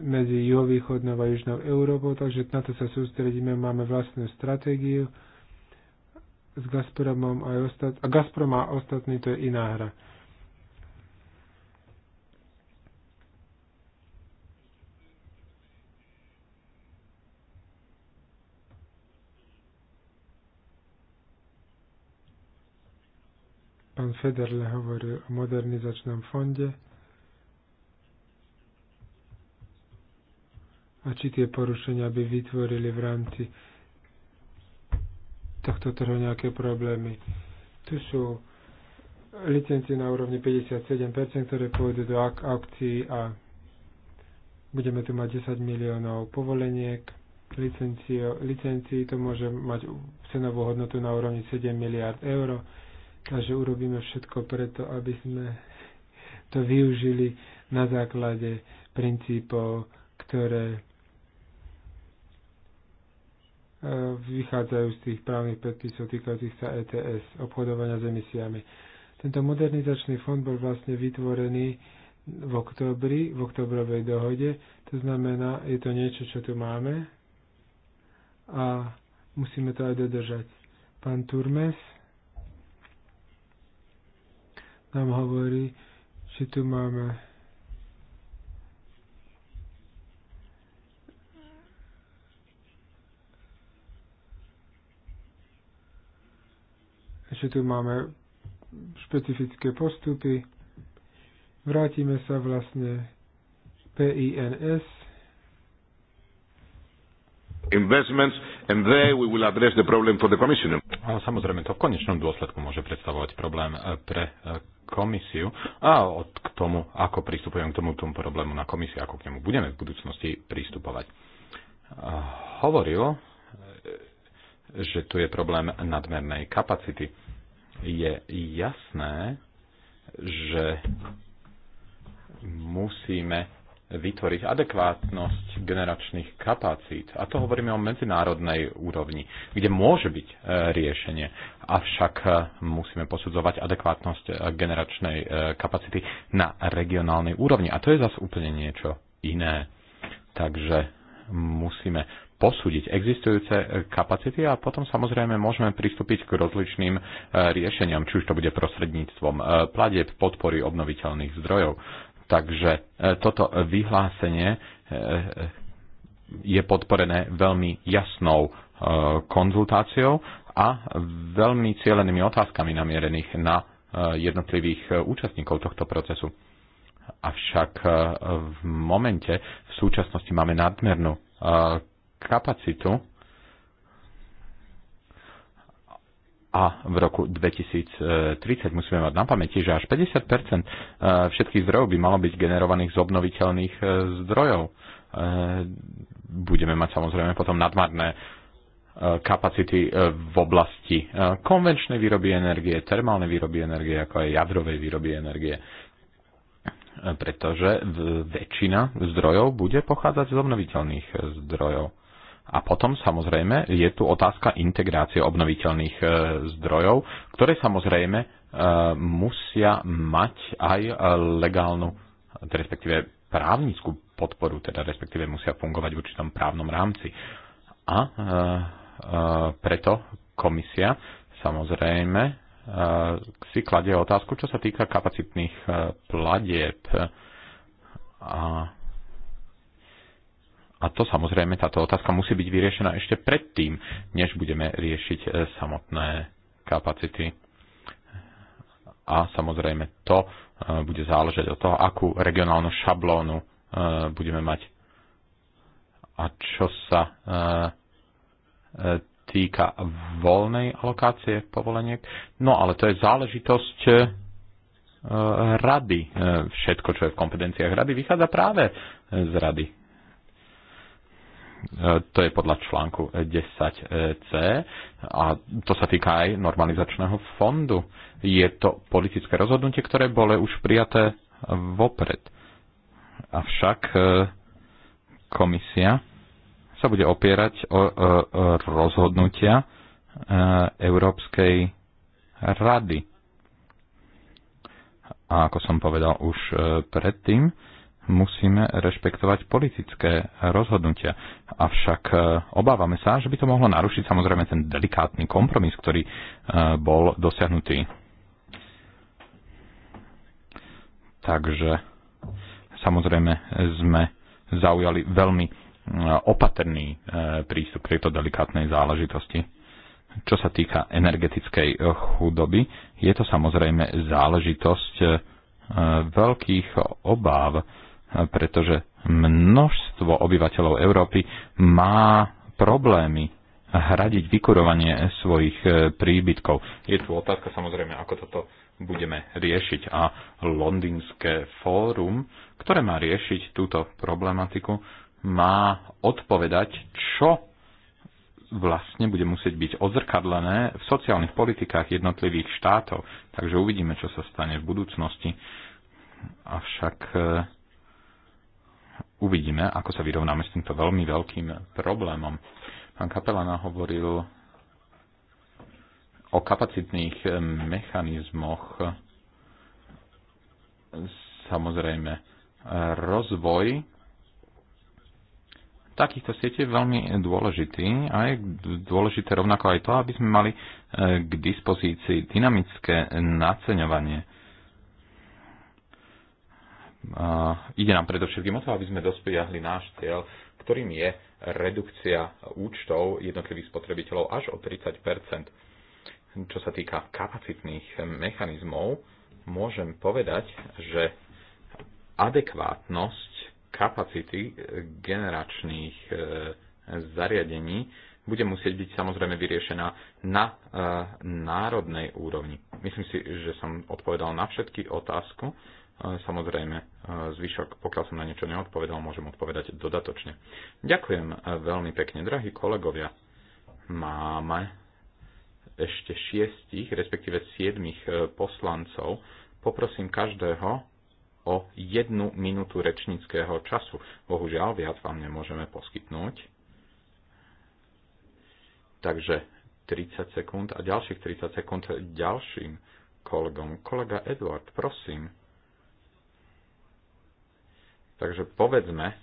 medzi juhovýchodnou a južnou Európou, takže na to sa sústredíme, máme vlastnú stratégiu s Gazpromom aj ostat- a Gazprom a ostatní to je iná hra. Pán Federle hovoril o modernizačnom fonde. a či tie porušenia by vytvorili v rámci tohto trhu nejaké problémy. Tu sú licencie na úrovni 57%, ktoré pôjdu do ak- akcií a budeme tu mať 10 miliónov povoleniek, licencio, licencií, to môže mať cenovú hodnotu na úrovni 7 miliard eur, takže urobíme všetko preto, aby sme to využili na základe princípov, ktoré vychádzajú z tých právnych predpisov týkajúcich sa ETS, obchodovania s emisiami. Tento modernizačný fond bol vlastne vytvorený v oktobri, v oktobrovej dohode. To znamená, je to niečo, čo tu máme a musíme to aj dodržať. Pán Turmes nám hovorí, že tu máme Si tu máme špecifické postupy. Vrátime sa vlastne PINS. Investments and there we will address the problem for the commission. Ale samozrejme, to v konečnom dôsledku môže predstavovať problém eh, pre eh, komisiu a od k tomu, ako pristupujem k tomu, tomu problému na komisii, ako k nemu budeme v budúcnosti pristupovať. Hovoril, eh, že tu je problém nadmernej kapacity je jasné, že musíme vytvoriť adekvátnosť generačných kapacít. A to hovoríme o medzinárodnej úrovni, kde môže byť e, riešenie. Avšak e, musíme posudzovať adekvátnosť e, generačnej kapacity na regionálnej úrovni. A to je zase úplne niečo iné. Takže musíme posúdiť existujúce e, kapacity a potom samozrejme môžeme pristúpiť k rozličným e, riešeniam, či už to bude prostredníctvom e, pladeb, podpory obnoviteľných zdrojov. Takže toto vyhlásenie je podporené veľmi jasnou konzultáciou a veľmi cielenými otázkami namierených na jednotlivých účastníkov tohto procesu. Avšak v momente v súčasnosti máme nadmernú kapacitu a v roku 2030 musíme mať na pamäti, že až 50 e, všetkých zdrojov by malo byť generovaných z obnoviteľných e, zdrojov. E, budeme mať samozrejme potom nadmarné kapacity v oblasti konvenčnej výroby energie, termálnej výroby energie, ako aj jadrovej výroby energie pretože väčšina zdrojov bude pochádzať z obnoviteľných zdrojov. A potom samozrejme je tu otázka integrácie obnoviteľných e, zdrojov, ktoré samozrejme e, musia mať aj e, legálnu, respektíve právnickú podporu, teda respektíve musia fungovať v určitom právnom rámci. A preto komisia samozrejme si kladie otázku, čo sa týka kapacitných pladieb. A a to samozrejme, táto otázka musí byť vyriešená ešte predtým, než budeme riešiť e, samotné kapacity. A samozrejme to e, bude záležať od toho, akú regionálnu šablónu e, budeme mať. A čo sa týka voľnej alokácie povoleniek. No ale to je záležitosť rady. Všetko, čo je v kompetenciách rady, vychádza práve z rady E, to je podľa článku 10c a to sa týka aj normalizačného fondu. Je to politické rozhodnutie, ktoré bolo už prijaté vopred. Avšak e, komisia sa bude opierať o e, rozhodnutia Európskej rady. A ako som povedal už predtým, musíme rešpektovať politické rozhodnutia. Avšak e, obávame sa, že by to mohlo narušiť samozrejme ten delikátny kompromis, ktorý e, bol dosiahnutý. Takže samozrejme sme zaujali veľmi e, opatrný prístup k tejto delikátnej záležitosti. Čo sa týka energetickej chudoby, je to samozrejme záležitosť veľkých obáv, pretože množstvo obyvateľov Európy má problémy hradiť vykurovanie svojich e, príbytkov. Je tu otázka samozrejme, ako toto budeme riešiť a Londýnske fórum, ktoré má riešiť túto problematiku, má odpovedať, čo vlastne bude musieť byť odzrkadlené v sociálnych politikách jednotlivých štátov. Takže uvidíme, čo sa stane v budúcnosti. Avšak e, uvidíme, ako sa vyrovnáme s týmto veľmi veľkým problémom. Pán Kapelana hovoril o kapacitných eh, mechanizmoch. Samozrejme, eh, rozvoj takýchto sietí je veľmi dôležitý a je dôležité rovnako aj to, aby sme mali eh, k dispozícii dynamické naceňovanie ide nám predovšetkým o to, aby sme dospiahli náš cieľ, ktorým je redukcia účtov jednotlivých spotrebiteľov až o 30 Čo sa týka kapacitných mechanizmov, môžem povedať, že adekvátnosť kapacity generačných e, zariadení bude musieť byť samozrejme vyriešená na e, národnej úrovni. Myslím si, že som odpovedal na všetky otázku, Samozrejme, e, zvyšok, pokiaľ som na niečo neodpovedal, môžem odpovedať dodatočne. Ďakujem e, veľmi pekne, drahí kolegovia. Máme ešte šiestich, respektíve siedmich e, poslancov. Poprosím každého o jednu minútu rečníckého času. Bohužiaľ, viac vám nemôžeme poskytnúť. Takže 30 sekúnd a ďalších 30 sekúnd ďalším kolegom. Kolega Edward, prosím. Takže povedzme,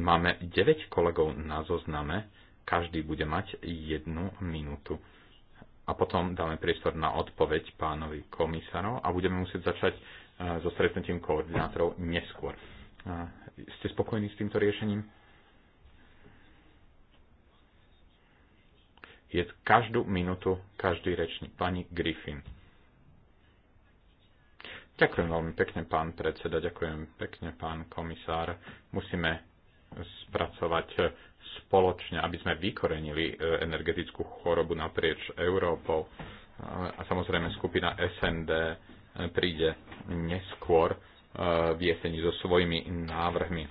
máme 9 kolegov na zozname, každý bude mať jednu minútu. A potom dáme priestor na odpoveď pánovi komisárov a budeme musieť začať e, so stretnutím koordinátorov neskôr. E, ste spokojní s týmto riešením? Je každú minútu každý rečník. Pani Griffin. Ďakujem veľmi pekne, pán predseda, ďakujem pekne, pán komisár. Musíme spracovať spoločne, aby sme vykorenili e, energetickú chorobu naprieč Európou. A samozrejme skupina SND e, príde neskôr e, v jeseni so svojimi návrhmi.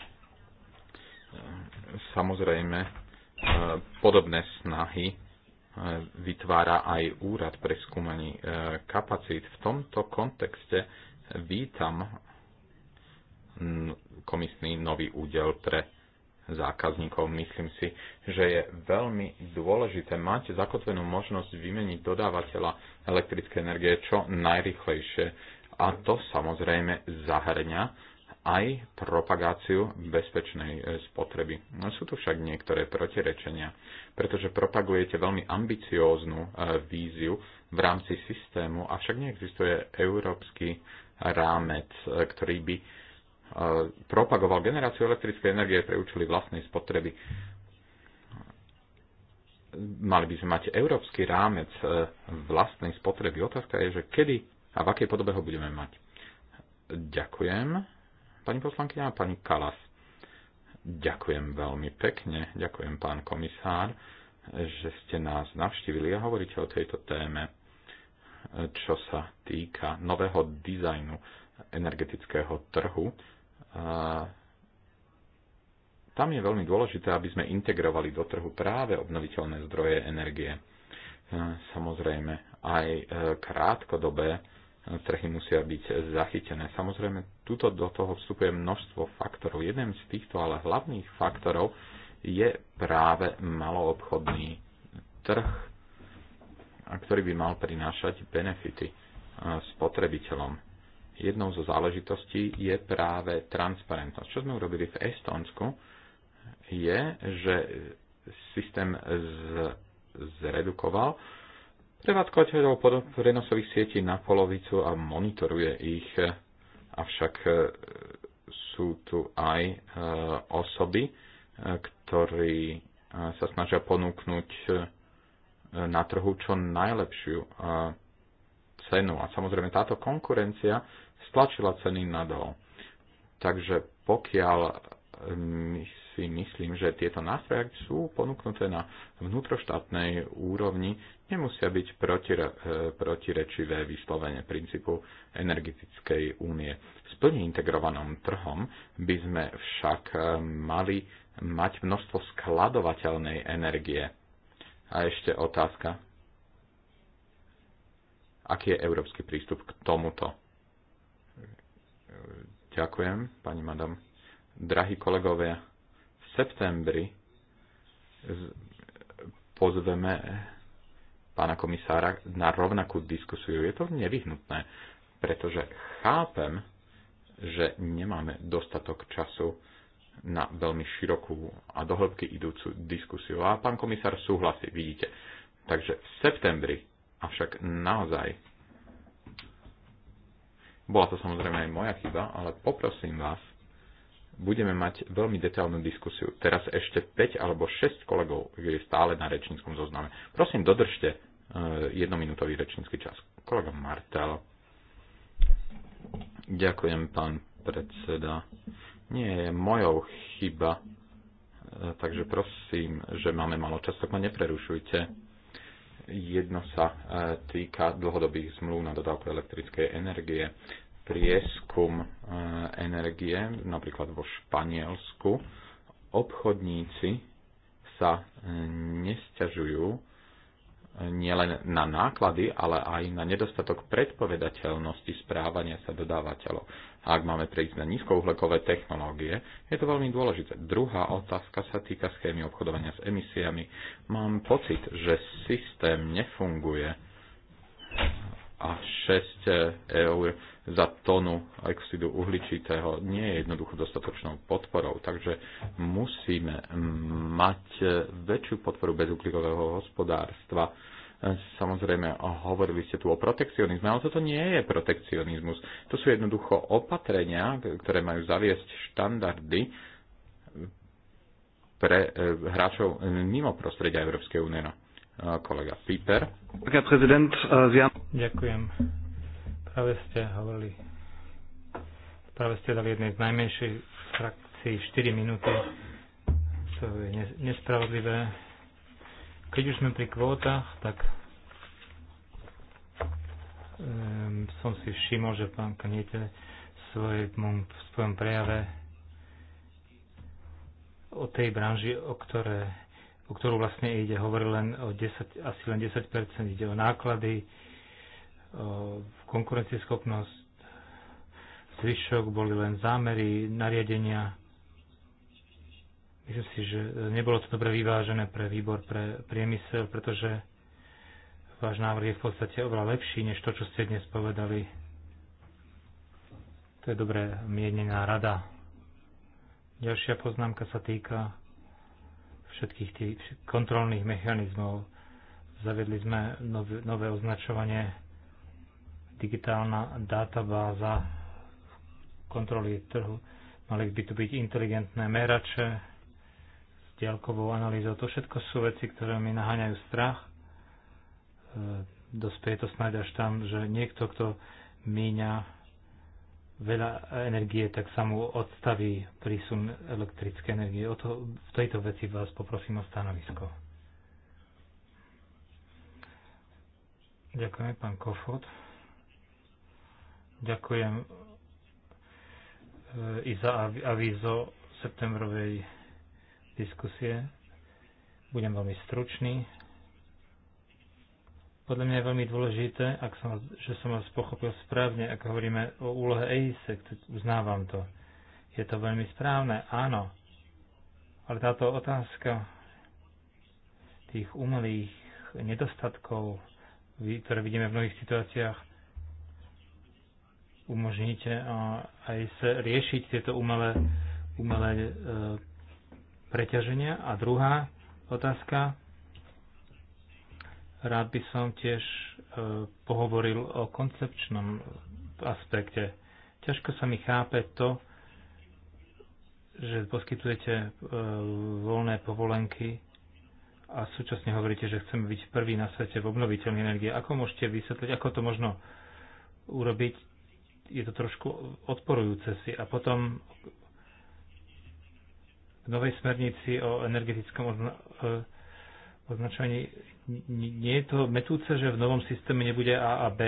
Samozrejme, podobné snahy vytvára aj úrad pre skúmanie kapacít. V tomto kontexte Vítam komisný nový údel pre zákazníkov. Myslím si, že je veľmi dôležité mať zakotvenú možnosť vymeniť dodávateľa elektrické energie čo najrychlejšie. A to samozrejme zahrňa aj propagáciu bezpečnej e, spotreby. No, sú tu však niektoré protirečenia, pretože propagujete veľmi ambicióznu e, víziu v rámci systému, avšak neexistuje európsky rámec, e, ktorý by e, propagoval generáciu elektrickej energie pre účely vlastnej spotreby. Mali by sme mať európsky rámec e, vlastnej spotreby. Otázka je, že kedy a v akej podobe ho budeme mať. Ďakujem, pani poslankyňa a pani Kalas. Ďakujem veľmi pekne, ďakujem pán komisár, že ste nás navštívili a hovoríte o tejto téme čo sa týka nového dizajnu energetického trhu, tam je veľmi dôležité, aby sme integrovali do trhu práve obnoviteľné zdroje energie. Samozrejme, aj e, krátkodobé e, trhy musia byť zachytené. Samozrejme, tuto do toho vstupuje množstvo faktorov. Jedným z týchto ale hlavných faktorov je práve maloobchodný trh a ktorý by mal prinášať benefity e, spotrebiteľom. Jednou zo záležitostí je práve transparentnosť. Čo sme urobili v Estónsku, je, že systém z, zredukoval prevádzkovateľov prenosových sietí na polovicu a monitoruje ich, e, avšak e, sú tu aj osoby, ktorí sa snažia ponúknuť E, na trhu čo najlepšiu e, cenu. A samozrejme táto konkurencia stlačila ceny nadol. Takže pokiaľ e, si myslím, že tieto nástroje, sú ponúknuté na vnútroštátnej úrovni, nemusia byť protire, protirečivé vyslovene princípu energetickej únie. S plne integrovanom trhom by sme však mali mať množstvo skladovateľnej energie. A ešte otázka. Aký je európsky prístup k tomuto? Ďakujem, pani madam. Drahí kolegovia, v septembri pozveme pána komisára na rovnakú diskusiu. Je to nevyhnutné, pretože chápem, že nemáme dostatok času na veľmi širokú a dohĺbky idúcu diskusiu. A pán komisár súhlasí, vidíte. Takže v septembri, avšak naozaj, bola to samozrejme aj moja chyba, ale poprosím vás, budeme mať veľmi detailnú diskusiu. Teraz ešte 5 alebo 6 kolegov je stále na rečníckom zozname. Prosím, dodržte e, jednominútový rečnícky čas. Kolega Martel. Ďakujem, pán predseda nie je mojou chyba, e, takže prosím, že máme malo čas, tak ma neprerušujte. Jedno sa e, týka dlhodobých zmluv na dodávku elektrickej energie. Prieskum e, energie, napríklad vo Španielsku, obchodníci sa nesťažujú nielen na náklady, ale aj na nedostatok predpovedateľnosti správania sa dodávateľov. A ak máme prejsť na nízkouhlekové technológie, je to veľmi dôležité. Druhá otázka sa týka schémy obchodovania s emisiami. Mám pocit, že systém nefunguje a 6 eh, eur za tonu oxidu uhličitého nie je jednoducho dostatočnou podporou. Takže musíme mať eh, väčšiu podporu bezuhlíkového hospodárstva. Eh, samozrejme, hovorili ste tu o protekcionizme, ale toto nie je protekcionizmus. To sú jednoducho opatrenia, ktoré majú zaviesť štandardy pre hráčov mimo prostredia Európskej únie. No, kolega Piper. Äh, Ďakujem. Práve ste hovorili, práve ste dali jednej z najmenšej frakcií 4 minúty. To je nespravodlivé. Keď už sme pri kvótach, tak um, som si všimol, že pán Kaniete v v svojom prejave o tej branži, o ktoré o ktorú vlastne ide, hovorí len o 10, asi len 10 ide o náklady, o konkurencieschopnosť, zvyšok boli len zámery, nariadenia. Myslím si, že nebolo to dobre vyvážené pre výbor, pre priemysel, pretože váš návrh je v podstate oveľa lepší, než to, čo ste dnes povedali. To je dobre mienená rada. Ďalšia poznámka sa týka všetkých tých kontrolných mechanizmov. Zavedli sme nové, nové označovanie, digitálna databáza kontroly trhu. Mali by tu byť inteligentné merače s diaľkovou analýzou. To všetko sú veci, ktoré mi naháňajú strach. E, Dospie to snáď až tam, že niekto, kto míňa veľa energie, tak sa mu odstaví prísun elektrické energie. O to, v tejto veci vás poprosím o stanovisko. Ďakujem, pán kofot. Ďakujem e, i za avízo septembrovej diskusie. Budem veľmi stručný podľa mňa je veľmi dôležité, ak som, že som vás pochopil správne, ak hovoríme o úlohe EISE, uznávam to. Je to veľmi správne, áno. Ale táto otázka tých umelých nedostatkov, ktoré vidíme v mnohých situáciách, umožníte aj sa riešiť tieto umelé, umelé e, preťaženia. A druhá otázka, Rád by som tiež e, pohovoril o koncepčnom aspekte. Ťažko sa mi chápe to, že poskytujete e, voľné povolenky a súčasne hovoríte, že chceme byť prvý na svete v obnoviteľnej energie. Ako môžete vysvetliť, ako to možno urobiť? Je to trošku odporujúce si. A potom v novej smernici o energetickom e, označovanie. Nie je to metúce, že v novom systéme nebude A a B?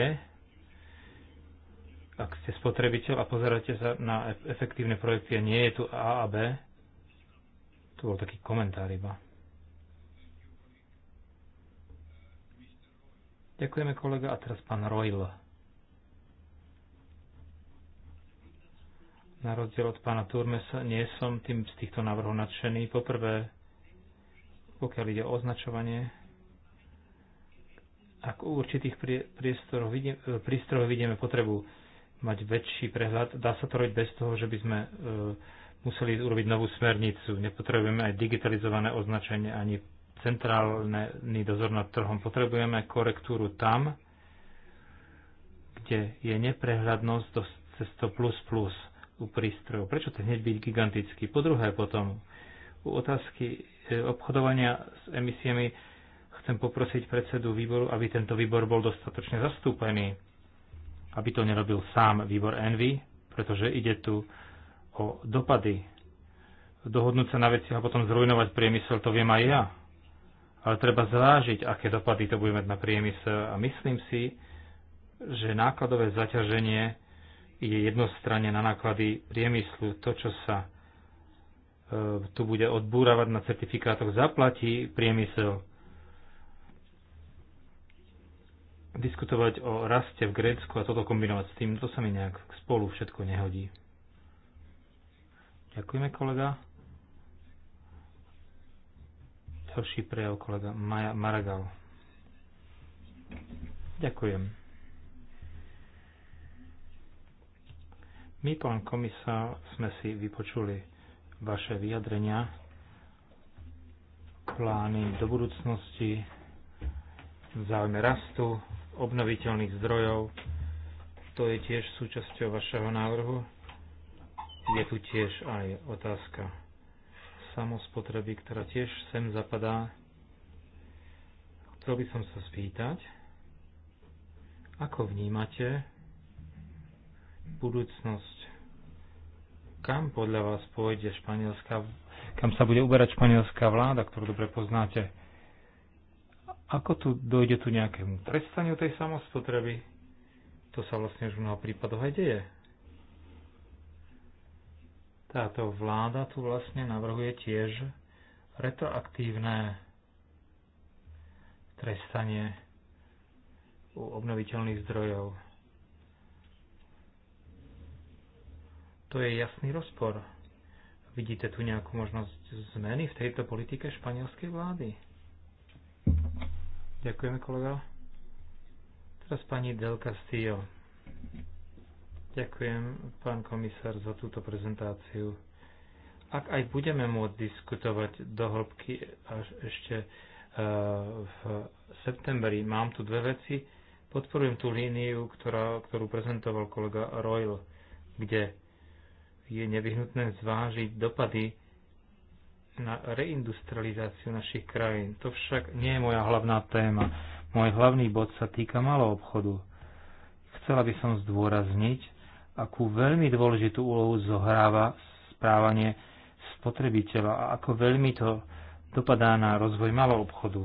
Ak ste spotrebiteľ a pozeráte sa na efektívne projekty a nie je tu A a B? To bol taký komentár iba. Ďakujeme kolega a teraz pán Royle. Na rozdiel od pána Turmesa nie som tým z týchto návrhov nadšený. Poprvé, pokiaľ ide o označovanie. Ak u určitých vidíme, e, prístrojov vidíme potrebu mať väčší prehľad, dá sa to robiť bez toho, že by sme e, museli urobiť novú smernicu. Nepotrebujeme aj digitalizované označenie, ani centrálny dozor nad trhom. Potrebujeme korektúru tam, kde je neprehľadnosť do to plus plus u prístrojov. Prečo to hneď byť gigantický? Po druhé potom, u otázky E, obchodovania s emisiami chcem poprosiť predsedu výboru, aby tento výbor bol dostatočne zastúpený, aby to nerobil sám výbor Envy, pretože ide tu o dopady. Dohodnúť sa na veci a potom zrujnovať priemysel, to viem aj ja. Ale treba zvážiť, aké dopady to bude mať na priemysel a myslím si, že nákladové zaťaženie ide jednostranne na náklady priemyslu. To, čo sa E, tu bude odbúravať na certifikátoch, zaplatí priemysel. Diskutovať o raste v Grécku a toto kombinovať s tým, to sa mi nejak spolu všetko nehodí. Ďakujeme, kolega. Ďalší prejav kolega Maja Maragal. Ďakujem. My, pán komisár, sme si vypočuli vaše vyjadrenia, plány do budúcnosti, záujme rastu, obnoviteľných zdrojov. To je tiež súčasťou vašeho návrhu. Je tu tiež aj otázka samospotreby, ktorá tiež sem zapadá. Chcel by som sa spýtať, ako vnímate budúcnosť kam podľa vás pôjde španielská, kam sa bude uberať španielská vláda, ktorú dobre poznáte? Ako tu dojde tu nejakému trestaniu tej samospotreby? To sa vlastne už v mnoho prípadoch aj deje. Táto vláda tu vlastne navrhuje tiež retroaktívne trestanie u obnoviteľných zdrojov. To je jasný rozpor. Vidíte tu nejakú možnosť zmeny v tejto politike španielskej vlády? Ďakujeme, kolega. Teraz pani Del Castillo. Ďakujem, pán komisár, za túto prezentáciu. Ak aj budeme môcť diskutovať do hĺbky až ešte e, v septembri, mám tu dve veci. Podporujem tú líniu, ktorá, ktorú prezentoval kolega Royal, kde je nevyhnutné zvážiť dopady na reindustrializáciu našich krajín. To však nie je moja hlavná téma. Môj hlavný bod sa týka malého obchodu. Chcela by som zdôrazniť, akú veľmi dôležitú úlohu zohráva správanie spotrebiteľa a ako veľmi to dopadá na rozvoj malého obchodu.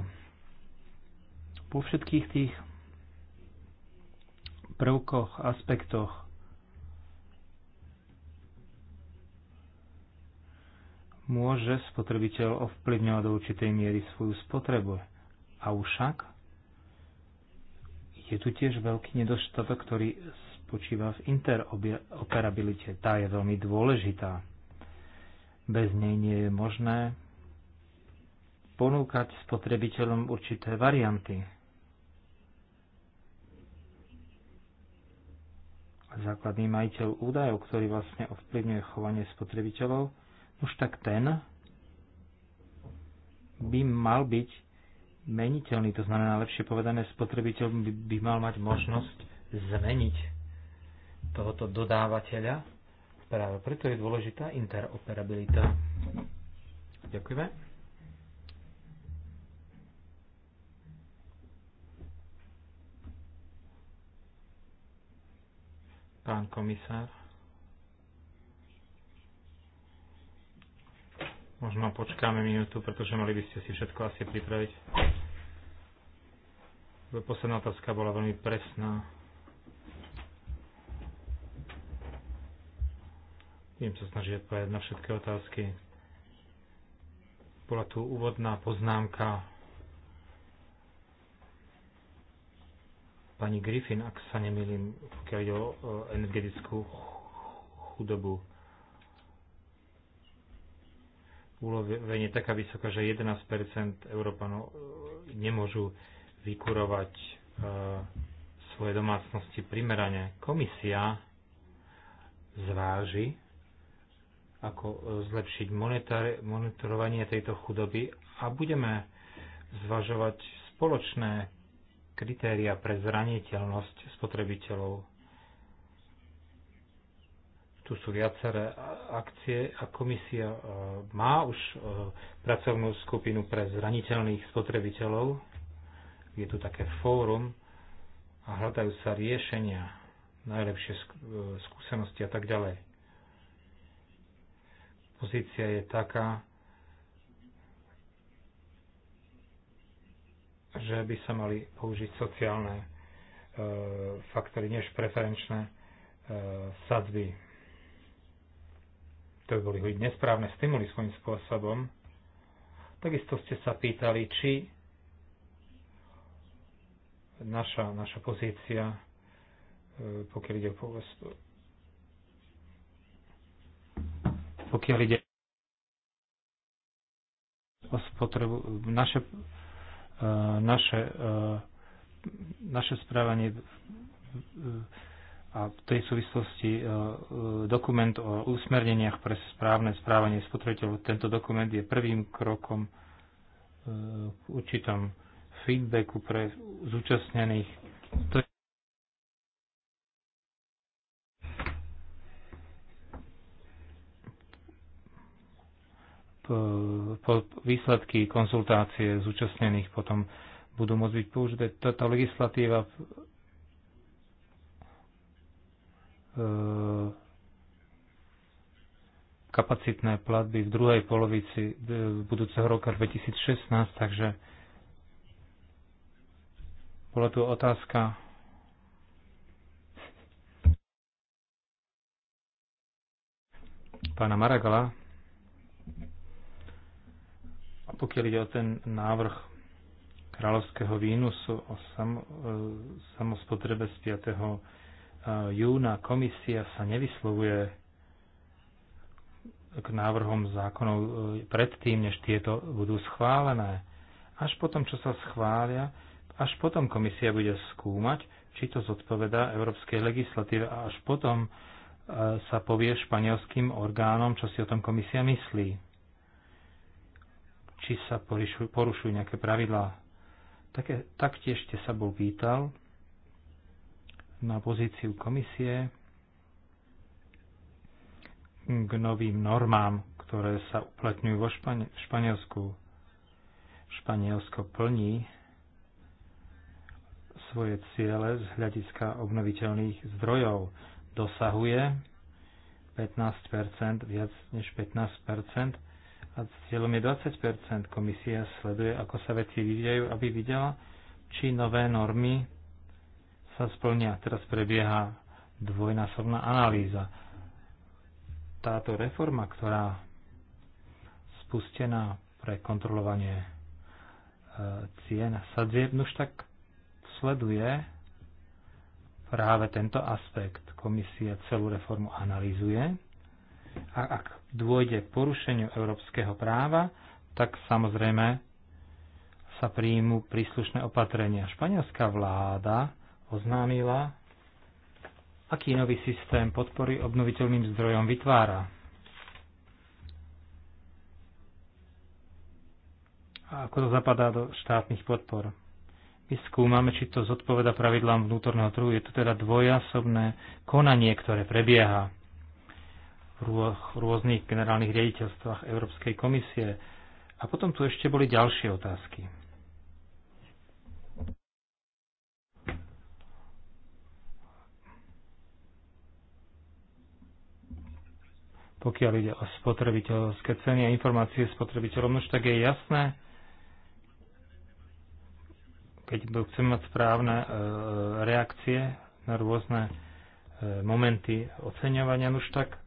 Po všetkých tých prvkoch, aspektoch môže spotrebiteľ ovplyvňovať do určitej miery svoju spotrebu. A však je tu tiež veľký nedostatok, ktorý spočíva v interoperabilite. Tá je veľmi dôležitá. Bez nej nie je možné ponúkať spotrebiteľom určité varianty. Základný majiteľ údajov, ktorý vlastne ovplyvňuje chovanie spotrebiteľov, už tak ten by mal byť meniteľný, to znamená lepšie povedané, spotrebiteľ by, by mal mať možnosť zmeniť tohoto dodávateľa. Práve preto je dôležitá interoperabilita. Ďakujeme. Pán komisár. Možno počkáme minútu, pretože mali by ste si všetko asi pripraviť. Posledná otázka bola veľmi presná. Viem sa snažiť odpovedať na všetky otázky. Bola tu úvodná poznámka pani Griffin, ak sa nemýlim, pokiaľ ide o energetickú chudobu úloveň je taká vysoká, že 11 Európanov e, nemôžu vykurovať e, svoje domácnosti primerane. Komisia zváži, ako e, zlepšiť monitorovanie tejto chudoby a budeme zvažovať spoločné kritéria pre zraniteľnosť spotrebiteľov tu sú viaceré akcie a komisia e, má už e, pracovnú skupinu pre zraniteľných spotrebiteľov. Je tu také fórum a hľadajú sa riešenia, najlepšie e, skúsenosti a tak ďalej. Pozícia je taká, že by sa mali použiť sociálne e, faktory, než preferenčné e, sadzby to by boli nesprávne stimuly svojím spôsobom. Takisto ste sa pýtali, či naša, naša pozícia, e, pokiaľ ide o pokiaľ ide o spotrebu, naše, e, naše, e, naše správanie a v tej súvislosti e, e, dokument o usmerneniach pre správne správanie spotrebiteľov. Tento dokument je prvým krokom e, k určitom feedbacku pre zúčastnených. po výsledky konzultácie zúčastnených potom budú môcť byť použité. Táto legislatíva E, kapacitné platby v druhej polovici e, budúceho roka 2016, takže bola tu otázka pána Maragala. A pokiaľ ide o ten návrh kráľovského výnosu o sam, e, samospotrebe z 5 júna komisia sa nevyslovuje k návrhom zákonov e, predtým, než tieto budú schválené. Až potom, čo sa schvália, až potom komisia bude skúmať, či to zodpovedá európskej legislatíve a až potom e, sa povie španielským orgánom, čo si o tom komisia myslí. Či sa porušujú, porušujú nejaké pravidlá. Také, taktiež ste sa bol pýtal, na pozíciu komisie k novým normám, ktoré sa uplatňujú vo Špani- Španielsku. Španielsko plní svoje ciele z hľadiska obnoviteľných zdrojov. Dosahuje 15 viac než 15 a cieľom je 20 Komisia sleduje, ako sa veci vyvíjajú, aby videla, či nové normy sa splnia. Teraz prebieha dvojnásobná analýza. Táto reforma, ktorá spustená pre kontrolovanie e, cien sadzieb, už tak sleduje práve tento aspekt. Komisia celú reformu analýzuje a ak dôjde k porušeniu európskeho práva, tak samozrejme sa príjmu príslušné opatrenia. Španielská vláda oznámila, aký nový systém podpory obnoviteľným zdrojom vytvára. A ako to zapadá do štátnych podpor. My skúmame, či to zodpoveda pravidlám vnútorného trhu. Je to teda dvojasobné konanie, ktoré prebieha v rôznych generálnych riaditeľstvách Európskej komisie. A potom tu ešte boli ďalšie otázky. pokiaľ ide o spotrebiteľské ceny a informácie spotrebiteľom, no už tak je jasné, keď chceme mať správne e, reakcie na rôzne e, momenty oceňovania, no už tak,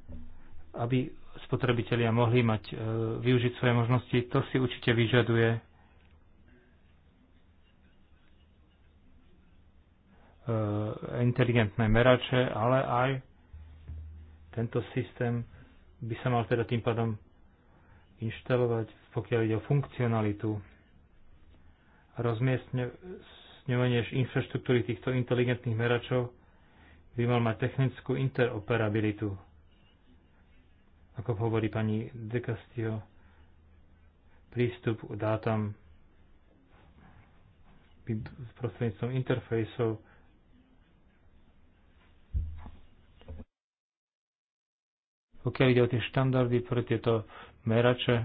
aby spotrebitelia mohli mať, e, využiť svoje možnosti, to si určite vyžaduje inteligentné merače, ale aj tento systém by sa mal teda tým pádom inštalovať, pokiaľ ide o funkcionalitu a rozmiestňovanie infraštruktúry týchto inteligentných meračov by mal mať technickú interoperabilitu. Ako hovorí pani De Castillo, prístup k dátam by prostredníctvom interfejsov Pokiaľ ide o tie štandardy pre tieto merače,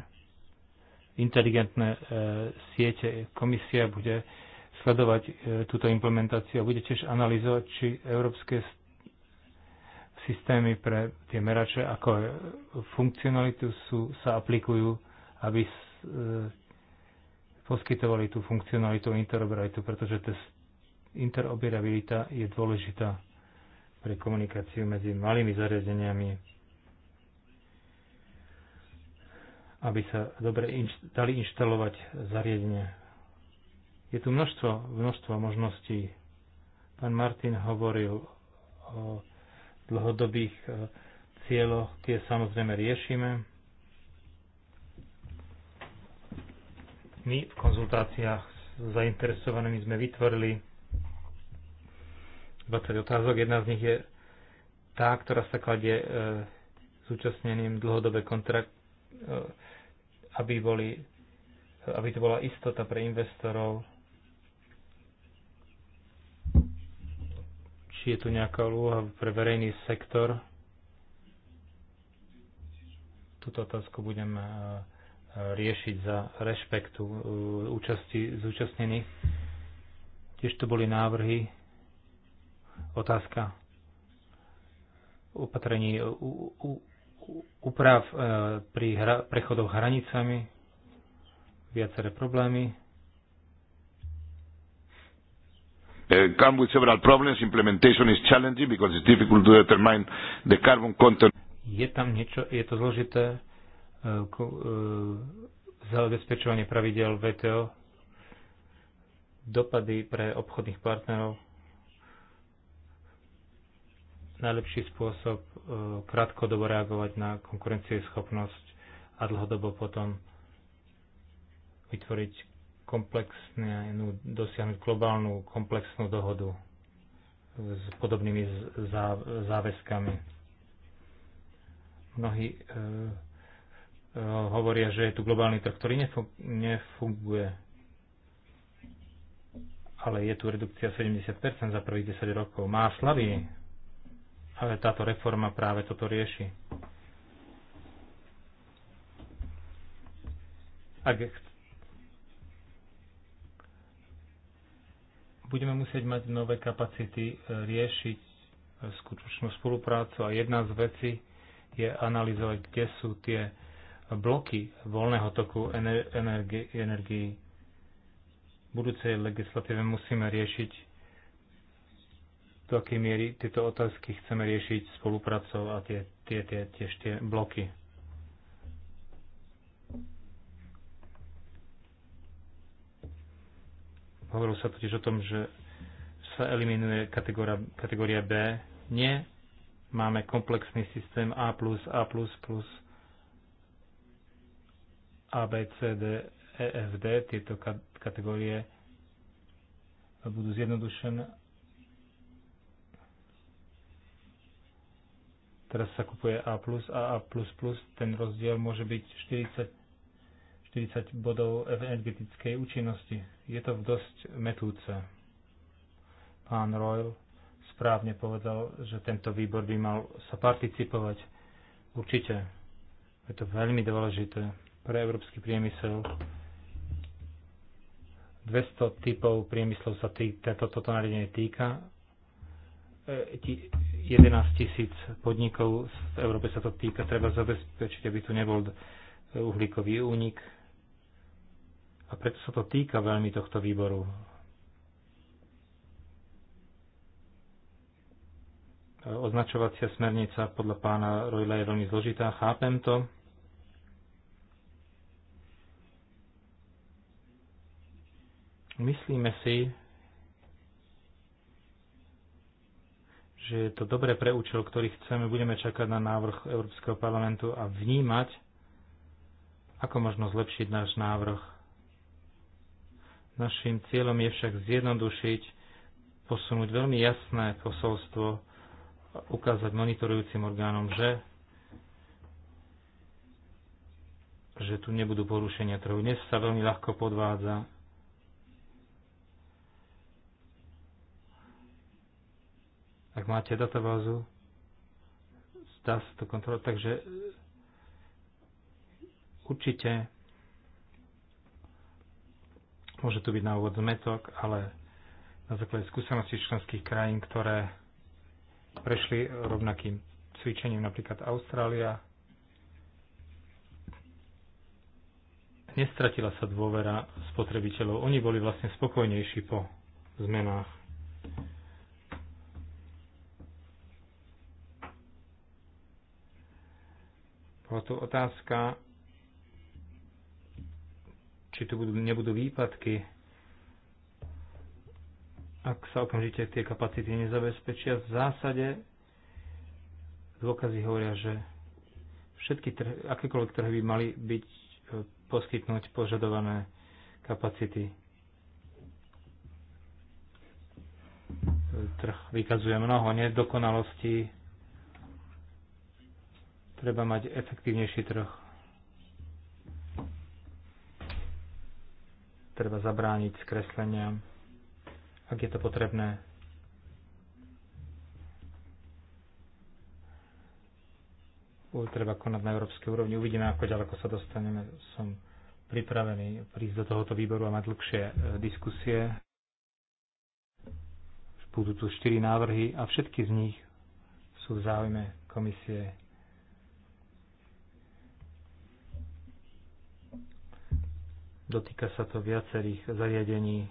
inteligentné e, siete, komisia bude sledovať e, túto implementáciu a bude tiež analyzovať, či európske systémy pre tie merače ako e, funkcionalitu sú, sa aplikujú, aby s, e, poskytovali tú funkcionalitu interoperabilitu, pretože tá interoperabilita je dôležitá pre komunikáciu medzi malými zariadeniami aby sa dobre inš- dali inštalovať zariadenie. Je tu množstvo, množstvo možností. Pán Martin hovoril o dlhodobých e, cieľoch, tie samozrejme riešime. My v konzultáciách s zainteresovanými sme vytvorili 20 otázok. Jedna z nich je tá, ktorá sa kladie e, súčasneným dlhodobé kontrakt, e, aby, boli, aby to bola istota pre investorov, či je tu nejaká úloha pre verejný sektor. Túto otázku budem e, riešiť za rešpektu e, účasti zúčastnených. Tiež tu boli návrhy. Otázka opatrení u, u, úprav e, pri hra, prechodoch hranicami, viaceré problémy. Uh, come with several problems. Implementation is challenging because it's difficult to determine the carbon content. Je tam niečo, je to zložité e, e, zabezpečovanie pravidel VTO, dopady pre obchodných partnerov najlepší spôsob e, krátkodobo reagovať na konkurencieschopnosť a dlhodobo potom vytvoriť komplexnú, dosiahnuť globálnu komplexnú dohodu s podobnými záväzkami. Mnohí e, e, hovoria, že je tu globálny trh, ktorý nefunguje, ale je tu redukcia 70% za prvých 10 rokov. Má slavy ale táto reforma práve toto rieši. Ak budeme musieť mať nové kapacity e, riešiť e, skutočnú spoluprácu a jedna z vecí je analyzovať, kde sú tie bloky voľného toku energii. Budúcej legislatíve musíme riešiť do akej miery tieto otázky chceme riešiť spolupracou a tie, tie, tie, tiež tie bloky. Hovorilo sa totiž o tom, že sa eliminuje kategória, kategória B. Nie, máme komplexný systém A+, A++, A, B, C, D, E, F, D. Tieto kategórie budú zjednodušené Teraz sa kupuje A+, a A++, ten rozdiel môže byť 40, 40 bodov v energetickej účinnosti. Je to dosť metúce. Pán Royal správne povedal, že tento výbor by mal sa participovať. Určite. Je to veľmi dôležité pre európsky priemysel. 200 typov priemyslov sa tý, tento, toto nariadenie týka. E, tí, 11 tisíc podnikov v Európe sa to týka. Treba zabezpečiť, aby tu nebol uhlíkový únik. A preto sa to týka veľmi tohto výboru. Označovacia smernica podľa pána Rojla je veľmi zložitá, chápem to. Myslíme si, že je to dobré pre účel, ktorý chceme, budeme čakať na návrh Európskeho parlamentu a vnímať, ako možno zlepšiť náš návrh. Našim cieľom je však zjednodušiť, posunúť veľmi jasné posolstvo, ukázať monitorujúcim orgánom, že že tu nebudú porušenia trhu. Dnes sa veľmi ľahko podvádza. Ak máte databázu, dá sa to kontrolovať. Takže e, určite môže tu byť na úvod zmetok, ale na základe skúseností členských krajín, ktoré prešli rovnakým cvičením, napríklad Austrália, nestratila sa dôvera spotrebiteľov. Oni boli vlastne spokojnejší po zmenách Bola tu otázka, či tu budú, nebudú výpadky, ak sa okamžite tie kapacity nezabezpečia. V zásade dôkazy hovoria, že všetky trhy, akékoľvek trhy by mali byť e, poskytnúť požadované kapacity. Trh vykazuje mnoho nedokonalostí, Treba mať efektívnejší trh. Treba zabrániť skresleniam, ak je to potrebné. Treba konať na európskej úrovni. Uvidíme, ako ďaleko sa dostaneme. Som pripravený prísť do tohoto výboru a mať dlhšie e, diskusie. Budú tu štyri návrhy a všetky z nich sú v záujme komisie Dotýka sa to viacerých zariadení.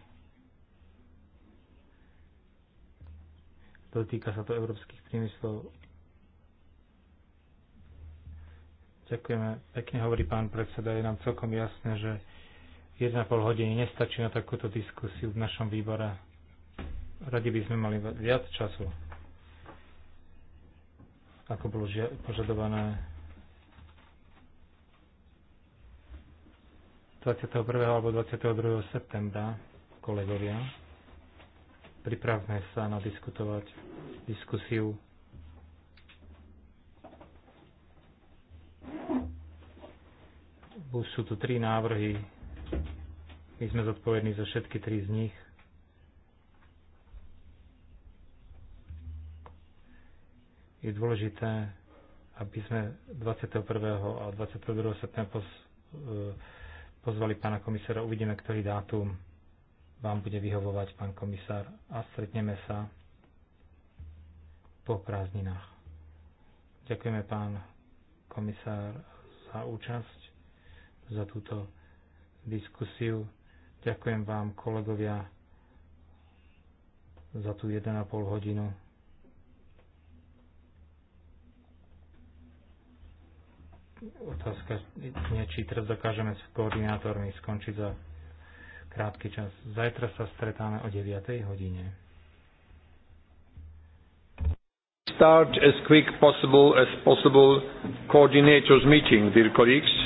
Dotýka sa to európskych priemyslov. Ďakujeme. Pekne hovorí pán predseda. Je nám celkom jasné, že 1,5 hodiny nestačí na takúto diskusiu v našom výbore. Radi by sme mali viac času, ako bolo požadované 21. alebo 22. septembra, kolegovia. Pripravme sa na diskutovať diskusiu Už sú tu tri návrhy. My sme zodpovední za všetky tri z nich. Je dôležité, aby sme 21. a 22. septembra pozvali pána komisára, uvidíme, ktorý dátum vám bude vyhovovať, pán komisár, a stretneme sa po prázdninách. Ďakujeme, pán komisár, za účasť, za túto diskusiu. Ďakujem vám, kolegovia, za tú 1,5 hodinu. otázka, či teraz dokážeme s koordinátormi skončiť za krátky čas. Zajtra sa stretáme o 9. hodine. Start as quick possible as possible coordinators meeting, dear colleagues.